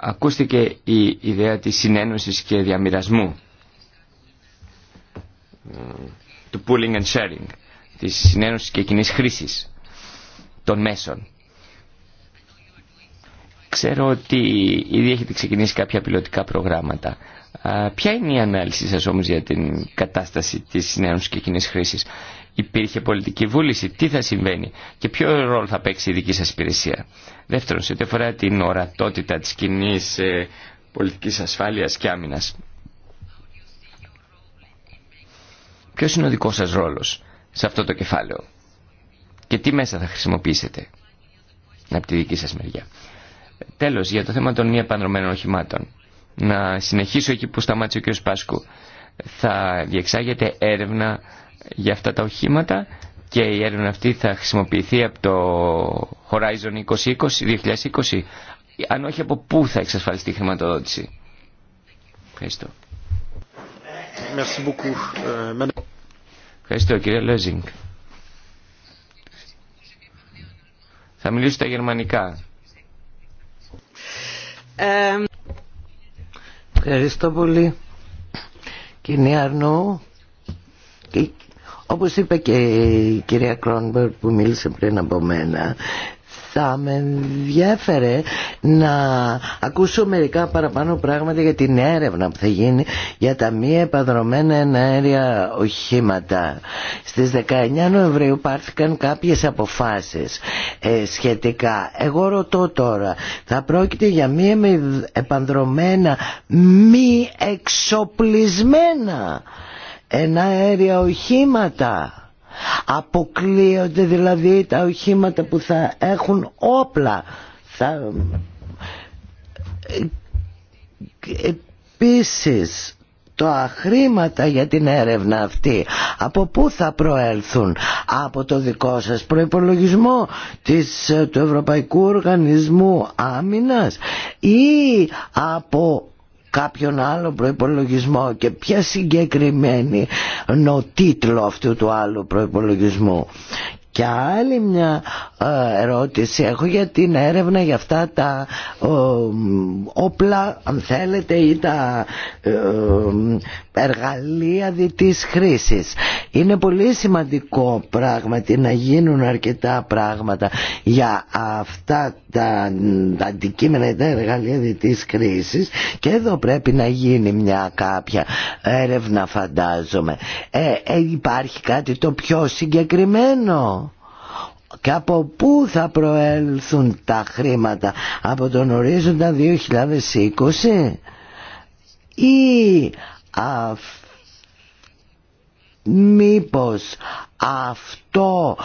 ακούστηκε η ιδέα της συνένωσης και διαμοιρασμού του pooling and sharing της συνένωσης και κοινή χρήσης των μέσων Ξέρω ότι ήδη έχετε ξεκινήσει κάποια πιλωτικά προγράμματα. Ποια είναι η ανάλυση σας όμως για την κατάσταση της νέων και κοινής χρήσης. Υπήρχε πολιτική βούληση, τι θα συμβαίνει και ποιο ρόλο θα παίξει η δική σας υπηρεσία. Δεύτερον, σε ό,τι αφορά την ορατότητα της κοινή ε, πολιτικής ασφάλειας και άμυνας. Ποιος είναι ο δικός σας ρόλος σε αυτό το κεφάλαιο και τι μέσα θα χρησιμοποιήσετε από τη δική σας μεριά. Τέλος, για το θέμα των μη επανδρομένων οχημάτων. Να συνεχίσω εκεί που σταμάτησε ο κ. Πάσκου. Θα διεξάγεται έρευνα για αυτά τα οχήματα και η έρευνα αυτή θα χρησιμοποιηθεί από το Horizon 2020, 2020 αν όχι από πού θα εξασφαλιστεί η χρηματοδότηση. Ευχαριστώ. Euh, Ευχαριστώ κύριε Λέζινγκ. Θα μιλήσω στα γερμανικά. Ευχαριστώ πολύ κυρία Αρνού και όπως είπε και η κυρία Κρόνμπερ που μίλησε πριν από μένα θα με ενδιαφέρε να ακούσω μερικά παραπάνω πράγματα για την έρευνα που θα γίνει για τα μη επαδρομένα εναέρια οχήματα. Στις 19 Νοεμβρίου πάρθηκαν κάποιες αποφάσεις ε, σχετικά. Εγώ ρωτώ τώρα, θα πρόκειται για μη επανδρομένα, μη εξοπλισμένα εναέρια οχήματα Αποκλείονται δηλαδή τα οχήματα που θα έχουν όπλα. Θα... Ε, επίσης, το αχρήματα για την έρευνα αυτή από πού θα προέλθουν από το δικό σας προϋπολογισμό της, ε, του Ευρωπαϊκού Οργανισμού Άμυνας ή από κάποιον άλλο προπολογισμό και ποια συγκεκριμένη τίτλο αυτού του άλλου προπολογισμού. Και άλλη μια ε, ερώτηση έχω για την έρευνα για αυτά τα ε, όπλα αν θέλετε ή τα ε, εργαλεία διτής χρήσης. Είναι πολύ σημαντικό πράγματι να γίνουν αρκετά πράγματα για αυτά τα, τα αντικείμενα τα εργαλεία διτής χρήσης και εδώ πρέπει να γίνει μια κάποια έρευνα φαντάζομαι. Ε, ε, υπάρχει κάτι το πιο συγκεκριμένο και από πού θα προέλθουν τα χρήματα από τον ορίζοντα 2020 ή α, μήπως αυτό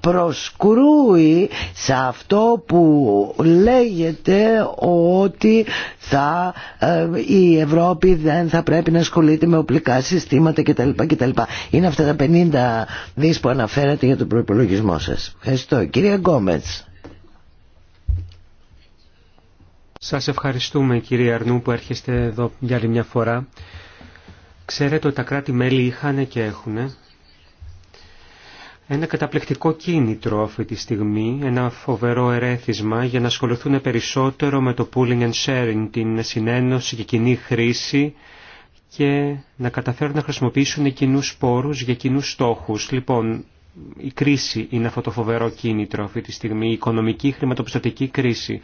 προσκρούει σε αυτό που λέγεται ότι θα, ε, η Ευρώπη δεν θα πρέπει να ασχολείται με οπλικά συστήματα κτλ. κτλ. Είναι αυτά τα 50 δις που αναφέρατε για τον προϋπολογισμό σας. Ευχαριστώ. Κυρία Γκόμετς. Σας ευχαριστούμε κύριε Αρνού που έρχεστε εδώ για άλλη μια φορά. Ξέρετε ότι τα κράτη-μέλη είχαν και έχουν ένα καταπληκτικό κίνητρο αυτή τη στιγμή, ένα φοβερό ερέθισμα για να ασχοληθούν περισσότερο με το pooling and sharing, την συνένωση και κοινή χρήση και να καταφέρουν να χρησιμοποιήσουν κοινού πόρους για κοινού στόχους. Λοιπόν, η κρίση είναι αυτό το φοβερό κίνητρο αυτή τη στιγμή, η οικονομική χρηματοπιστωτική κρίση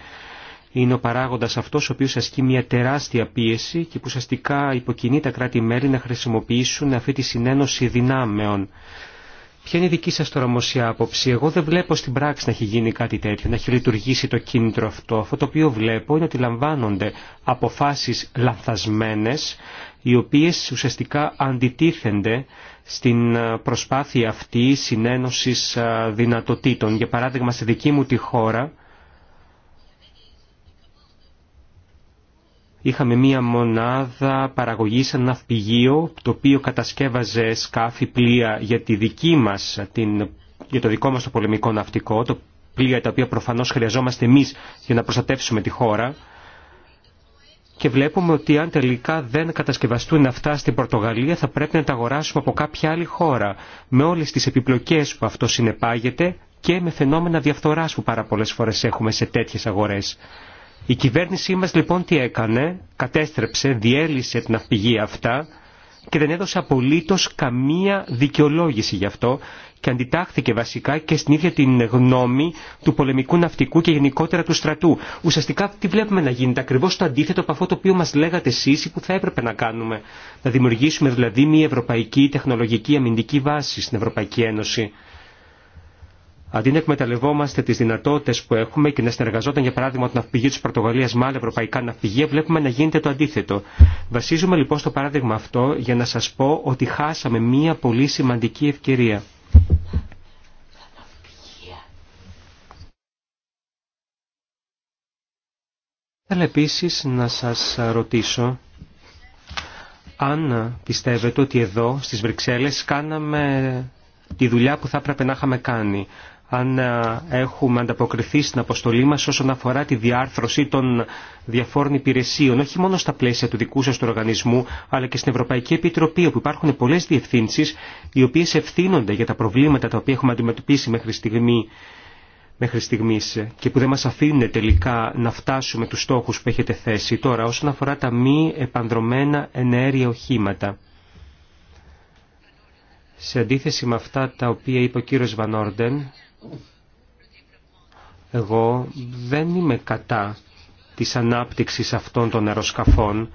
είναι ο παράγοντας αυτός ο οποίος ασκεί μια τεράστια πίεση και που ουσιαστικά υποκινεί τα κράτη-μέλη να χρησιμοποιήσουν αυτή τη συνένωση δυνάμεων. Ποια είναι η δική σας τώρα όμως η άποψη. Εγώ δεν βλέπω στην πράξη να έχει γίνει κάτι τέτοιο, να έχει λειτουργήσει το κίνητρο αυτό. Αυτό το οποίο βλέπω είναι ότι λαμβάνονται αποφάσεις λανθασμένες, οι οποίες ουσιαστικά αντιτίθενται στην ε, προσπάθεια αυτή συνένωσης ε, δυνατοτήτων. Για παράδειγμα, στη δική μου τη χώρα, είχαμε μία μονάδα παραγωγή ένα ναυπηγείο, το οποίο κατασκεύαζε σκάφη πλοία για, τη δική μας, την, για το δικό μας το πολεμικό ναυτικό, το πλοία τα οποία προφανώς χρειαζόμαστε εμείς για να προστατεύσουμε τη χώρα. Και βλέπουμε ότι αν τελικά δεν κατασκευαστούν αυτά στην Πορτογαλία θα πρέπει να τα αγοράσουμε από κάποια άλλη χώρα με όλες τις επιπλοκές που αυτό συνεπάγεται και με φαινόμενα διαφθοράς που πάρα πολλές φορές έχουμε σε τέτοιες αγορές. Η κυβέρνησή μας λοιπόν τι έκανε, κατέστρεψε, διέλυσε την αυπηγή αυτά και δεν έδωσε απολύτως καμία δικαιολόγηση γι' αυτό και αντιτάχθηκε βασικά και στην ίδια την γνώμη του πολεμικού ναυτικού και γενικότερα του στρατού. Ουσιαστικά τι βλέπουμε να γίνεται, ακριβώς το αντίθετο από αυτό το οποίο μας λέγατε εσείς ή που θα έπρεπε να κάνουμε. Να δημιουργήσουμε δηλαδή μια ευρωπαϊκή τεχνολογική αμυντική βάση στην Ευρωπαϊκή Ένωση αντί να εκμεταλλευόμαστε τι δυνατότητε που έχουμε και να συνεργαζόταν για παράδειγμα την ναυπηγείο τη Πορτογαλία με άλλα ευρωπαϊκά ναυπηγεία, βλέπουμε να γίνεται το αντίθετο. Βασίζουμε λοιπόν στο παράδειγμα αυτό για να σα πω ότι χάσαμε μία πολύ σημαντική ευκαιρία. Θέλω επίση να σας ρωτήσω αν πιστεύετε ότι εδώ στι Βρυξέλλες κάναμε τη δουλειά που θα έπρεπε να είχαμε κάνει αν έχουμε ανταποκριθεί στην αποστολή μας όσον αφορά τη διάρθρωση των διαφόρων υπηρεσίων, όχι μόνο στα πλαίσια του δικού σας του οργανισμού, αλλά και στην Ευρωπαϊκή Επιτροπή, όπου υπάρχουν πολλές διευθύνσεις, οι οποίες ευθύνονται για τα προβλήματα τα οποία έχουμε αντιμετωπίσει μέχρι στιγμή μέχρι στιγμής και που δεν μας αφήνουν τελικά να φτάσουμε τους στόχους που έχετε θέσει τώρα όσον αφορά τα μη επανδρομένα ενέργεια οχήματα. Σε αντίθεση με αυτά τα οποία είπε ο κύριος Βανόρντεν, εγώ δεν είμαι κατά της ανάπτυξης αυτών των αεροσκαφών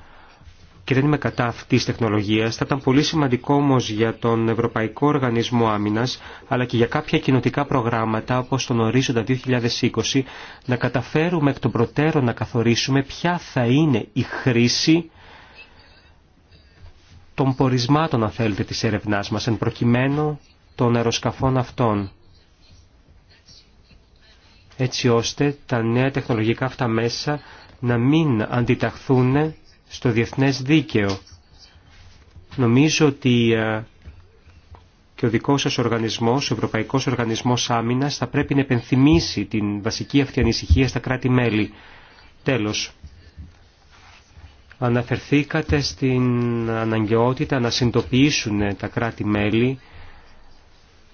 και δεν είμαι κατά αυτής της τεχνολογίας. Θα ήταν πολύ σημαντικό όμω για τον Ευρωπαϊκό Οργανισμό Άμυνας αλλά και για κάποια κοινοτικά προγράμματα όπως τον ορίζοντα 2020 να καταφέρουμε εκ των προτέρων να καθορίσουμε ποια θα είναι η χρήση των πορισμάτων αν θέλετε της έρευνάς μας εν προκειμένου των αεροσκαφών αυτών έτσι ώστε τα νέα τεχνολογικά αυτά μέσα να μην αντιταχθούν στο διεθνές δίκαιο. Νομίζω ότι ε, και ο δικός σας οργανισμός, ο Ευρωπαϊκός Οργανισμός Άμυνας, θα πρέπει να επενθυμίσει την βασική αυτή ανησυχία στα κράτη-μέλη. Τέλος, αναφερθήκατε στην αναγκαιότητα να συντοποιήσουν τα κράτη-μέλη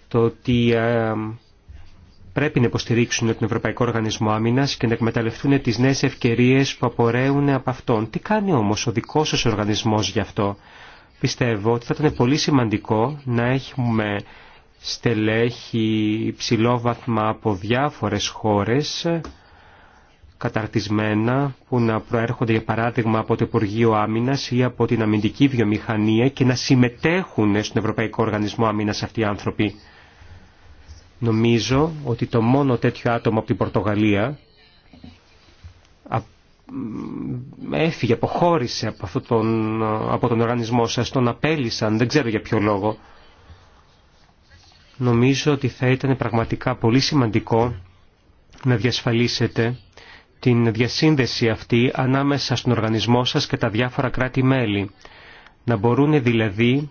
το ότι ε, πρέπει να υποστηρίξουν τον Ευρωπαϊκό Οργανισμό Άμυνα και να εκμεταλλευτούν τι νέε ευκαιρίε που απορρέουν από αυτόν. Τι κάνει όμω ο δικό σα οργανισμό γι' αυτό. Πιστεύω ότι θα ήταν πολύ σημαντικό να έχουμε στελέχη βάθμα από διάφορες χώρες καταρτισμένα που να προέρχονται για παράδειγμα από το Υπουργείο Άμυνα ή από την αμυντική βιομηχανία και να συμμετέχουν στον Ευρωπαϊκό Οργανισμό Άμυνα αυτοί οι άνθρωποι. Νομίζω ότι το μόνο τέτοιο άτομο από την Πορτογαλία έφυγε, αποχώρησε από, αυτό τον, από τον οργανισμό σας, τον απέλησαν, δεν ξέρω για ποιο λόγο. Νομίζω ότι θα ήταν πραγματικά πολύ σημαντικό να διασφαλίσετε την διασύνδεση αυτή ανάμεσα στον οργανισμό σας και τα διάφορα κράτη-μέλη. Να μπορούν δηλαδή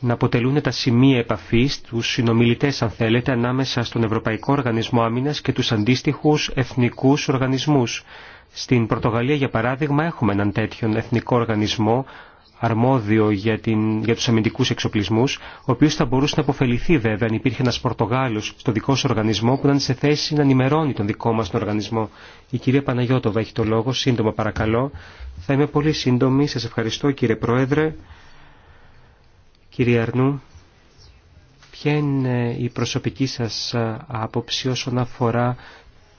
να αποτελούν τα σημεία επαφής, του συνομιλητές αν θέλετε, ανάμεσα στον Ευρωπαϊκό Οργανισμό Άμυνας και τους αντίστοιχους εθνικούς οργανισμούς. Στην Πορτογαλία, για παράδειγμα, έχουμε έναν τέτοιον εθνικό οργανισμό, αρμόδιο για, την, για τους αμυντικούς εξοπλισμούς, ο οποίος θα μπορούσε να αποφεληθεί βέβαια αν υπήρχε ένας Πορτογάλος στο δικό σου οργανισμό που ήταν σε θέση να ενημερώνει τον δικό μας τον οργανισμό. Η κυρία Παναγιώτοβα έχει το λόγο, σύντομα παρακαλώ. Θα είμαι πολύ σύντομη, σα ευχαριστώ κύριε Πρόεδρε. Κύριε Αρνού, ποια είναι η προσωπική σας άποψη όσον αφορά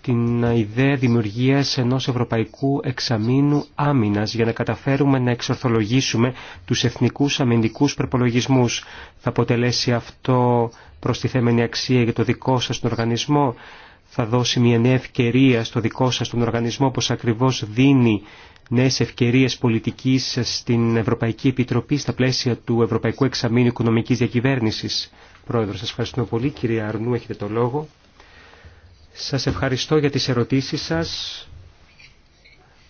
την ιδέα δημιουργίας ενός ευρωπαϊκού εξαμήνου άμυνας για να καταφέρουμε να εξορθολογήσουμε τους εθνικούς αμυντικούς προπολογισμούς. Θα αποτελέσει αυτό προστιθέμενη αξία για το δικό σας τον οργανισμό. Θα δώσει μια νέα ευκαιρία στο δικό σας τον οργανισμό όπως ακριβώς δίνει νέες ευκαιρίες πολιτικής στην Ευρωπαϊκή Επιτροπή στα πλαίσια του Ευρωπαϊκού Εξαμήνου Οικονομικής Διακυβέρνησης. Πρόεδρο, σας ευχαριστούμε πολύ. Κύριε Αρνού, έχετε το λόγο. Σας ευχαριστώ για τις ερωτήσεις σας.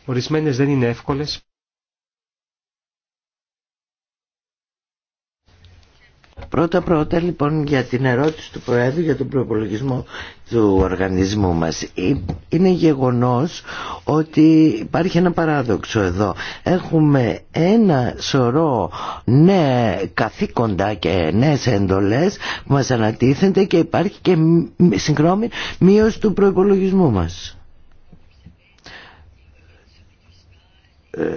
Ορισμένες δεν είναι εύκολες. Πρώτα πρώτα λοιπόν για την ερώτηση του Προέδρου για τον προπολογισμό του οργανισμού μας. Ε, είναι γεγονός ότι υπάρχει ένα παράδοξο εδώ. Έχουμε ένα σωρό ναι, καθήκοντα και νέες εντολές που μας ανατίθενται και υπάρχει και συγχρόμη μείωση του προπολογισμού μας. Ε,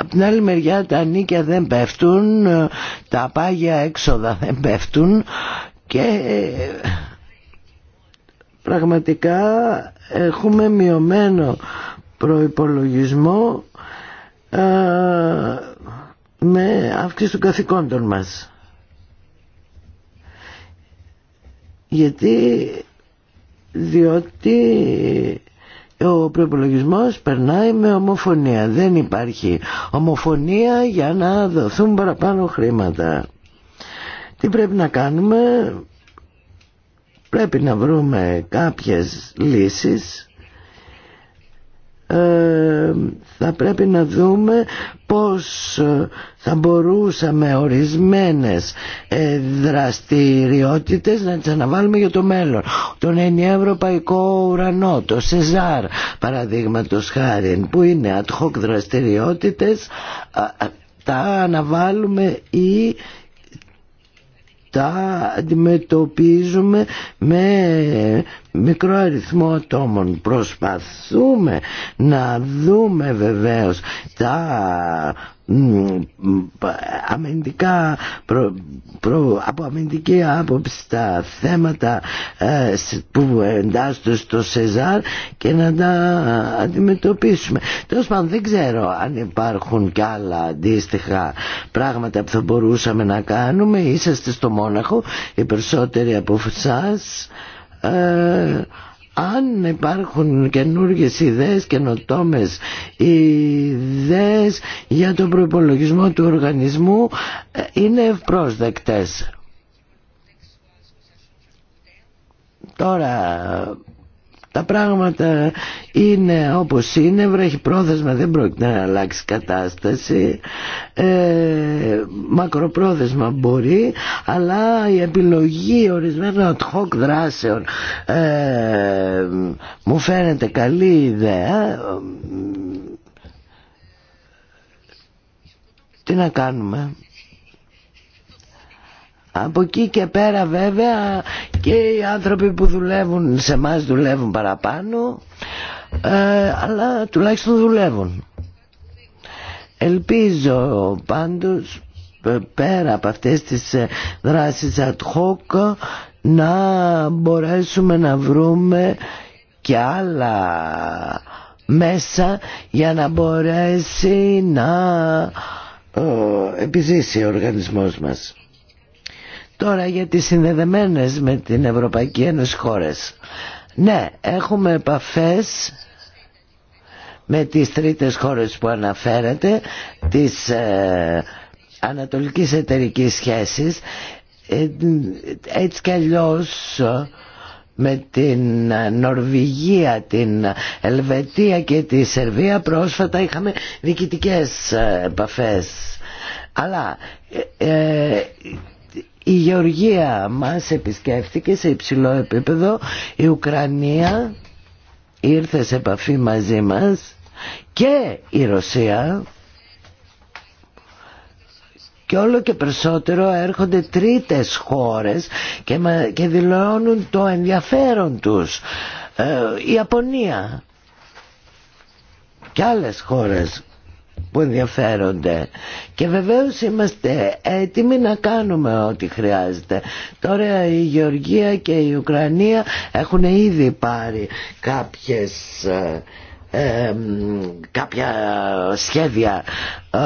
Απ' την άλλη μεριά τα νίκια δεν πέφτουν, τα πάγια έξοδα δεν πέφτουν και πραγματικά έχουμε μειωμένο προϋπολογισμό με αύξηση των καθηκόντων μας. Γιατί διότι ο προπολογισμό περνάει με ομοφωνία. Δεν υπάρχει ομοφωνία για να δοθούν παραπάνω χρήματα. Τι πρέπει να κάνουμε, πρέπει να βρούμε κάποιες λύσεις ε, θα πρέπει να δούμε πώς θα μπορούσαμε ορισμένες ε, δραστηριότητες να τις αναβάλουμε για το μέλλον. Τον ενιαίο ευρωπαϊκό ουρανό, το ΣΕΖΑΡ παραδείγματος χάρη που είναι ad hoc δραστηριότητες τα αναβάλουμε ή τα αντιμετωπίζουμε με μικρό αριθμό ατόμων. Προσπαθούμε να δούμε βεβαίως τα αμυντικά προ, προ, από αμυντική άποψη τα θέματα ε, που εντάσσονται στο ΣΕΖΑΡ και να τα αντιμετωπίσουμε. Τέλος πάντων δεν ξέρω αν υπάρχουν κι άλλα αντίστοιχα πράγματα που θα μπορούσαμε να κάνουμε. Είσαστε στο Μόναχο, οι περισσότεροι από εσά αν υπάρχουν καινούργιε ιδέες, καινοτόμες ιδέες για τον προπολογισμό του οργανισμού ε, είναι ευπρόσδεκτες. Τώρα τα πράγματα είναι όπως είναι, βρέχει πρόθεσμα, δεν πρόκειται να αλλάξει κατάσταση. Ε, μακροπρόθεσμα μπορεί, αλλά η επιλογή ορισμένων ad hoc δράσεων ε, μου φαίνεται καλή ιδέα. Τι να κάνουμε. Από εκεί και πέρα βέβαια και οι άνθρωποι που δουλεύουν σε εμά δουλεύουν παραπάνω ε, αλλά τουλάχιστον δουλεύουν. Ελπίζω πάντως ε, πέρα από αυτές τις ε, δράσεις ad hoc να μπορέσουμε να βρούμε και άλλα μέσα για να μπορέσει να επιζήσει ο οργανισμός μας. Τώρα για τις συνδεδεμένες με την Ευρωπαϊκή Ένωση χώρες. Ναι, έχουμε επαφές με τις τρίτες χώρες που αναφέρατε, τις ε, ανατολικής εταιρικής ε, έτσι κι αλλιώς με την Νορβηγία, την Ελβετία και τη Σερβία πρόσφατα είχαμε διοικητικές ε, επαφές. Αλλά ε, η Γεωργία μας επισκέφθηκε σε υψηλό επίπεδο, η Ουκρανία ήρθε σε επαφή μαζί μας και η Ρωσία και όλο και περισσότερο έρχονται τρίτες χώρες και, και δηλώνουν το ενδιαφέρον τους. Ε, η Ιαπωνία και άλλες χώρες που ενδιαφέρονται και βεβαίως είμαστε έτοιμοι να κάνουμε ό,τι χρειάζεται τώρα η Γεωργία και η Ουκρανία έχουν ήδη πάρει κάποιες ε, κάποια σχέδια ε,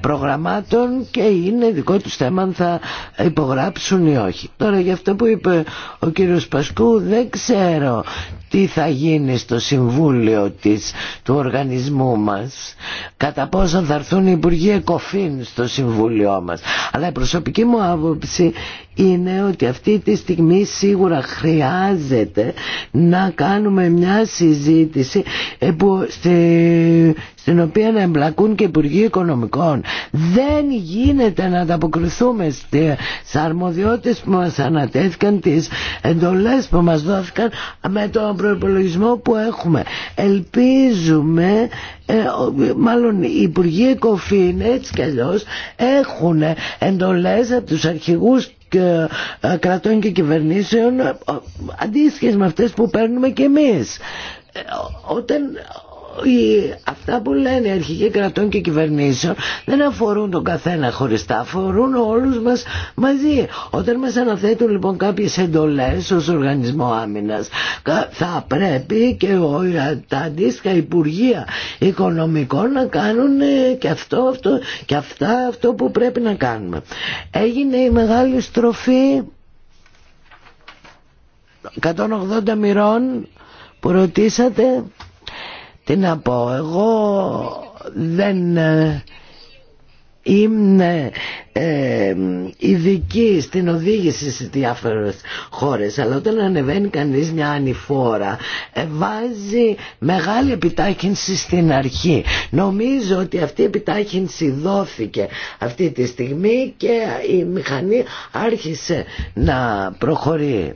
προγραμμάτων και είναι δικό τους θέμα αν θα υπογράψουν ή όχι. Τώρα για αυτό που είπε ο κύριος Πασκού δεν ξέρω τι θα γίνει στο Συμβούλιο της, του οργανισμού μας, κατά πόσον θα έρθουν οι Υπουργοί Εκοφήν στο Συμβούλιο μας. Αλλά η προσωπική μου άποψη είναι ότι αυτή τη στιγμή σίγουρα χρειάζεται να κάνουμε μια συζήτηση ε, που στην οποία να εμπλακούν και Υπουργοί Οικονομικών. Δεν γίνεται να ανταποκριθούμε στις αρμοδιότητες που μας ανατέθηκαν, τις εντολές που μας δόθηκαν με τον προπολογισμό που έχουμε. Ελπίζουμε, ε, μάλλον οι Υπουργοί Εκοφήν έτσι κι αλλιώς έχουν εντολές από τους αρχηγούς και ε, κρατών και κυβερνήσεων ε, αντίστοιχες με αυτές που παίρνουμε κι εμείς. Όταν αυτά που λένε οι αρχηγοί κρατών και κυβερνήσεων δεν αφορούν τον καθένα χωριστά, αφορούν όλους μας μαζί. Όταν μας αναθέτουν λοιπόν κάποιες εντολές ως οργανισμό άμυνας θα πρέπει και ο, τα αντίστοιχα Υπουργεία Οικονομικών να κάνουν ε, και, αυτό, αυτό, και αυτά αυτό που πρέπει να κάνουμε. Έγινε η μεγάλη στροφή 180 μοιρών που ρωτήσατε τι να πω, εγώ δεν είμαι ε, ειδική στην οδήγηση σε διάφορες χώρες αλλά όταν ανεβαίνει κανείς μια ανηφόρα ε, βάζει μεγάλη επιτάχυνση στην αρχή νομίζω ότι αυτή η επιτάχυνση δόθηκε αυτή τη στιγμή και η μηχανή άρχισε να προχωρεί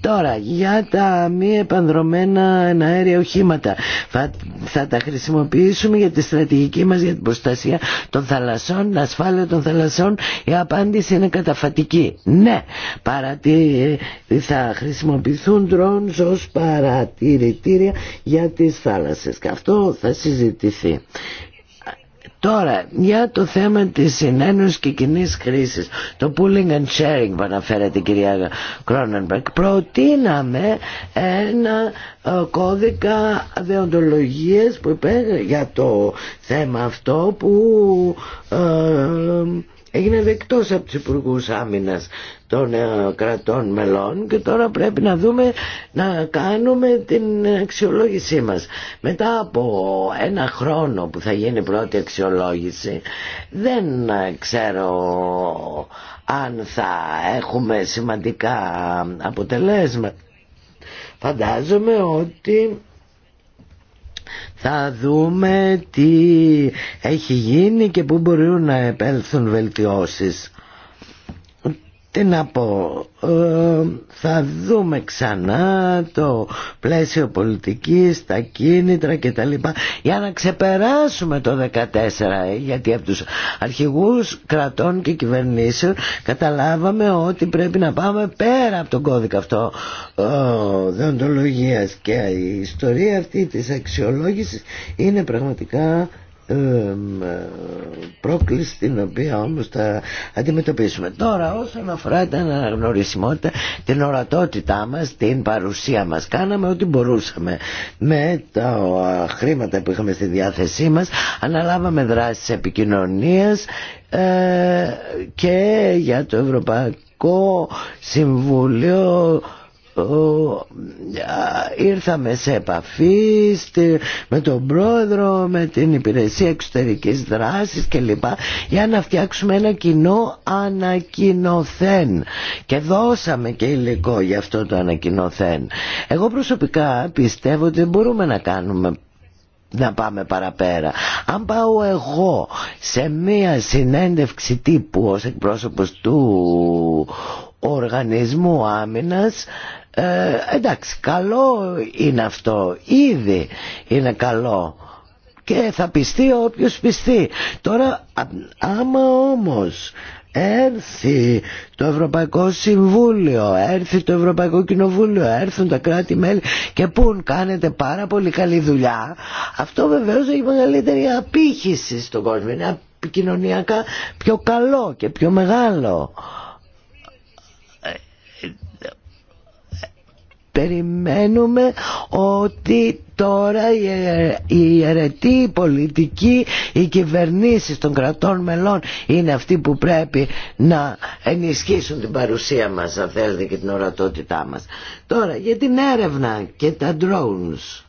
Τώρα, για τα μη επανδρομένα εναέρια οχήματα θα, θα τα χρησιμοποιήσουμε για τη στρατηγική μας για την προστασία των θαλασσών, ασφάλεια των θαλασσών. Η απάντηση είναι καταφατική. Ναι, παρατη, θα χρησιμοποιηθούν drones ως παρατηρητήρια για τις θάλασσες και αυτό θα συζητηθεί. Τώρα, για το θέμα της συνένωσης και κοινή χρήση, το pooling and sharing που η κυρία Κρόνενμπερκ, προτείναμε ένα ε, κώδικα δεοντολογίας που υπέ, για το θέμα αυτό που... Ε, έγινε δεκτός από τους υπουργού Άμυνας των ε, κρατών μελών και τώρα πρέπει να δούμε να κάνουμε την αξιολόγησή μας. Μετά από ένα χρόνο που θα γίνει η πρώτη αξιολόγηση δεν ξέρω αν θα έχουμε σημαντικά αποτελέσματα. Φαντάζομαι ότι θα δούμε τι έχει γίνει και πού μπορούν να επέλθουν βελτιώσεις. Τι να ε, θα δούμε ξανά το πλαίσιο πολιτικής, τα κίνητρα κτλ. Για να ξεπεράσουμε το 14, γιατί από τους αρχηγούς κρατών και κυβερνήσεων καταλάβαμε ότι πρέπει να πάμε πέρα από τον κώδικα αυτό ε, δεοντολογίας και η ιστορία αυτή της αξιολόγησης είναι πραγματικά ε, πρόκληση την οποία όμως θα αντιμετωπίσουμε. Τώρα όσον αφορά την αναγνωρισιμότητα, την ορατότητά μας, την παρουσία μας, κάναμε ό,τι μπορούσαμε. Με τα χρήματα που είχαμε στη διάθεσή μας αναλάβαμε δράσεις επικοινωνίας ε, και για το Ευρωπαϊκό Συμβούλιο ήρθαμε σε επαφή με τον πρόεδρο, με την υπηρεσία εξωτερικής δράσης κλπ για να φτιάξουμε ένα κοινό ανακοινοθέν και δώσαμε και υλικό για αυτό το ανακοινοθέν. Εγώ προσωπικά πιστεύω ότι μπορούμε να κάνουμε να πάμε παραπέρα. Αν πάω εγώ σε μία συνέντευξη τύπου ως εκπρόσωπος του οργανισμού άμυνας ε, εντάξει, καλό είναι αυτό, ήδη είναι καλό και θα πιστεί όποιος πιστεί. Τώρα άμα όμως έρθει το Ευρωπαϊκό Συμβούλιο, έρθει το Ευρωπαϊκό Κοινοβούλιο, έρθουν τα κράτη-μέλη και πούν κάνετε πάρα πολύ καλή δουλειά, αυτό βεβαίως έχει μεγαλύτερη απήχηση στον κόσμο, είναι κοινωνιακά πιο καλό και πιο μεγάλο. περιμένουμε ότι τώρα η αιρετή πολιτική, οι κυβερνήσει των κρατών μελών είναι αυτοί που πρέπει να ενισχύσουν την παρουσία μας αν θέλετε και την ορατότητά μας. Τώρα για την έρευνα και τα drones.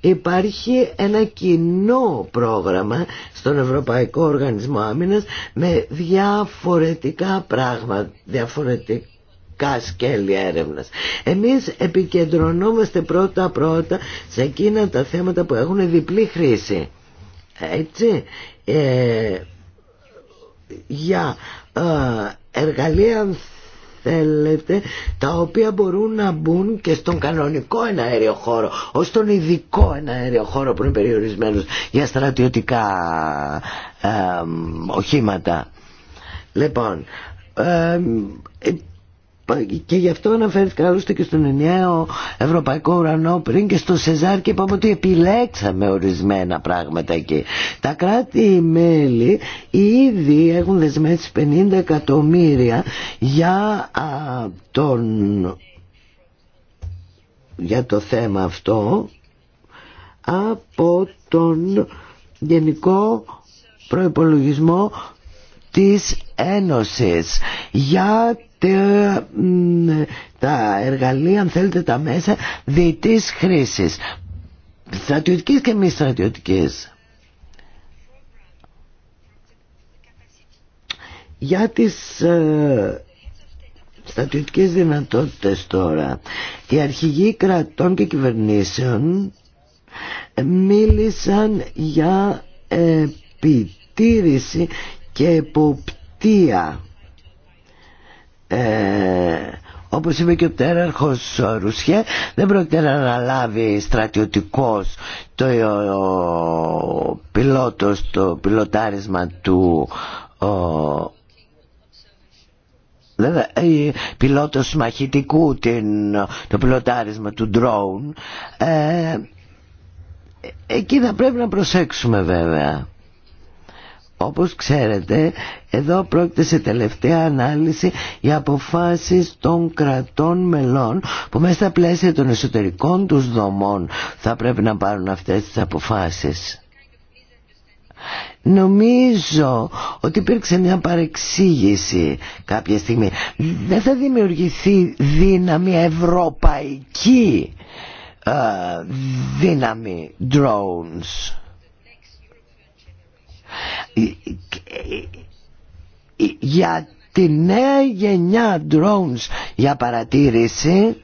Υπάρχει ένα κοινό πρόγραμμα στον Ευρωπαϊκό Οργανισμό Άμυνας με διαφορετικά πράγματα, διαφορετικά σκέλη έρευνας. Εμείς επικεντρωνόμαστε πρώτα-πρώτα σε εκείνα τα θέματα που έχουν διπλή χρήση. Έτσι, ε, για ε, εργαλεία αν θέλετε τα οποία μπορούν να μπουν και στον κανονικό εναέριο χώρο ως τον ειδικό εναέριο χώρο που είναι περιορισμένος για στρατιωτικά ε, οχήματα. Λοιπόν, ε, και γι' αυτό αναφέρθηκα άλλωστε και στον ενιαίο Ευρωπαϊκό Ουρανό πριν και στο Σεζάρ και είπαμε ότι επιλέξαμε ορισμένα πράγματα εκεί. Τα κράτη-μέλη ήδη έχουν δεσμεύσει 50 εκατομμύρια για τον για το θέμα αυτό από τον Γενικό Προϋπολογισμό της Ένωσης για τα, εργαλεία, αν θέλετε, τα μέσα διητής χρήσης, στρατιωτικής και μη στρατιωτικής. Για τις ε, στρατιωτικές δυνατότητες τώρα, οι αρχηγοί κρατών και κυβερνήσεων ε, μίλησαν για επιτήρηση και εποπτεία. Ε, όπως είπε και ο τέραρχος Ρουσιέ δεν πρόκειται να αναλάβει στρατιωτικός το ο, πιλότος το πιλοτάρισμα του ο, πιλότος μαχητικού την, το πιλοτάρισμα του drone ε, εκεί θα πρέπει να προσέξουμε βέβαια όπως ξέρετε εδώ πρόκειται σε τελευταία ανάλυση για αποφάσεις των κρατών μελών που μέσα στα πλαίσια των εσωτερικών τους δομών θα πρέπει να πάρουν αυτές τις αποφάσεις. Νομίζω ότι υπήρξε μια παρεξήγηση κάποια στιγμή. Δεν θα δημιουργηθεί δύναμη ευρωπαϊκή ε, δύναμη drones. Ε, ε, ε, για τη νέα γενιά drones για παρατήρηση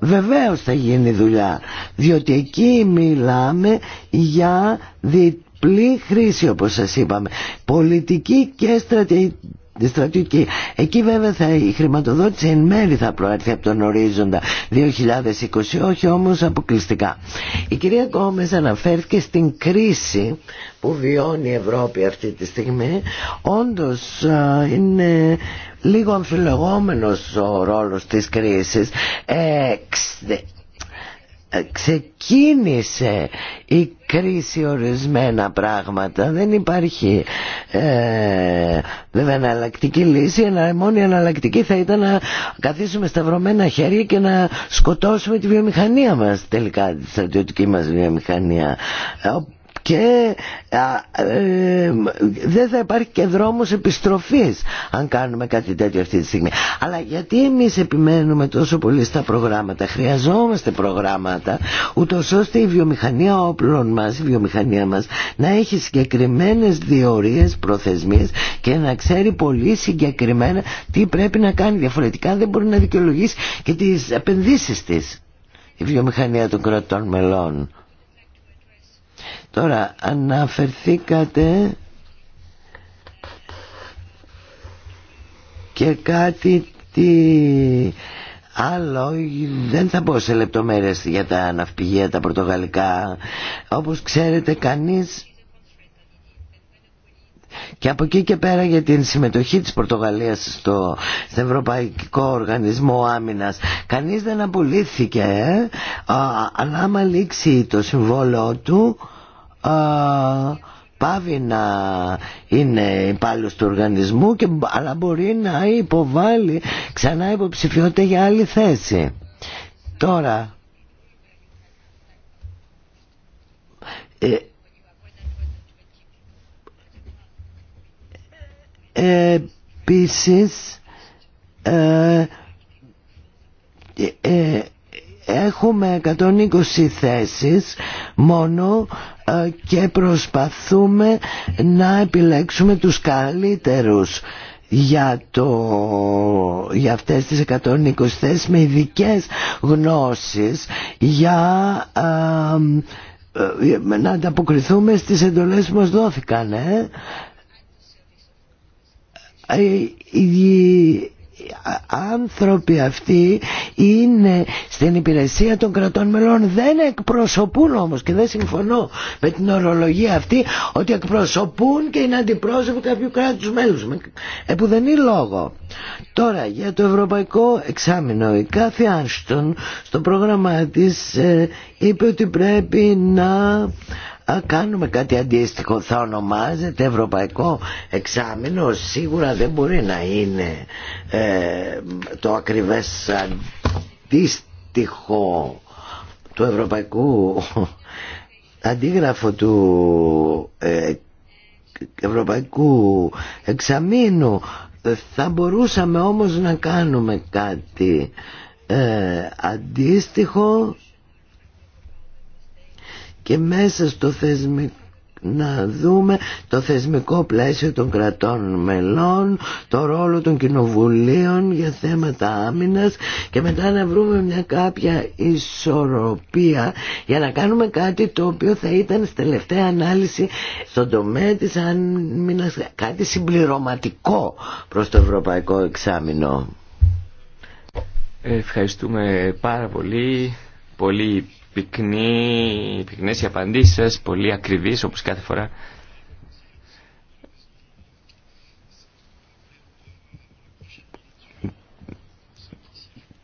βεβαίως θα γίνει δουλειά διότι εκεί μιλάμε για διπλή χρήση όπως σας είπαμε πολιτική και στρατηγική τη στρατιωτική. Εκεί βέβαια θα, η χρηματοδότηση εν μέρη θα προέρθει από τον ορίζοντα 2020, όχι όμως αποκλειστικά. Η κυρία Κόμες αναφέρθηκε στην κρίση που βιώνει η Ευρώπη αυτή τη στιγμή. Όντως είναι λίγο αμφιλεγόμενος ο ρόλος της κρίσης. Ε, ξεκίνησε η κρίση ορισμένα πράγματα δεν υπάρχει ε, βέβαια εναλλακτική λύση η μόνη εναλλακτική θα ήταν να καθίσουμε σταυρωμένα χέρια και να σκοτώσουμε τη βιομηχανία μας τελικά τη στρατιωτική μας βιομηχανία ε, και ε, δεν θα υπάρχει και δρόμος επιστροφής αν κάνουμε κάτι τέτοιο αυτή τη στιγμή. Αλλά γιατί εμείς επιμένουμε τόσο πολύ στα προγράμματα, χρειαζόμαστε προγράμματα ούτω ώστε η βιομηχανία όπλων μας, η βιομηχανία μας να έχει συγκεκριμένες διορίες, προθεσμίες και να ξέρει πολύ συγκεκριμένα τι πρέπει να κάνει διαφορετικά δεν μπορεί να δικαιολογήσει και τις επενδύσεις της η βιομηχανία των κρατών μελών. Τώρα αναφερθήκατε και κάτι τι άλλο δεν θα μπω σε λεπτομέρειες για τα ναυπηγεία τα πορτογαλικά όπως ξέρετε κανείς και από εκεί και πέρα για την συμμετοχή της Πορτογαλίας στο, Ευρωπαϊκό Οργανισμό Άμυνας κανείς δεν απολύθηκε ε. Α, αλλά άμα λήξει το συμβόλαιο του πάβει να είναι υπάλληλο του οργανισμού και, αλλά μπορεί να υποβάλει ξανά υποψηφιότητα για άλλη θέση. Τώρα, ε, επίσης, ε, ε, έχουμε 120 θέσεις μόνο ε, και προσπαθούμε να επιλέξουμε τους καλύτερους για, το, για αυτές τις 120 θέσεις με ειδικέ γνώσεις για ε, ε, να ανταποκριθούμε στις εντολές που μας δόθηκαν. Ε άνθρωποι αυτοί είναι στην υπηρεσία των κρατών μελών δεν εκπροσωπούν όμως και δεν συμφωνώ με την ορολογία αυτή ότι εκπροσωπούν και είναι αντιπρόσωποι κάποιου κράτους μέλους Επουδενή ε, δεν λόγο τώρα για το ευρωπαϊκό εξάμεινο η κάθε Άνστον στο πρόγραμμα της ε, είπε ότι πρέπει να κάνουμε κάτι αντίστοιχο θα ονομάζεται Ευρωπαϊκό Εξάμεινο σίγουρα δεν μπορεί να είναι ε, το ακριβές αντίστοιχο του Ευρωπαϊκού αντίγραφο του ε, Ευρωπαϊκού Εξαμήνου θα μπορούσαμε όμως να κάνουμε κάτι ε, αντίστοιχο και μέσα στο θεσμικό να δούμε το θεσμικό πλαίσιο των κρατών μελών, το ρόλο των κοινοβουλίων για θέματα άμυνας και μετά να βρούμε μια κάποια ισορροπία για να κάνουμε κάτι το οποίο θα ήταν στη τελευταία ανάλυση στον τομέα της άμυνας κάτι συμπληρωματικό προς το ευρωπαϊκό εξάμεινο. Ευχαριστούμε πάρα πολύ. Πολύ πυκνή, πυκνές οι απαντήσεις σας, πολύ ακριβείς όπως κάθε φορά.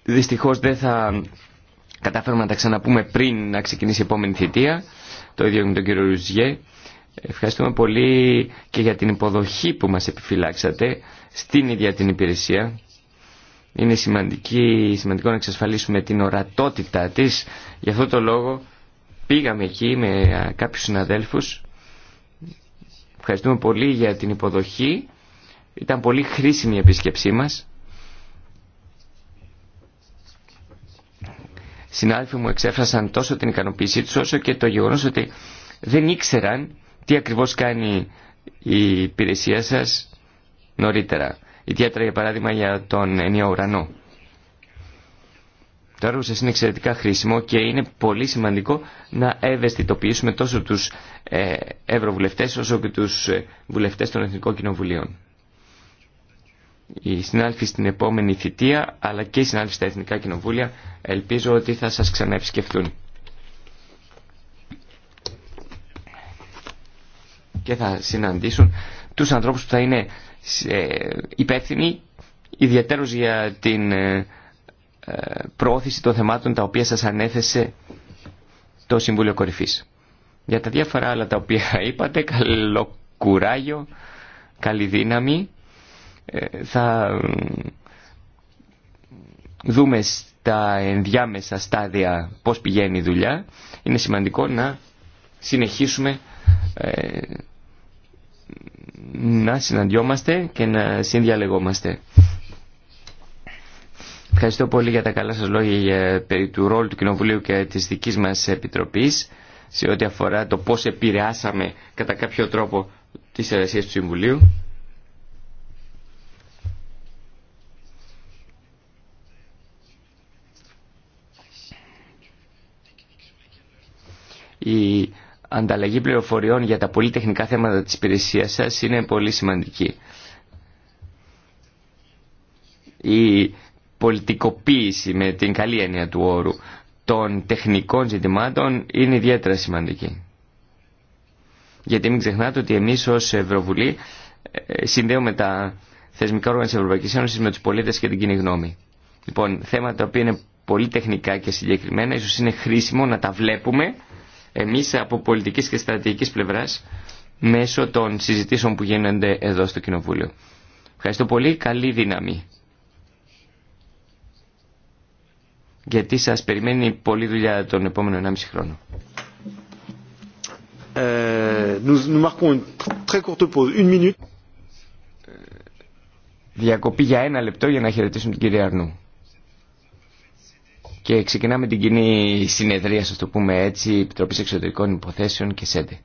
Δυστυχώς δεν θα καταφέρουμε να τα ξαναπούμε πριν να ξεκινήσει η επόμενη θητεία. Το ίδιο με τον κύριο Ρουζιέ. Ευχαριστούμε πολύ και για την υποδοχή που μας επιφυλάξατε στην ίδια την υπηρεσία είναι σημαντική, σημαντικό να εξασφαλίσουμε την ορατότητα της. Γι' αυτό το λόγο πήγαμε εκεί με κάποιους συναδέλφους. Ευχαριστούμε πολύ για την υποδοχή. Ήταν πολύ χρήσιμη η επίσκεψή μας. Συνάδελφοι μου εξέφρασαν τόσο την ικανοποίησή τους όσο και το γεγονός ότι δεν ήξεραν τι ακριβώς κάνει η υπηρεσία σας νωρίτερα ιδιαίτερα για παράδειγμα για τον ενιαίο ουρανό. Το έργο σας είναι εξαιρετικά χρήσιμο και είναι πολύ σημαντικό να ευαισθητοποιήσουμε τόσο τους ε, ευρωβουλευτές όσο και τους ε, βουλευτές των Εθνικών Κοινοβουλίων. Η συνάλφοι στην επόμενη θητεία αλλά και η συνάλφοι στα Εθνικά Κοινοβούλια ελπίζω ότι θα σας ξαναεπισκεφτούν. Και θα συναντήσουν τους ανθρώπους που θα είναι υπεύθυνοι ιδιαίτερως για την ε, ε, προώθηση των θεμάτων τα οποία σας ανέθεσε το Συμβούλιο Κορυφής. Για τα διάφορα άλλα τα οποία είπατε, καλό κουράγιο, καλή δύναμη. Ε, θα δούμε στα ενδιάμεσα στάδια πώς πηγαίνει η δουλειά. Είναι σημαντικό να συνεχίσουμε να συναντιόμαστε και να συνδιαλεγόμαστε. Ευχαριστώ πολύ για τα καλά σας λόγια περί του ρόλου του Κοινοβουλίου και της δικής μας Επιτροπής σε ό,τι αφορά το πώς επηρεάσαμε κατά κάποιο τρόπο τις εργασίες του Συμβουλίου. Η ανταλλαγή πληροφοριών για τα πολύ τεχνικά θέματα της υπηρεσία σας είναι πολύ σημαντική. Η πολιτικοποίηση με την καλή έννοια του όρου των τεχνικών ζητημάτων είναι ιδιαίτερα σημαντική. Γιατί μην ξεχνάτε ότι εμείς ως Ευρωβουλή ε, συνδέουμε τα θεσμικά όργανα της Ευρωπαϊκής Ένωσης με τους πολίτες και την κοινή γνώμη. Λοιπόν, θέματα τα οποία είναι πολύ τεχνικά και συγκεκριμένα, ίσως είναι χρήσιμο να τα βλέπουμε εμείς από πολιτικής και στρατηγικής πλευράς μέσω των συζητήσεων που γίνονται εδώ στο Κοινοβούλιο. Ευχαριστώ πολύ. Καλή δύναμη. Γιατί σας περιμένει πολλή δουλειά τον επόμενο 1,5 χρόνο. Ε, ε, διακοπή για ένα λεπτό για να χαιρετήσουμε την κυρία Αρνού και ξεκινάμε την κοινή συνεδρία, α το πούμε έτσι, Επιτροπή Εξωτερικών Υποθέσεων και ΣΕΝΤΕ.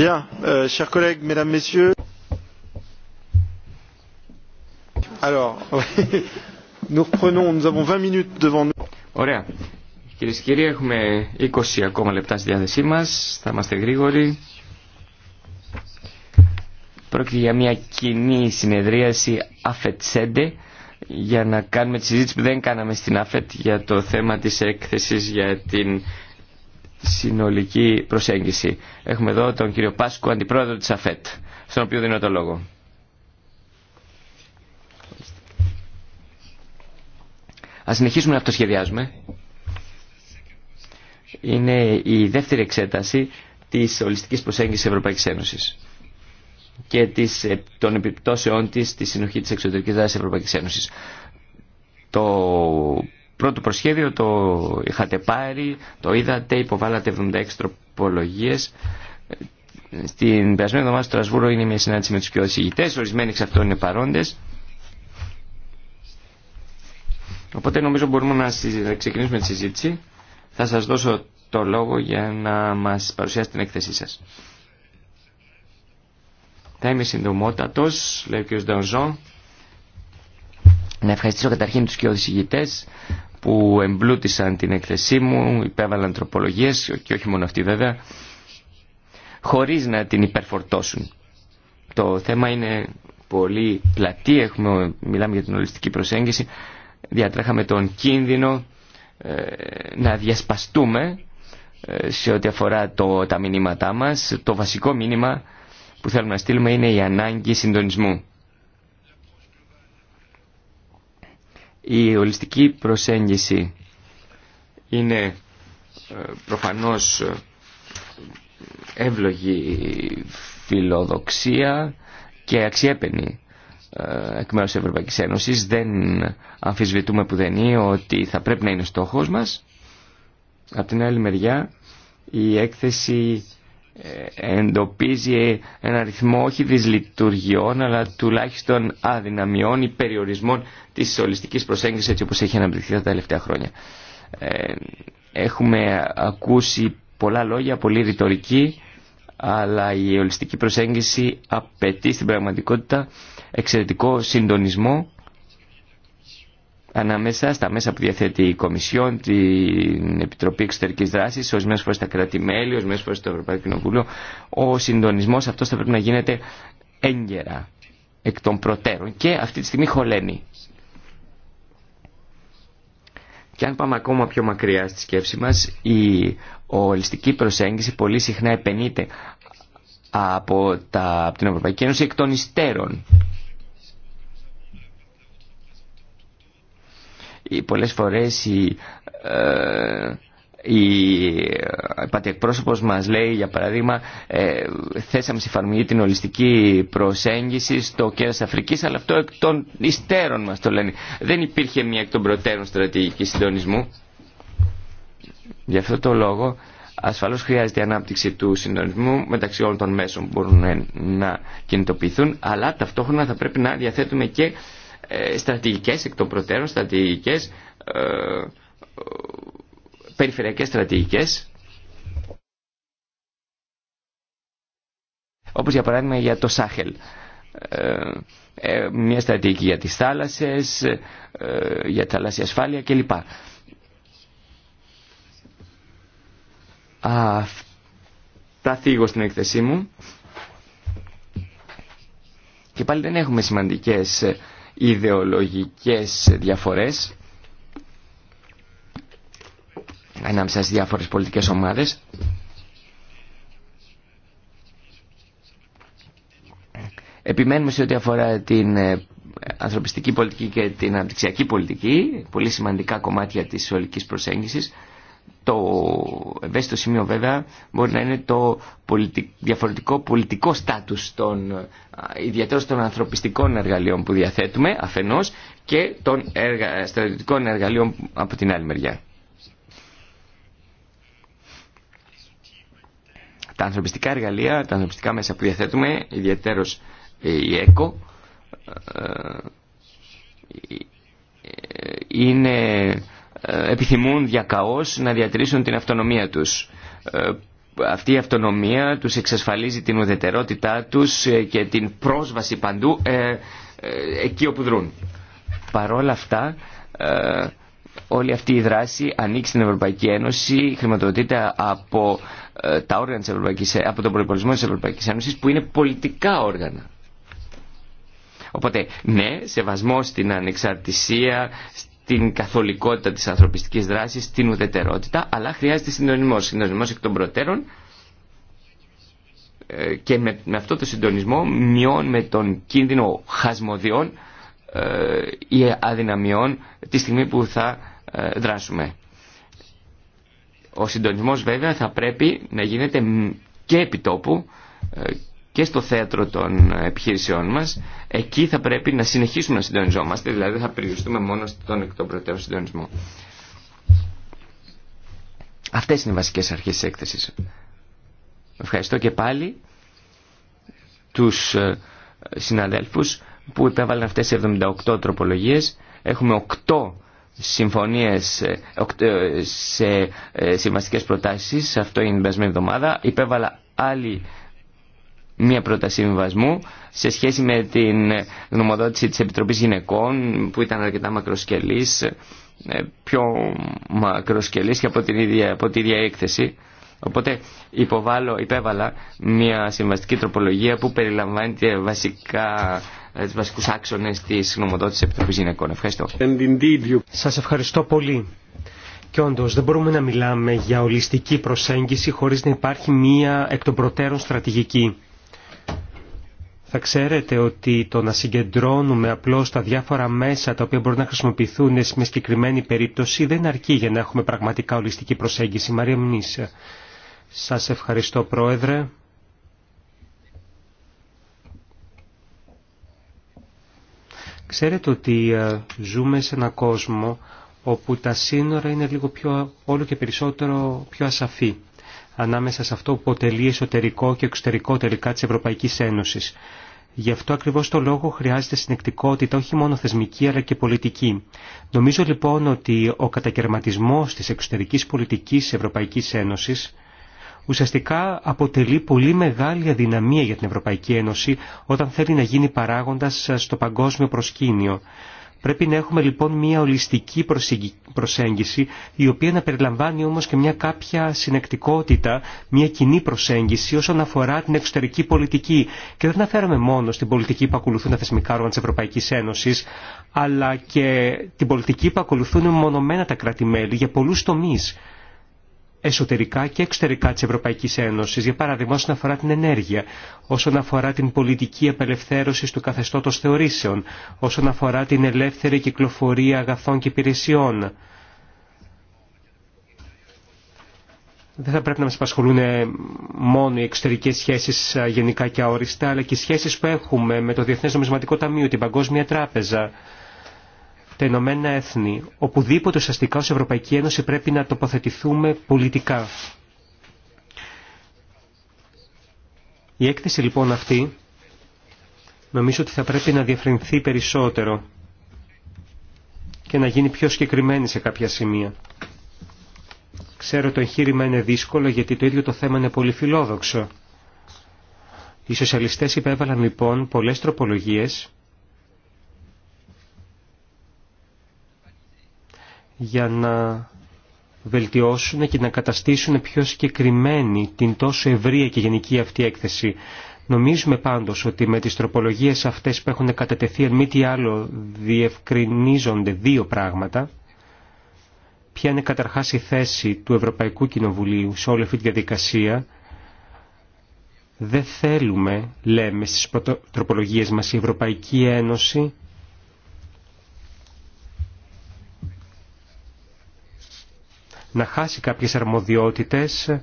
Euh, chers collègues, mesdames, messieurs. nous avons minutes devant nous. Ωραία. Κυρίε και κύριοι, έχουμε 20 ακόμα λεπτά στη διάθεσή μα. Θα είμαστε γρήγοροι. Πρόκειται για μια κοινή συνεδρίαση ΑΦΕΤΣΕΝΤΕ για να κάνουμε τη συζήτηση που δεν κάναμε στην ΑΦΕΤ για το θέμα της έκθεσης για την συνολική προσέγγιση. Έχουμε εδώ τον κύριο Πάσκου, αντιπρόεδρο της ΑΦΕΤ, στον οποίο δίνω το λόγο. Ας συνεχίσουμε να αυτοσχεδιάζουμε. Είναι η δεύτερη εξέταση της ολιστικής προσέγγισης Ευρωπαϊκής Ένωσης και της, ε, των επιπτώσεών της στη συνοχή της εξωτερικής δράσης Ευρωπαϊκής Ένωσης. Το πρώτο προσχέδιο το είχατε πάρει, το είδατε, υποβάλατε 76 τροπολογίε Στην περασμένη εβδομάδα στο Τρασβούρο είναι μια συνάντηση με του πιο ηγητέ, ορισμένοι εξ αυτών είναι παρόντε. Οπότε νομίζω μπορούμε να ξεκινήσουμε τη συζήτηση. Θα σα δώσω το λόγο για να μα παρουσιάσετε την έκθεσή σα. Θα είμαι συντομότατο, λέει ο κ. Να ευχαριστήσω καταρχήν του και που εμπλούτησαν την έκθεσή μου, υπέβαλαν τροπολογίες και όχι μόνο αυτή βέβαια, χωρίς να την υπερφορτώσουν. Το θέμα είναι πολύ πλατή, έχουμε, μιλάμε για την ολιστική προσέγγιση, διατρέχαμε τον κίνδυνο ε, να διασπαστούμε ε, σε ό,τι αφορά το, τα μηνύματά μας. Το βασικό μήνυμα που θέλουμε να στείλουμε είναι η ανάγκη συντονισμού. Η ολιστική προσέγγιση είναι ε, προφανώς ε, εύλογη φιλοδοξία και αξιέπαινη ε, εκ μέρους της Ευρωπαϊκής Ένωσης. Δεν αμφισβητούμε που είναι ότι θα πρέπει να είναι στόχος μας. Από την άλλη μεριά η έκθεση ε, εντοπίζει ένα αριθμό όχι δυσλειτουργιών αλλά τουλάχιστον αδυναμιών ή περιορισμών της ολιστικής προσέγγισης έτσι όπως έχει αναπτυχθεί τα τελευταία χρόνια. Ε, έχουμε ακούσει πολλά λόγια, πολύ ρητορική αλλά η ολιστική προσέγγιση απαιτεί στην πραγματικότητα εξαιρετικό συντονισμό ανάμεσα στα μέσα που διαθέτει η Κομισιόν, την Επιτροπή Εξωτερική Δράση, ορισμένε φορέ τα κράτη-μέλη, ορισμένε φορέ το Ευρωπαϊκό Κοινοβούλιο. Ο συντονισμό αυτό θα πρέπει να γίνεται έγκαιρα, εκ των προτέρων και αυτή τη στιγμή χωλαίνει. Και αν πάμε ακόμα πιο μακριά στη σκέψη μας, η ολιστική προσέγγιση πολύ συχνά επενείται από, από την Ευρωπαϊκή Ένωση εκ των υστέρων. πολλές φορές η, ε, η ε, μας λέει για παράδειγμα ε, θέσαμε σε εφαρμογή την ολιστική προσέγγιση στο κέρας Αφρικής αλλά αυτό εκ των υστέρων μας το λένε δεν υπήρχε μια εκ των προτέρων στρατηγική συντονισμού γι' αυτό το λόγο ασφαλώς χρειάζεται η ανάπτυξη του συντονισμού μεταξύ όλων των μέσων που μπορούν να κινητοποιηθούν αλλά ταυτόχρονα θα πρέπει να διαθέτουμε και ε, στρατηγικές εκ των προτέρων, στρατηγικές, ε, περιφερειακές στρατηγικές. Όπως για παράδειγμα για το Σάχελ. Ε, ε, μια στρατηγική για τις θάλασσες, για τη θαλάσσια ασφάλεια κλπ. Αυτά θίγω στην έκθεσή μου. Και πάλι δεν έχουμε σημαντικές ιδεολογικές διαφορές ανάμεσα στις διάφορες πολιτικές ομάδες Επιμένουμε σε ό,τι αφορά την ε, ανθρωπιστική πολιτική και την αναπτυξιακή πολιτική, πολύ σημαντικά κομμάτια της ολικής προσέγγισης. Το ευαίσθητο σημείο βέβαια μπορεί να είναι το διαφορετικό πολιτικό στάτους των ιδιαίτερα των ανθρωπιστικών εργαλείων που διαθέτουμε αφενός και των εργα... στρατιωτικών εργαλείων από την άλλη μεριά. Τα ανθρωπιστικά εργαλεία, τα ανθρωπιστικά μέσα που διαθέτουμε, ιδιαίτερος η ΕΚΟ, ε, ε, ε, είναι ε, επιθυμούν διακαώς να διατηρήσουν την αυτονομία τους. Ε, αυτή η αυτονομία τους εξασφαλίζει την ουδετερότητά τους ε, και την πρόσβαση παντού εκεί όπου δρούν. Παρόλα αυτά, όλη αυτή η δράση ανοίξει στην Ευρωπαϊκή Ένωση, χρηματοδοτείται από, τα όργανα της Ευρωπαϊκής, από τον προπολισμό της Ευρωπαϊκής Ένωσης που είναι πολιτικά όργανα. Οπότε, ναι, σεβασμό στην ανεξαρτησία, την καθολικότητα της ανθρωπιστικής δράσης, την ουδετερότητα, αλλά χρειάζεται συντονισμός. Συντονισμός εκ των προτέρων ε, και με, με αυτό το συντονισμό μειώνουμε τον κίνδυνο χασμοδιών ε, ή αδυναμιών τη στιγμή που θα ε, δράσουμε. Ο συντονισμός βέβαια θα πρέπει να γίνεται και επί τόπου και στο θέατρο των επιχείρησεών μας, εκεί θα πρέπει να συνεχίσουμε να συντονιζόμαστε, δηλαδή θα περιοριστούμε μόνο στον εκ των προτέρων συντονισμό. Αυτές είναι οι βασικές αρχές της έκθεσης. Ευχαριστώ και πάλι τους ε, συναδέλφους που υπέβαλαν αυτές οι 78 τροπολογίες. Έχουμε 8 συμφωνίες ε, ε, σε συμβαστικές προτάσεις, αυτό είναι την εβδομάδα. Υπέβαλα άλλη μία πρόταση συμβασμού σε σχέση με την γνωμοδότηση της Επιτροπής Γυναικών που ήταν αρκετά μακροσκελής, ε, πιο μακροσκελής και από την ίδια, από την ίδια έκθεση. Οπότε υποβάλλω, υπέβαλα μια συμβαστική τροπολογία που περιλαμβάνει βασικά ε, τις βασικούς άξονες της γνωμοδότησης Επιτροπής Γυναικών. Ευχαριστώ. Σας ευχαριστώ πολύ. Και όντω δεν μπορούμε να μιλάμε για ολιστική προσέγγιση χωρίς να υπάρχει μία εκ των προτέρων στρατηγική θα ξέρετε ότι το να συγκεντρώνουμε απλώς τα διάφορα μέσα τα οποία μπορούν να χρησιμοποιηθούν σε μια συγκεκριμένη περίπτωση δεν αρκεί για να έχουμε πραγματικά ολιστική προσέγγιση. Μαρία Σας ευχαριστώ Πρόεδρε. Ξέρετε ότι ε, ζούμε σε ένα κόσμο όπου τα σύνορα είναι λίγο πιο, όλο και περισσότερο πιο ασαφή ανάμεσα σε αυτό που αποτελεί εσωτερικό και εξωτερικό τελικά της Ευρωπαϊκής Ένωσης. Γι' αυτό ακριβώς το λόγο χρειάζεται συνεκτικότητα όχι μόνο θεσμική αλλά και πολιτική. Νομίζω λοιπόν ότι ο κατακαιρματισμός της εξωτερικής πολιτικής της Ευρωπαϊκής Ένωσης ουσιαστικά αποτελεί πολύ μεγάλη αδυναμία για την Ευρωπαϊκή Ένωση όταν θέλει να γίνει παράγοντας στο παγκόσμιο προσκήνιο. Πρέπει να έχουμε λοιπόν μια ολιστική προσέγγιση, η οποία να περιλαμβάνει όμως και μια κάποια συνεκτικότητα, μια κοινή προσέγγιση όσον αφορά την εξωτερική πολιτική. Και δεν αναφέρομαι μόνο στην πολιτική που ακολουθούν τα θεσμικά όργανα της Ευρωπαϊκής Ένωσης, αλλά και την πολιτική που ακολουθούν μονομένα τα κράτη-μέλη για πολλούς τομείς εσωτερικά και εξωτερικά της Ευρωπαϊκής Ένωσης, για παράδειγμα όσον αφορά την ενέργεια, όσον αφορά την πολιτική απελευθέρωση του καθεστώτος θεωρήσεων, όσον αφορά την ελεύθερη κυκλοφορία αγαθών και υπηρεσιών. Δεν θα πρέπει να μας απασχολούν μόνο οι εξωτερικές σχέσεις γενικά και αόριστα, αλλά και οι σχέσεις που έχουμε με το Διεθνές Νομισματικό Ταμείο, την Παγκόσμια Τράπεζα, τα Ηνωμένα Έθνη, οπουδήποτε ουσιαστικά ως Ευρωπαϊκή Ένωση πρέπει να τοποθετηθούμε πολιτικά. Η έκθεση λοιπόν αυτή νομίζω ότι θα πρέπει να διευρυνθεί περισσότερο και να γίνει πιο συγκεκριμένη σε κάποια σημεία. Ξέρω το εγχείρημα είναι δύσκολο γιατί το ίδιο το θέμα είναι πολύ φιλόδοξο. Οι σοσιαλιστές υπέβαλαν λοιπόν πολλές τροπολογίες για να βελτιώσουν και να καταστήσουν πιο συγκεκριμένη την τόσο ευρία και γενική αυτή έκθεση. Νομίζουμε πάντως ότι με τις τροπολογίες αυτές που έχουν κατατεθεί εν μη τι άλλο διευκρινίζονται δύο πράγματα. Ποια είναι καταρχάς η θέση του Ευρωπαϊκού Κοινοβουλίου σε όλη αυτή τη διαδικασία. Δεν θέλουμε, λέμε στις τροπολογίες μας, η Ευρωπαϊκή Ένωση να χάσει κάποιες αρμοδιότητες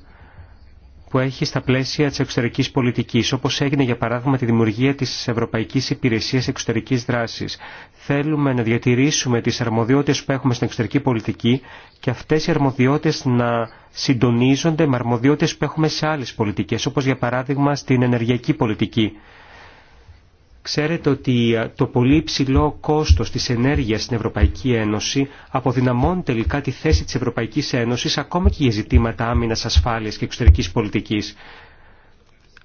που έχει στα πλαίσια της εξωτερικής πολιτικής, όπως έγινε για παράδειγμα τη δημιουργία της Ευρωπαϊκής Υπηρεσίας Εξωτερικής Δράσης. Θέλουμε να διατηρήσουμε τις αρμοδιότητες που έχουμε στην εξωτερική πολιτική και αυτές οι αρμοδιότητες να συντονίζονται με αρμοδιότητες που έχουμε σε άλλες πολιτικές, όπως για παράδειγμα στην ενεργειακή πολιτική. Ξέρετε ότι ε, το πολύ ψηλό κόστος της ενέργειας στην Ευρωπαϊκή Ένωση αποδυναμώνει τελικά τη θέση της Ευρωπαϊκής Ένωσης ακόμα και για ζητήματα άμυνας, ασφάλειας και εξωτερικής πολιτικής.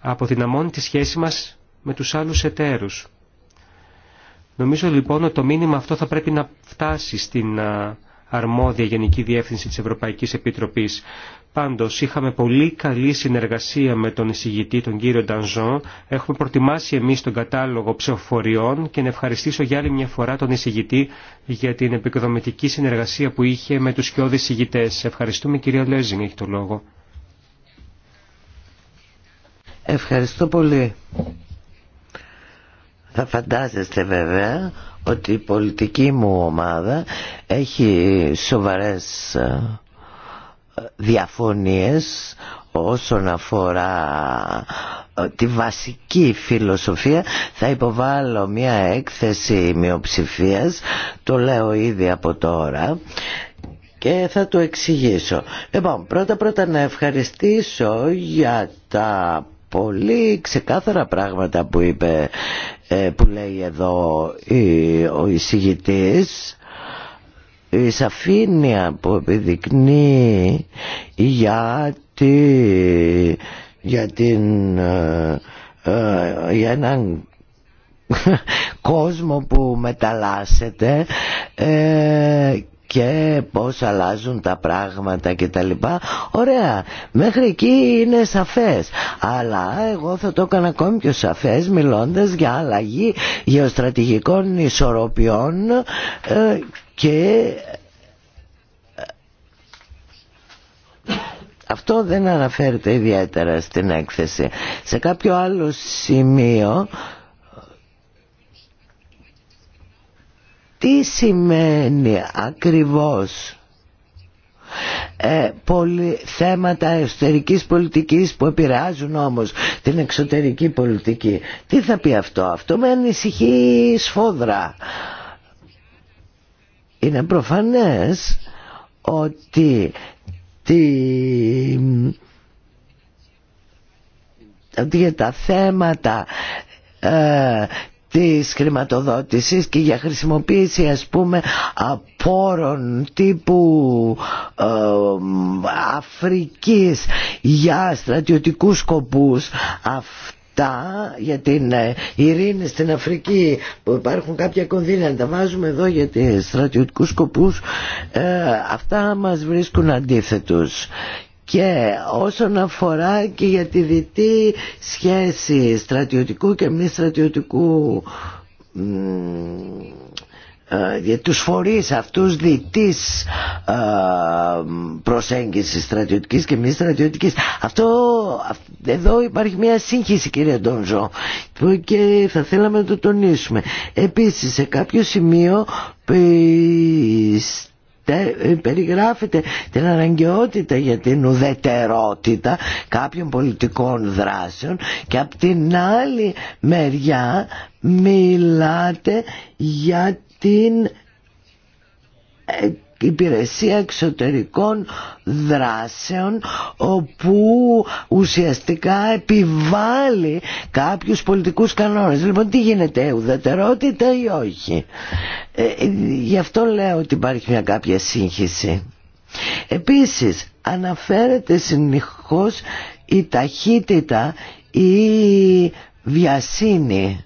Αποδυναμώνει τη σχέση μας με τους άλλους εταίρους. Νομίζω λοιπόν ότι το μήνυμα αυτό θα πρέπει να φτάσει στην ε, αρμόδια Γενική Διεύθυνση της Ευρωπαϊκής Επιτροπής. Πάντως είχαμε πολύ καλή συνεργασία με τον εισηγητή, τον κύριο Ντανζό. Έχουμε προτιμάσει εμείς τον κατάλογο ψηφοφοριών και να ευχαριστήσω για άλλη μια φορά τον εισηγητή για την επικοδομητική συνεργασία που είχε με τους κοιόδη εισηγητές. Ευχαριστούμε κυρία Λέζιν, έχει το λόγο. Ευχαριστώ πολύ. Θα φαντάζεστε βέβαια ότι η πολιτική μου ομάδα έχει σοβαρές ε, διαφωνίες όσον αφορά ε, τη βασική φιλοσοφία θα υποβάλω μια έκθεση μειοψηφίας το λέω ήδη από τώρα και θα το εξηγήσω λοιπόν πρώτα πρώτα να ευχαριστήσω για τα πολύ ξεκάθαρα πράγματα που είπε ε, που λέει εδώ ο εισηγητής η σαφήνεια που επιδεικνύει για, τη, για την ε, ε, για έναν κόσμο που μεταλλάσσεται ε, και πώς αλλάζουν τα πράγματα και τα λοιπά. Ωραία, μέχρι εκεί είναι σαφές. Αλλά εγώ θα το έκανα ακόμη πιο σαφές μιλώντας για αλλαγή γεωστρατηγικών ισορροπιών ε, και αυτό δεν αναφέρεται ιδιαίτερα στην έκθεση. Σε κάποιο άλλο σημείο τι σημαίνει ακριβώς ε, πολυ, θέματα εσωτερικής πολιτικής που επηρεάζουν όμως την εξωτερική πολιτική. Τι θα πει αυτό. Αυτό με ανησυχεί σφόδρα είναι προφανές ότι ότι για τα θέματα ε, της χρηματοδότησης και για χρησιμοποίηση ας πούμε απόρων τύπου ε, Αφρικής για στρατιωτικούς σκοπούς αυτό για την ε, ειρήνη στην Αφρική που υπάρχουν κάποια κονδύλια να τα βάζουμε εδώ για στρατιωτικούς σκοπούς ε, αυτά μας βρίσκουν αντίθετους και όσον αφορά και για τη διτή σχέση στρατιωτικού και μη στρατιωτικού ε, για τους φορείς αυτούς διτής ε, προσέγγισης στρατιωτικής και μη στρατιωτικής αυτό εδώ υπάρχει μια σύγχυση κύριε Ντόνζο και θα θέλαμε να το τονίσουμε επίσης σε κάποιο σημείο περιγράφεται την αναγκαιότητα για την ουδετερότητα κάποιων πολιτικών δράσεων και από την άλλη μεριά μιλάτε για την ε, υπηρεσία εξωτερικών δράσεων όπου ουσιαστικά επιβάλλει κάποιους πολιτικούς κανόνες. Λοιπόν τι γίνεται, ουδετερότητα ή όχι. Ε, γι' αυτό λέω ότι υπάρχει μια κάποια σύγχυση. Επίσης αναφέρεται συνεχώς η ταχύτητα ή βιασύνη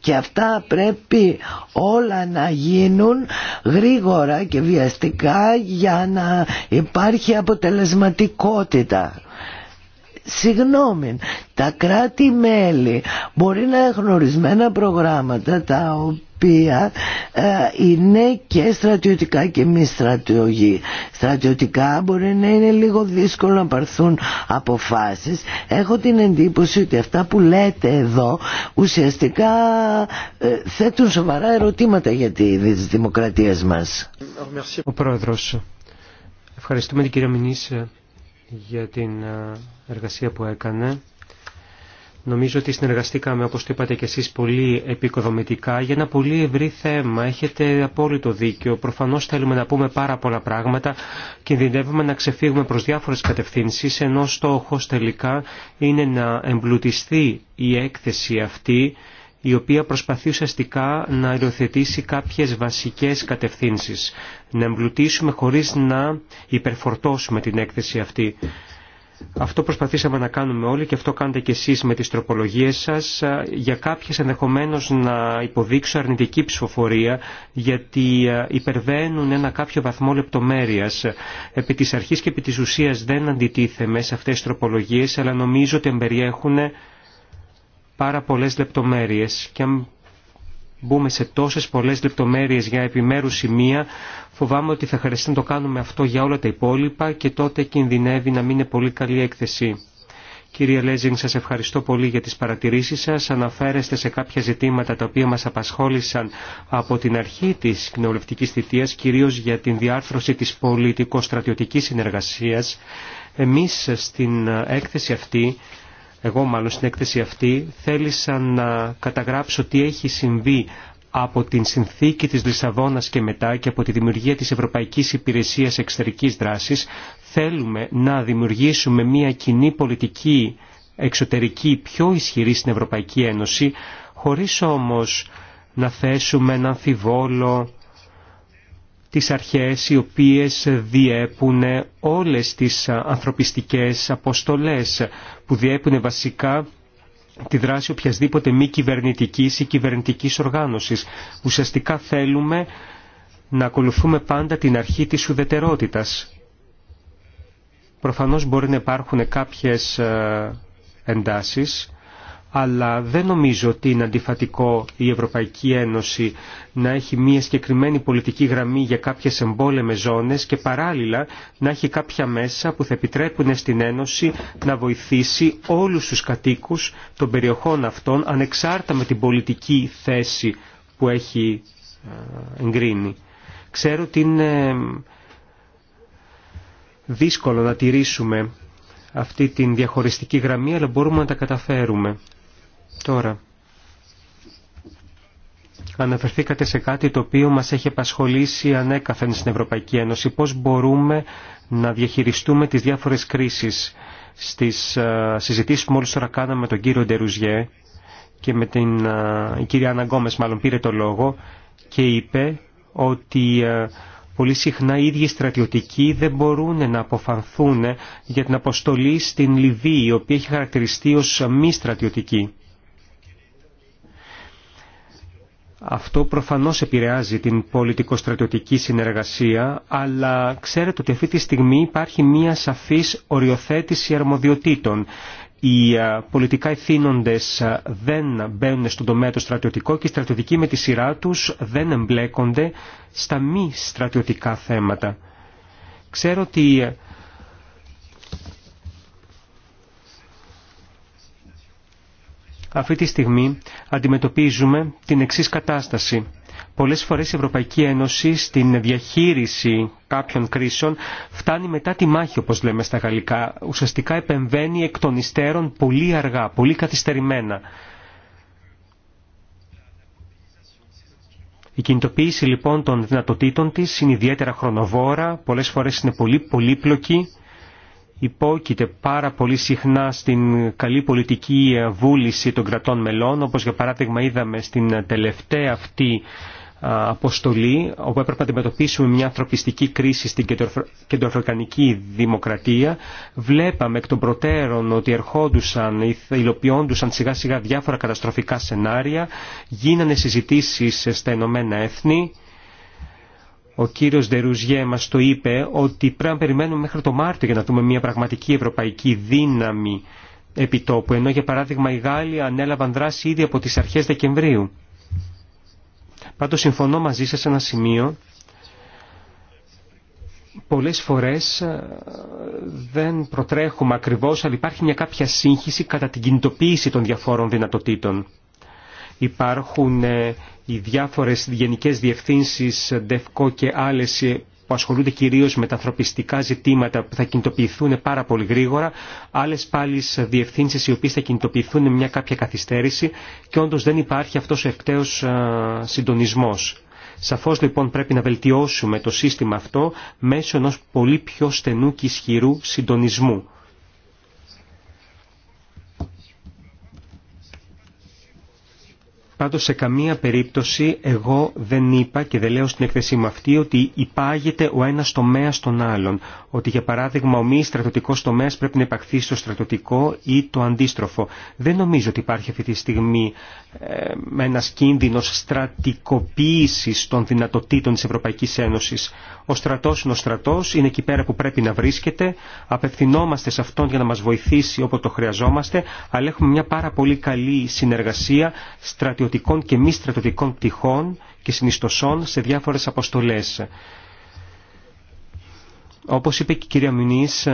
και αυτά πρέπει όλα να γίνουν γρήγορα και βιαστικά για να υπάρχει αποτελεσματικότητα. Συγγνώμη, τα κράτη-μέλη μπορεί να έχουν ορισμένα προγράμματα τα οποία οποία ε, είναι και στρατιωτικά και μη στρατιωγή. Στρατιωτικά μπορεί να είναι λίγο δύσκολο να παρθούν αποφάσεις. Έχω την εντύπωση ότι αυτά που λέτε εδώ ουσιαστικά ε, θέτουν σοβαρά ερωτήματα για τις δημοκρατίες μας. Ο Πρόεδρος, ευχαριστούμε την κυρία Μινής ε, για την εργασία που έκανε. Νομίζω ότι συνεργαστήκαμε, όπως το είπατε και εσείς, πολύ επικοδομητικά για ένα πολύ ευρύ θέμα. Έχετε απόλυτο δίκιο. Προφανώς θέλουμε να πούμε πάρα πολλά πράγματα. Κινδυνεύουμε να ξεφύγουμε προς διάφορες κατευθύνσεις, ενώ στόχος τελικά είναι να εμπλουτιστεί η έκθεση αυτή, η οποία προσπαθεί ουσιαστικά να υιοθετήσει κάποιες βασικές κατευθύνσεις. Να εμπλουτίσουμε χωρίς να υπερφορτώσουμε την έκθεση αυτή. Αυτό προσπαθήσαμε να κάνουμε όλοι και αυτό κάνετε και εσείς με τις τροπολογίες σας για κάποιες ενδεχομένως να υποδείξω αρνητική ψηφοφορία γιατί υπερβαίνουν ένα κάποιο βαθμό λεπτομέρειας. Επί της αρχής και επί της ουσίας δεν αντιτίθεμαι σε αυτές τις τροπολογίες αλλά νομίζω ότι εμπεριέχουν πάρα πολλές λεπτομέρειες και μπούμε σε τόσες πολλές λεπτομέρειες για επιμέρους σημεία, φοβάμαι ότι θα χρειαστεί να το κάνουμε αυτό για όλα τα υπόλοιπα και τότε κινδυνεύει να μην είναι πολύ καλή έκθεση. Κύριε Λέζινγκ, σας ευχαριστώ πολύ για τις παρατηρήσεις σας. Αναφέρεστε σε κάποια ζητήματα τα οποία μας απασχόλησαν από την αρχή της κοινοβουλευτικής θητείας, κυρίως για την διάρθρωση της πολιτικο-στρατιωτικής συνεργασίας. Εμείς στην έκθεση αυτή εγώ μάλλον στην έκθεση αυτή, θέλησα να καταγράψω τι έχει συμβεί από την συνθήκη της Λισαβόνας και μετά και από τη δημιουργία της Ευρωπαϊκής Υπηρεσίας Εξωτερικής Δράσης θέλουμε να δημιουργήσουμε μια κοινή πολιτική εξωτερική πιο ισχυρή στην Ευρωπαϊκή Ένωση χωρίς όμως να θέσουμε ένα αμφιβόλο τις αρχές οι οποίες διέπουν όλες τις ανθρωπιστικές αποστολές που διέπουν βασικά τη δράση οποιασδήποτε μη κυβερνητικής ή κυβερνητικής οργάνωσης. Ουσιαστικά θέλουμε να ακολουθούμε πάντα την αρχή της ουδετερότητας. Προφανώς μπορεί να υπάρχουν κάποιες ε, εντάσεις αλλά δεν νομίζω ότι είναι αντιφατικό η Ευρωπαϊκή Ένωση να έχει μια συγκεκριμένη πολιτική γραμμή για κάποιες εμπόλεμες ζώνες και παράλληλα να έχει κάποια μέσα που θα επιτρέπουν στην Ένωση να βοηθήσει όλους τους κατοίκους των περιοχών αυτών ανεξάρτητα με την πολιτική θέση που έχει ε, εγκρίνει. Ξέρω ότι είναι δύσκολο να τηρήσουμε αυτή την διαχωριστική γραμμή, αλλά μπορούμε να τα καταφέρουμε. Τώρα, αναφερθήκατε σε κάτι το οποίο μας έχει απασχολήσει ανέκαθεν στην Ευρωπαϊκή Ένωση. Πώς μπορούμε να διαχειριστούμε τις διάφορες κρίσεις. Στις ε, συζητήσεις που μόλις τώρα κάναμε με τον κύριο Ντερουζιέ και με την ε, κυρία Αναγκόμες μάλλον πήρε το λόγο και είπε ότι ε, πολύ συχνά οι ίδιοι στρατιωτικοί δεν μπορούν να αποφανθούν για την αποστολή στην Λιβύη, η οποία έχει χαρακτηριστεί ως μη στρατιωτική. Αυτό προφανώς επηρεάζει την πολιτικο-στρατιωτική συνεργασία, αλλά ξέρετε ότι αυτή τη στιγμή υπάρχει μία σαφής οριοθέτηση αρμοδιοτήτων. Οι πολιτικά ευθύνοντες δεν μπαίνουν στον τομέα το στρατιωτικό και οι στρατιωτικοί με τη σειρά τους δεν εμπλέκονται στα μη στρατιωτικά θέματα. Ξέρω ότι Αυτή τη στιγμή αντιμετωπίζουμε την εξή κατάσταση. Πολλέ φορές η Ευρωπαϊκή Ένωση στην διαχείριση κάποιων κρίσεων φτάνει μετά τη μάχη όπως λέμε στα γαλλικά. Ουσιαστικά επεμβαίνει εκ των υστέρων πολύ αργά, πολύ καθυστερημένα. Η κινητοποίηση λοιπόν των δυνατοτήτων της είναι ιδιαίτερα χρονοβόρα, πολλές φορές είναι πολύ πολύπλοκη υπόκειται πάρα πολύ συχνά στην καλή πολιτική βούληση των κρατών μελών, όπως για παράδειγμα είδαμε στην τελευταία αυτή αποστολή, όπου έπρεπε να αντιμετωπίσουμε μια ανθρωπιστική κρίση στην κεντροαφρικανική δημοκρατία. Βλέπαμε εκ των προτέρων ότι ερχόντουσαν, υλοποιόντουσαν σιγά σιγά διάφορα καταστροφικά σενάρια, γίνανε συζητήσεις στα Ηνωμένα Έθνη, ο κύριος Ντερουζιέ μας το είπε ότι πρέπει να περιμένουμε μέχρι το Μάρτιο για να δούμε μια πραγματική ευρωπαϊκή δύναμη επιτόπου, ενώ για παράδειγμα οι Γάλλοι ανέλαβαν δράση ήδη από τις αρχές Δεκεμβρίου. Πάντως συμφωνώ μαζί σας σε ένα σημείο. Πολλές φορές ε, δεν προτρέχουμε ακριβώς, αλλά υπάρχει μια κάποια σύγχυση κατά την κινητοποίηση των διαφόρων δυνατοτήτων. Υπάρχουν ε, οι διάφορες γενικές διευθύνσεις, ΔΕΦΚΟ και άλλες ε, που ασχολούνται κυρίως με τα ανθρωπιστικά ζητήματα που θα κινητοποιηθούν πάρα πολύ γρήγορα, άλλες πάλι διευθύνσεις οι οποίες θα κινητοποιηθούν με μια κάποια καθυστέρηση και όντως δεν υπάρχει αυτός ο ευκταίος συντονισμός. Σαφώς λοιπόν πρέπει να βελτιώσουμε το σύστημα αυτό μέσω ενός πολύ πιο στενού και ισχυρού συντονισμού. Πάντως σε καμία περίπτωση εγώ δεν είπα και δεν λέω στην εκθεσή μου αυτή ότι υπάγεται ο ένας τομέας των άλλων. Ότι για παράδειγμα ο μη στρατοτικός τομέας πρέπει να υπαχθεί στο στρατοτικό ή το αντίστροφο. Δεν νομίζω ότι υπάρχει αυτή τη στιγμή ε, ένας κίνδυνος στρατικοποίησης των δυνατοτήτων της Ευρωπαϊκής Ένωσης. Ο στρατό είναι ο στρατό, είναι εκεί πέρα που πρέπει να βρίσκεται. Απευθυνόμαστε σε αυτόν για να μα βοηθήσει όποτε το χρειαζόμαστε, αλλά έχουμε μια πάρα πολύ καλή συνεργασία στρατιωτικών και μη στρατιωτικών πτυχών και συνιστοσών σε διάφορε αποστολέ. Όπω είπε και η κυρία Μινής,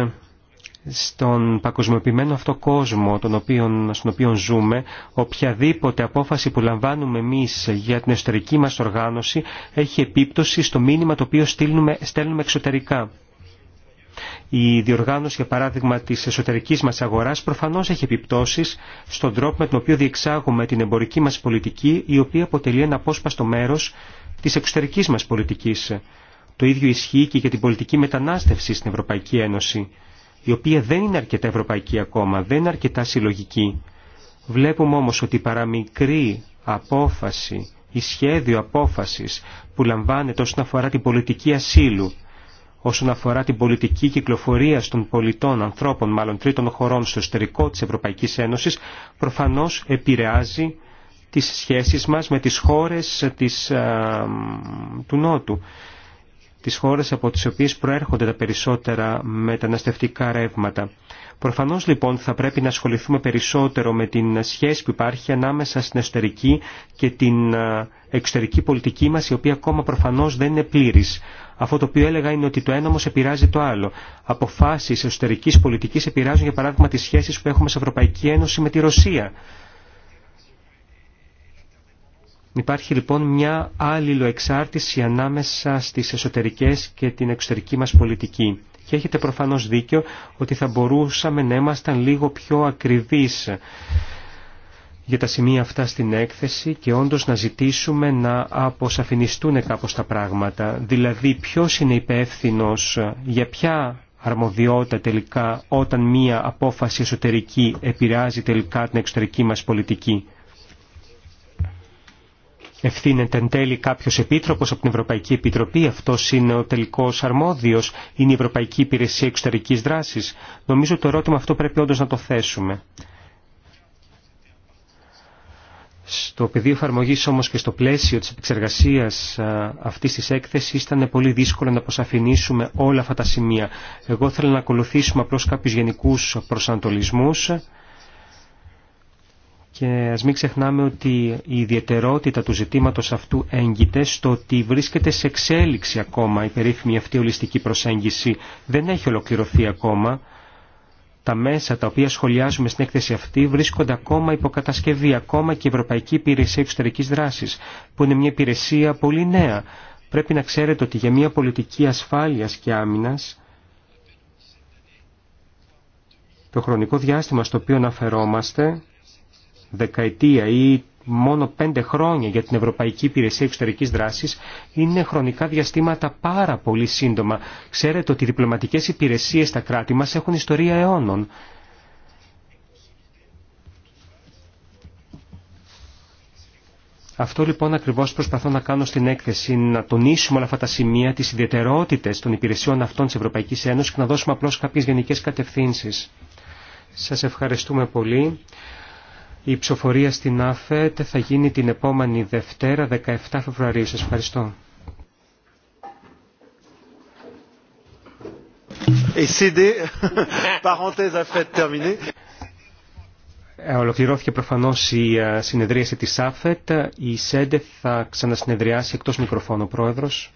στον παγκοσμιοποιημένο αυτό κόσμο τον οποίο, στον οποίο ζούμε, οποιαδήποτε απόφαση που λαμβάνουμε εμείς για την εσωτερική μας οργάνωση έχει επίπτωση στο μήνυμα το οποίο στέλνουμε, στέλνουμε εξωτερικά. Η διοργάνωση, για παράδειγμα, της εσωτερικής μας αγοράς προφανώς έχει επιπτώσεις στον τρόπο με τον οποίο διεξάγουμε την εμπορική μας πολιτική, η οποία αποτελεί ένα απόσπαστο μέρος της εξωτερικής μας πολιτικής. Το ίδιο ισχύει και για την πολιτική μετανάστευση στην Ευρωπαϊκή Ένωση η οποία δεν είναι αρκετά ευρωπαϊκή ακόμα, δεν είναι αρκετά συλλογική. Βλέπουμε όμως ότι η παραμικρή απόφαση ή σχέδιο απόφασης που λαμβάνεται όσον αφορά την πολιτική ασύλου, όσον αφορά την πολιτική κυκλοφορία των πολιτών, ανθρώπων, μάλλον τρίτων χωρών στο εσωτερικό της Ευρωπαϊκής Ένωσης, προφανώς επηρεάζει τις σχέσεις μας με τις χώρες της, ε, του Νότου τις χώρες από τις οποίες προέρχονται τα περισσότερα μεταναστευτικά ρεύματα. Προφανώς λοιπόν θα πρέπει να ασχοληθούμε περισσότερο με την σχέση που υπάρχει ανάμεσα στην εσωτερική και την ε, εξωτερική πολιτική μας η οποία ακόμα προφανώς δεν είναι πλήρης. Αυτό το οποίο έλεγα είναι ότι το ένα όμως επηρεάζει το άλλο. Αποφάσεις εσωτερικής πολιτικής επηρεάζουν για παράδειγμα τις σχέσεις που έχουμε σε Ευρωπαϊκή Ένωση με τη Ρωσία. Υπάρχει λοιπόν μια αλληλοεξάρτηση ανάμεσα στις εσωτερικές και την εξωτερική μας πολιτική. Και έχετε προφανώς δίκιο ότι θα μπορούσαμε να ήμασταν λίγο πιο ακριβείς για τα σημεία αυτά στην έκθεση και όντως να ζητήσουμε να αποσαφινιστούν κάπως τα πράγματα. Δηλαδή ποιος είναι υπεύθυνο για ποια αρμοδιότητα τελικά όταν μία απόφαση εσωτερική επηρεάζει τελικά την εξωτερική μας πολιτική ευθύνεται εν τέλει κάποιος επίτροπος από την Ευρωπαϊκή Επιτροπή, αυτός είναι ο τελικός αρμόδιος, είναι η Ευρωπαϊκή Υπηρεσία Εξωτερικής Δράσης. Νομίζω το ερώτημα αυτό πρέπει όντως να το θέσουμε. Στο πεδίο εφαρμογή όμω και στο πλαίσιο τη επεξεργασία αυτή τη έκθεση ήταν πολύ δύσκολο να αποσαφηνίσουμε όλα αυτά τα σημεία. Εγώ θέλω να ακολουθήσουμε απλώ κάποιου γενικού προσανατολισμού και ας μην ξεχνάμε ότι η ιδιαιτερότητα του ζητήματος αυτού έγκυται στο ότι βρίσκεται σε εξέλιξη ακόμα η περίφημη αυτή ολιστική προσέγγιση. Δεν έχει ολοκληρωθεί ακόμα. Τα μέσα τα οποία σχολιάζουμε στην έκθεση αυτή βρίσκονται ακόμα υποκατασκευή, ακόμα και η Ευρωπαϊκή Υπηρεσία Εξωτερική Δράσης, που είναι μια υπηρεσία πολύ νέα. Πρέπει να ξέρετε ότι για μια πολιτική ασφάλειας και άμυνας, το χρονικό διάστημα στο οποίο αναφερόμαστε δεκαετία ή μόνο πέντε χρόνια για την Ευρωπαϊκή Υπηρεσία Εξωτερικής Δράσης είναι χρονικά διαστήματα πάρα πολύ σύντομα. Ξέρετε ότι οι διπλωματικές υπηρεσίες στα κράτη μας έχουν ιστορία αιώνων. Αυτό λοιπόν ακριβώς προσπαθώ να κάνω στην έκθεση, να τονίσουμε όλα αυτά τα σημεία, τις ιδιαιτερότητες των υπηρεσιών αυτών της Ευρωπαϊκής Ένωσης και να δώσουμε απλώς κάποιες γενικές κατευθύνσεις. Σας ευχαριστούμε πολύ. Η ψηφοφορία στην ΑΦΕΤ θα γίνει την επόμενη Δευτέρα 17 Φεβρουαρίου. Σας ευχαριστώ. Ε, ολοκληρώθηκε προφανώς η ε, συνεδρίαση της ΑΦΕΤ. Η ΣΕΝΤΕ θα ξανασυνεδριάσει εκτός μικροφώνου πρόεδρος.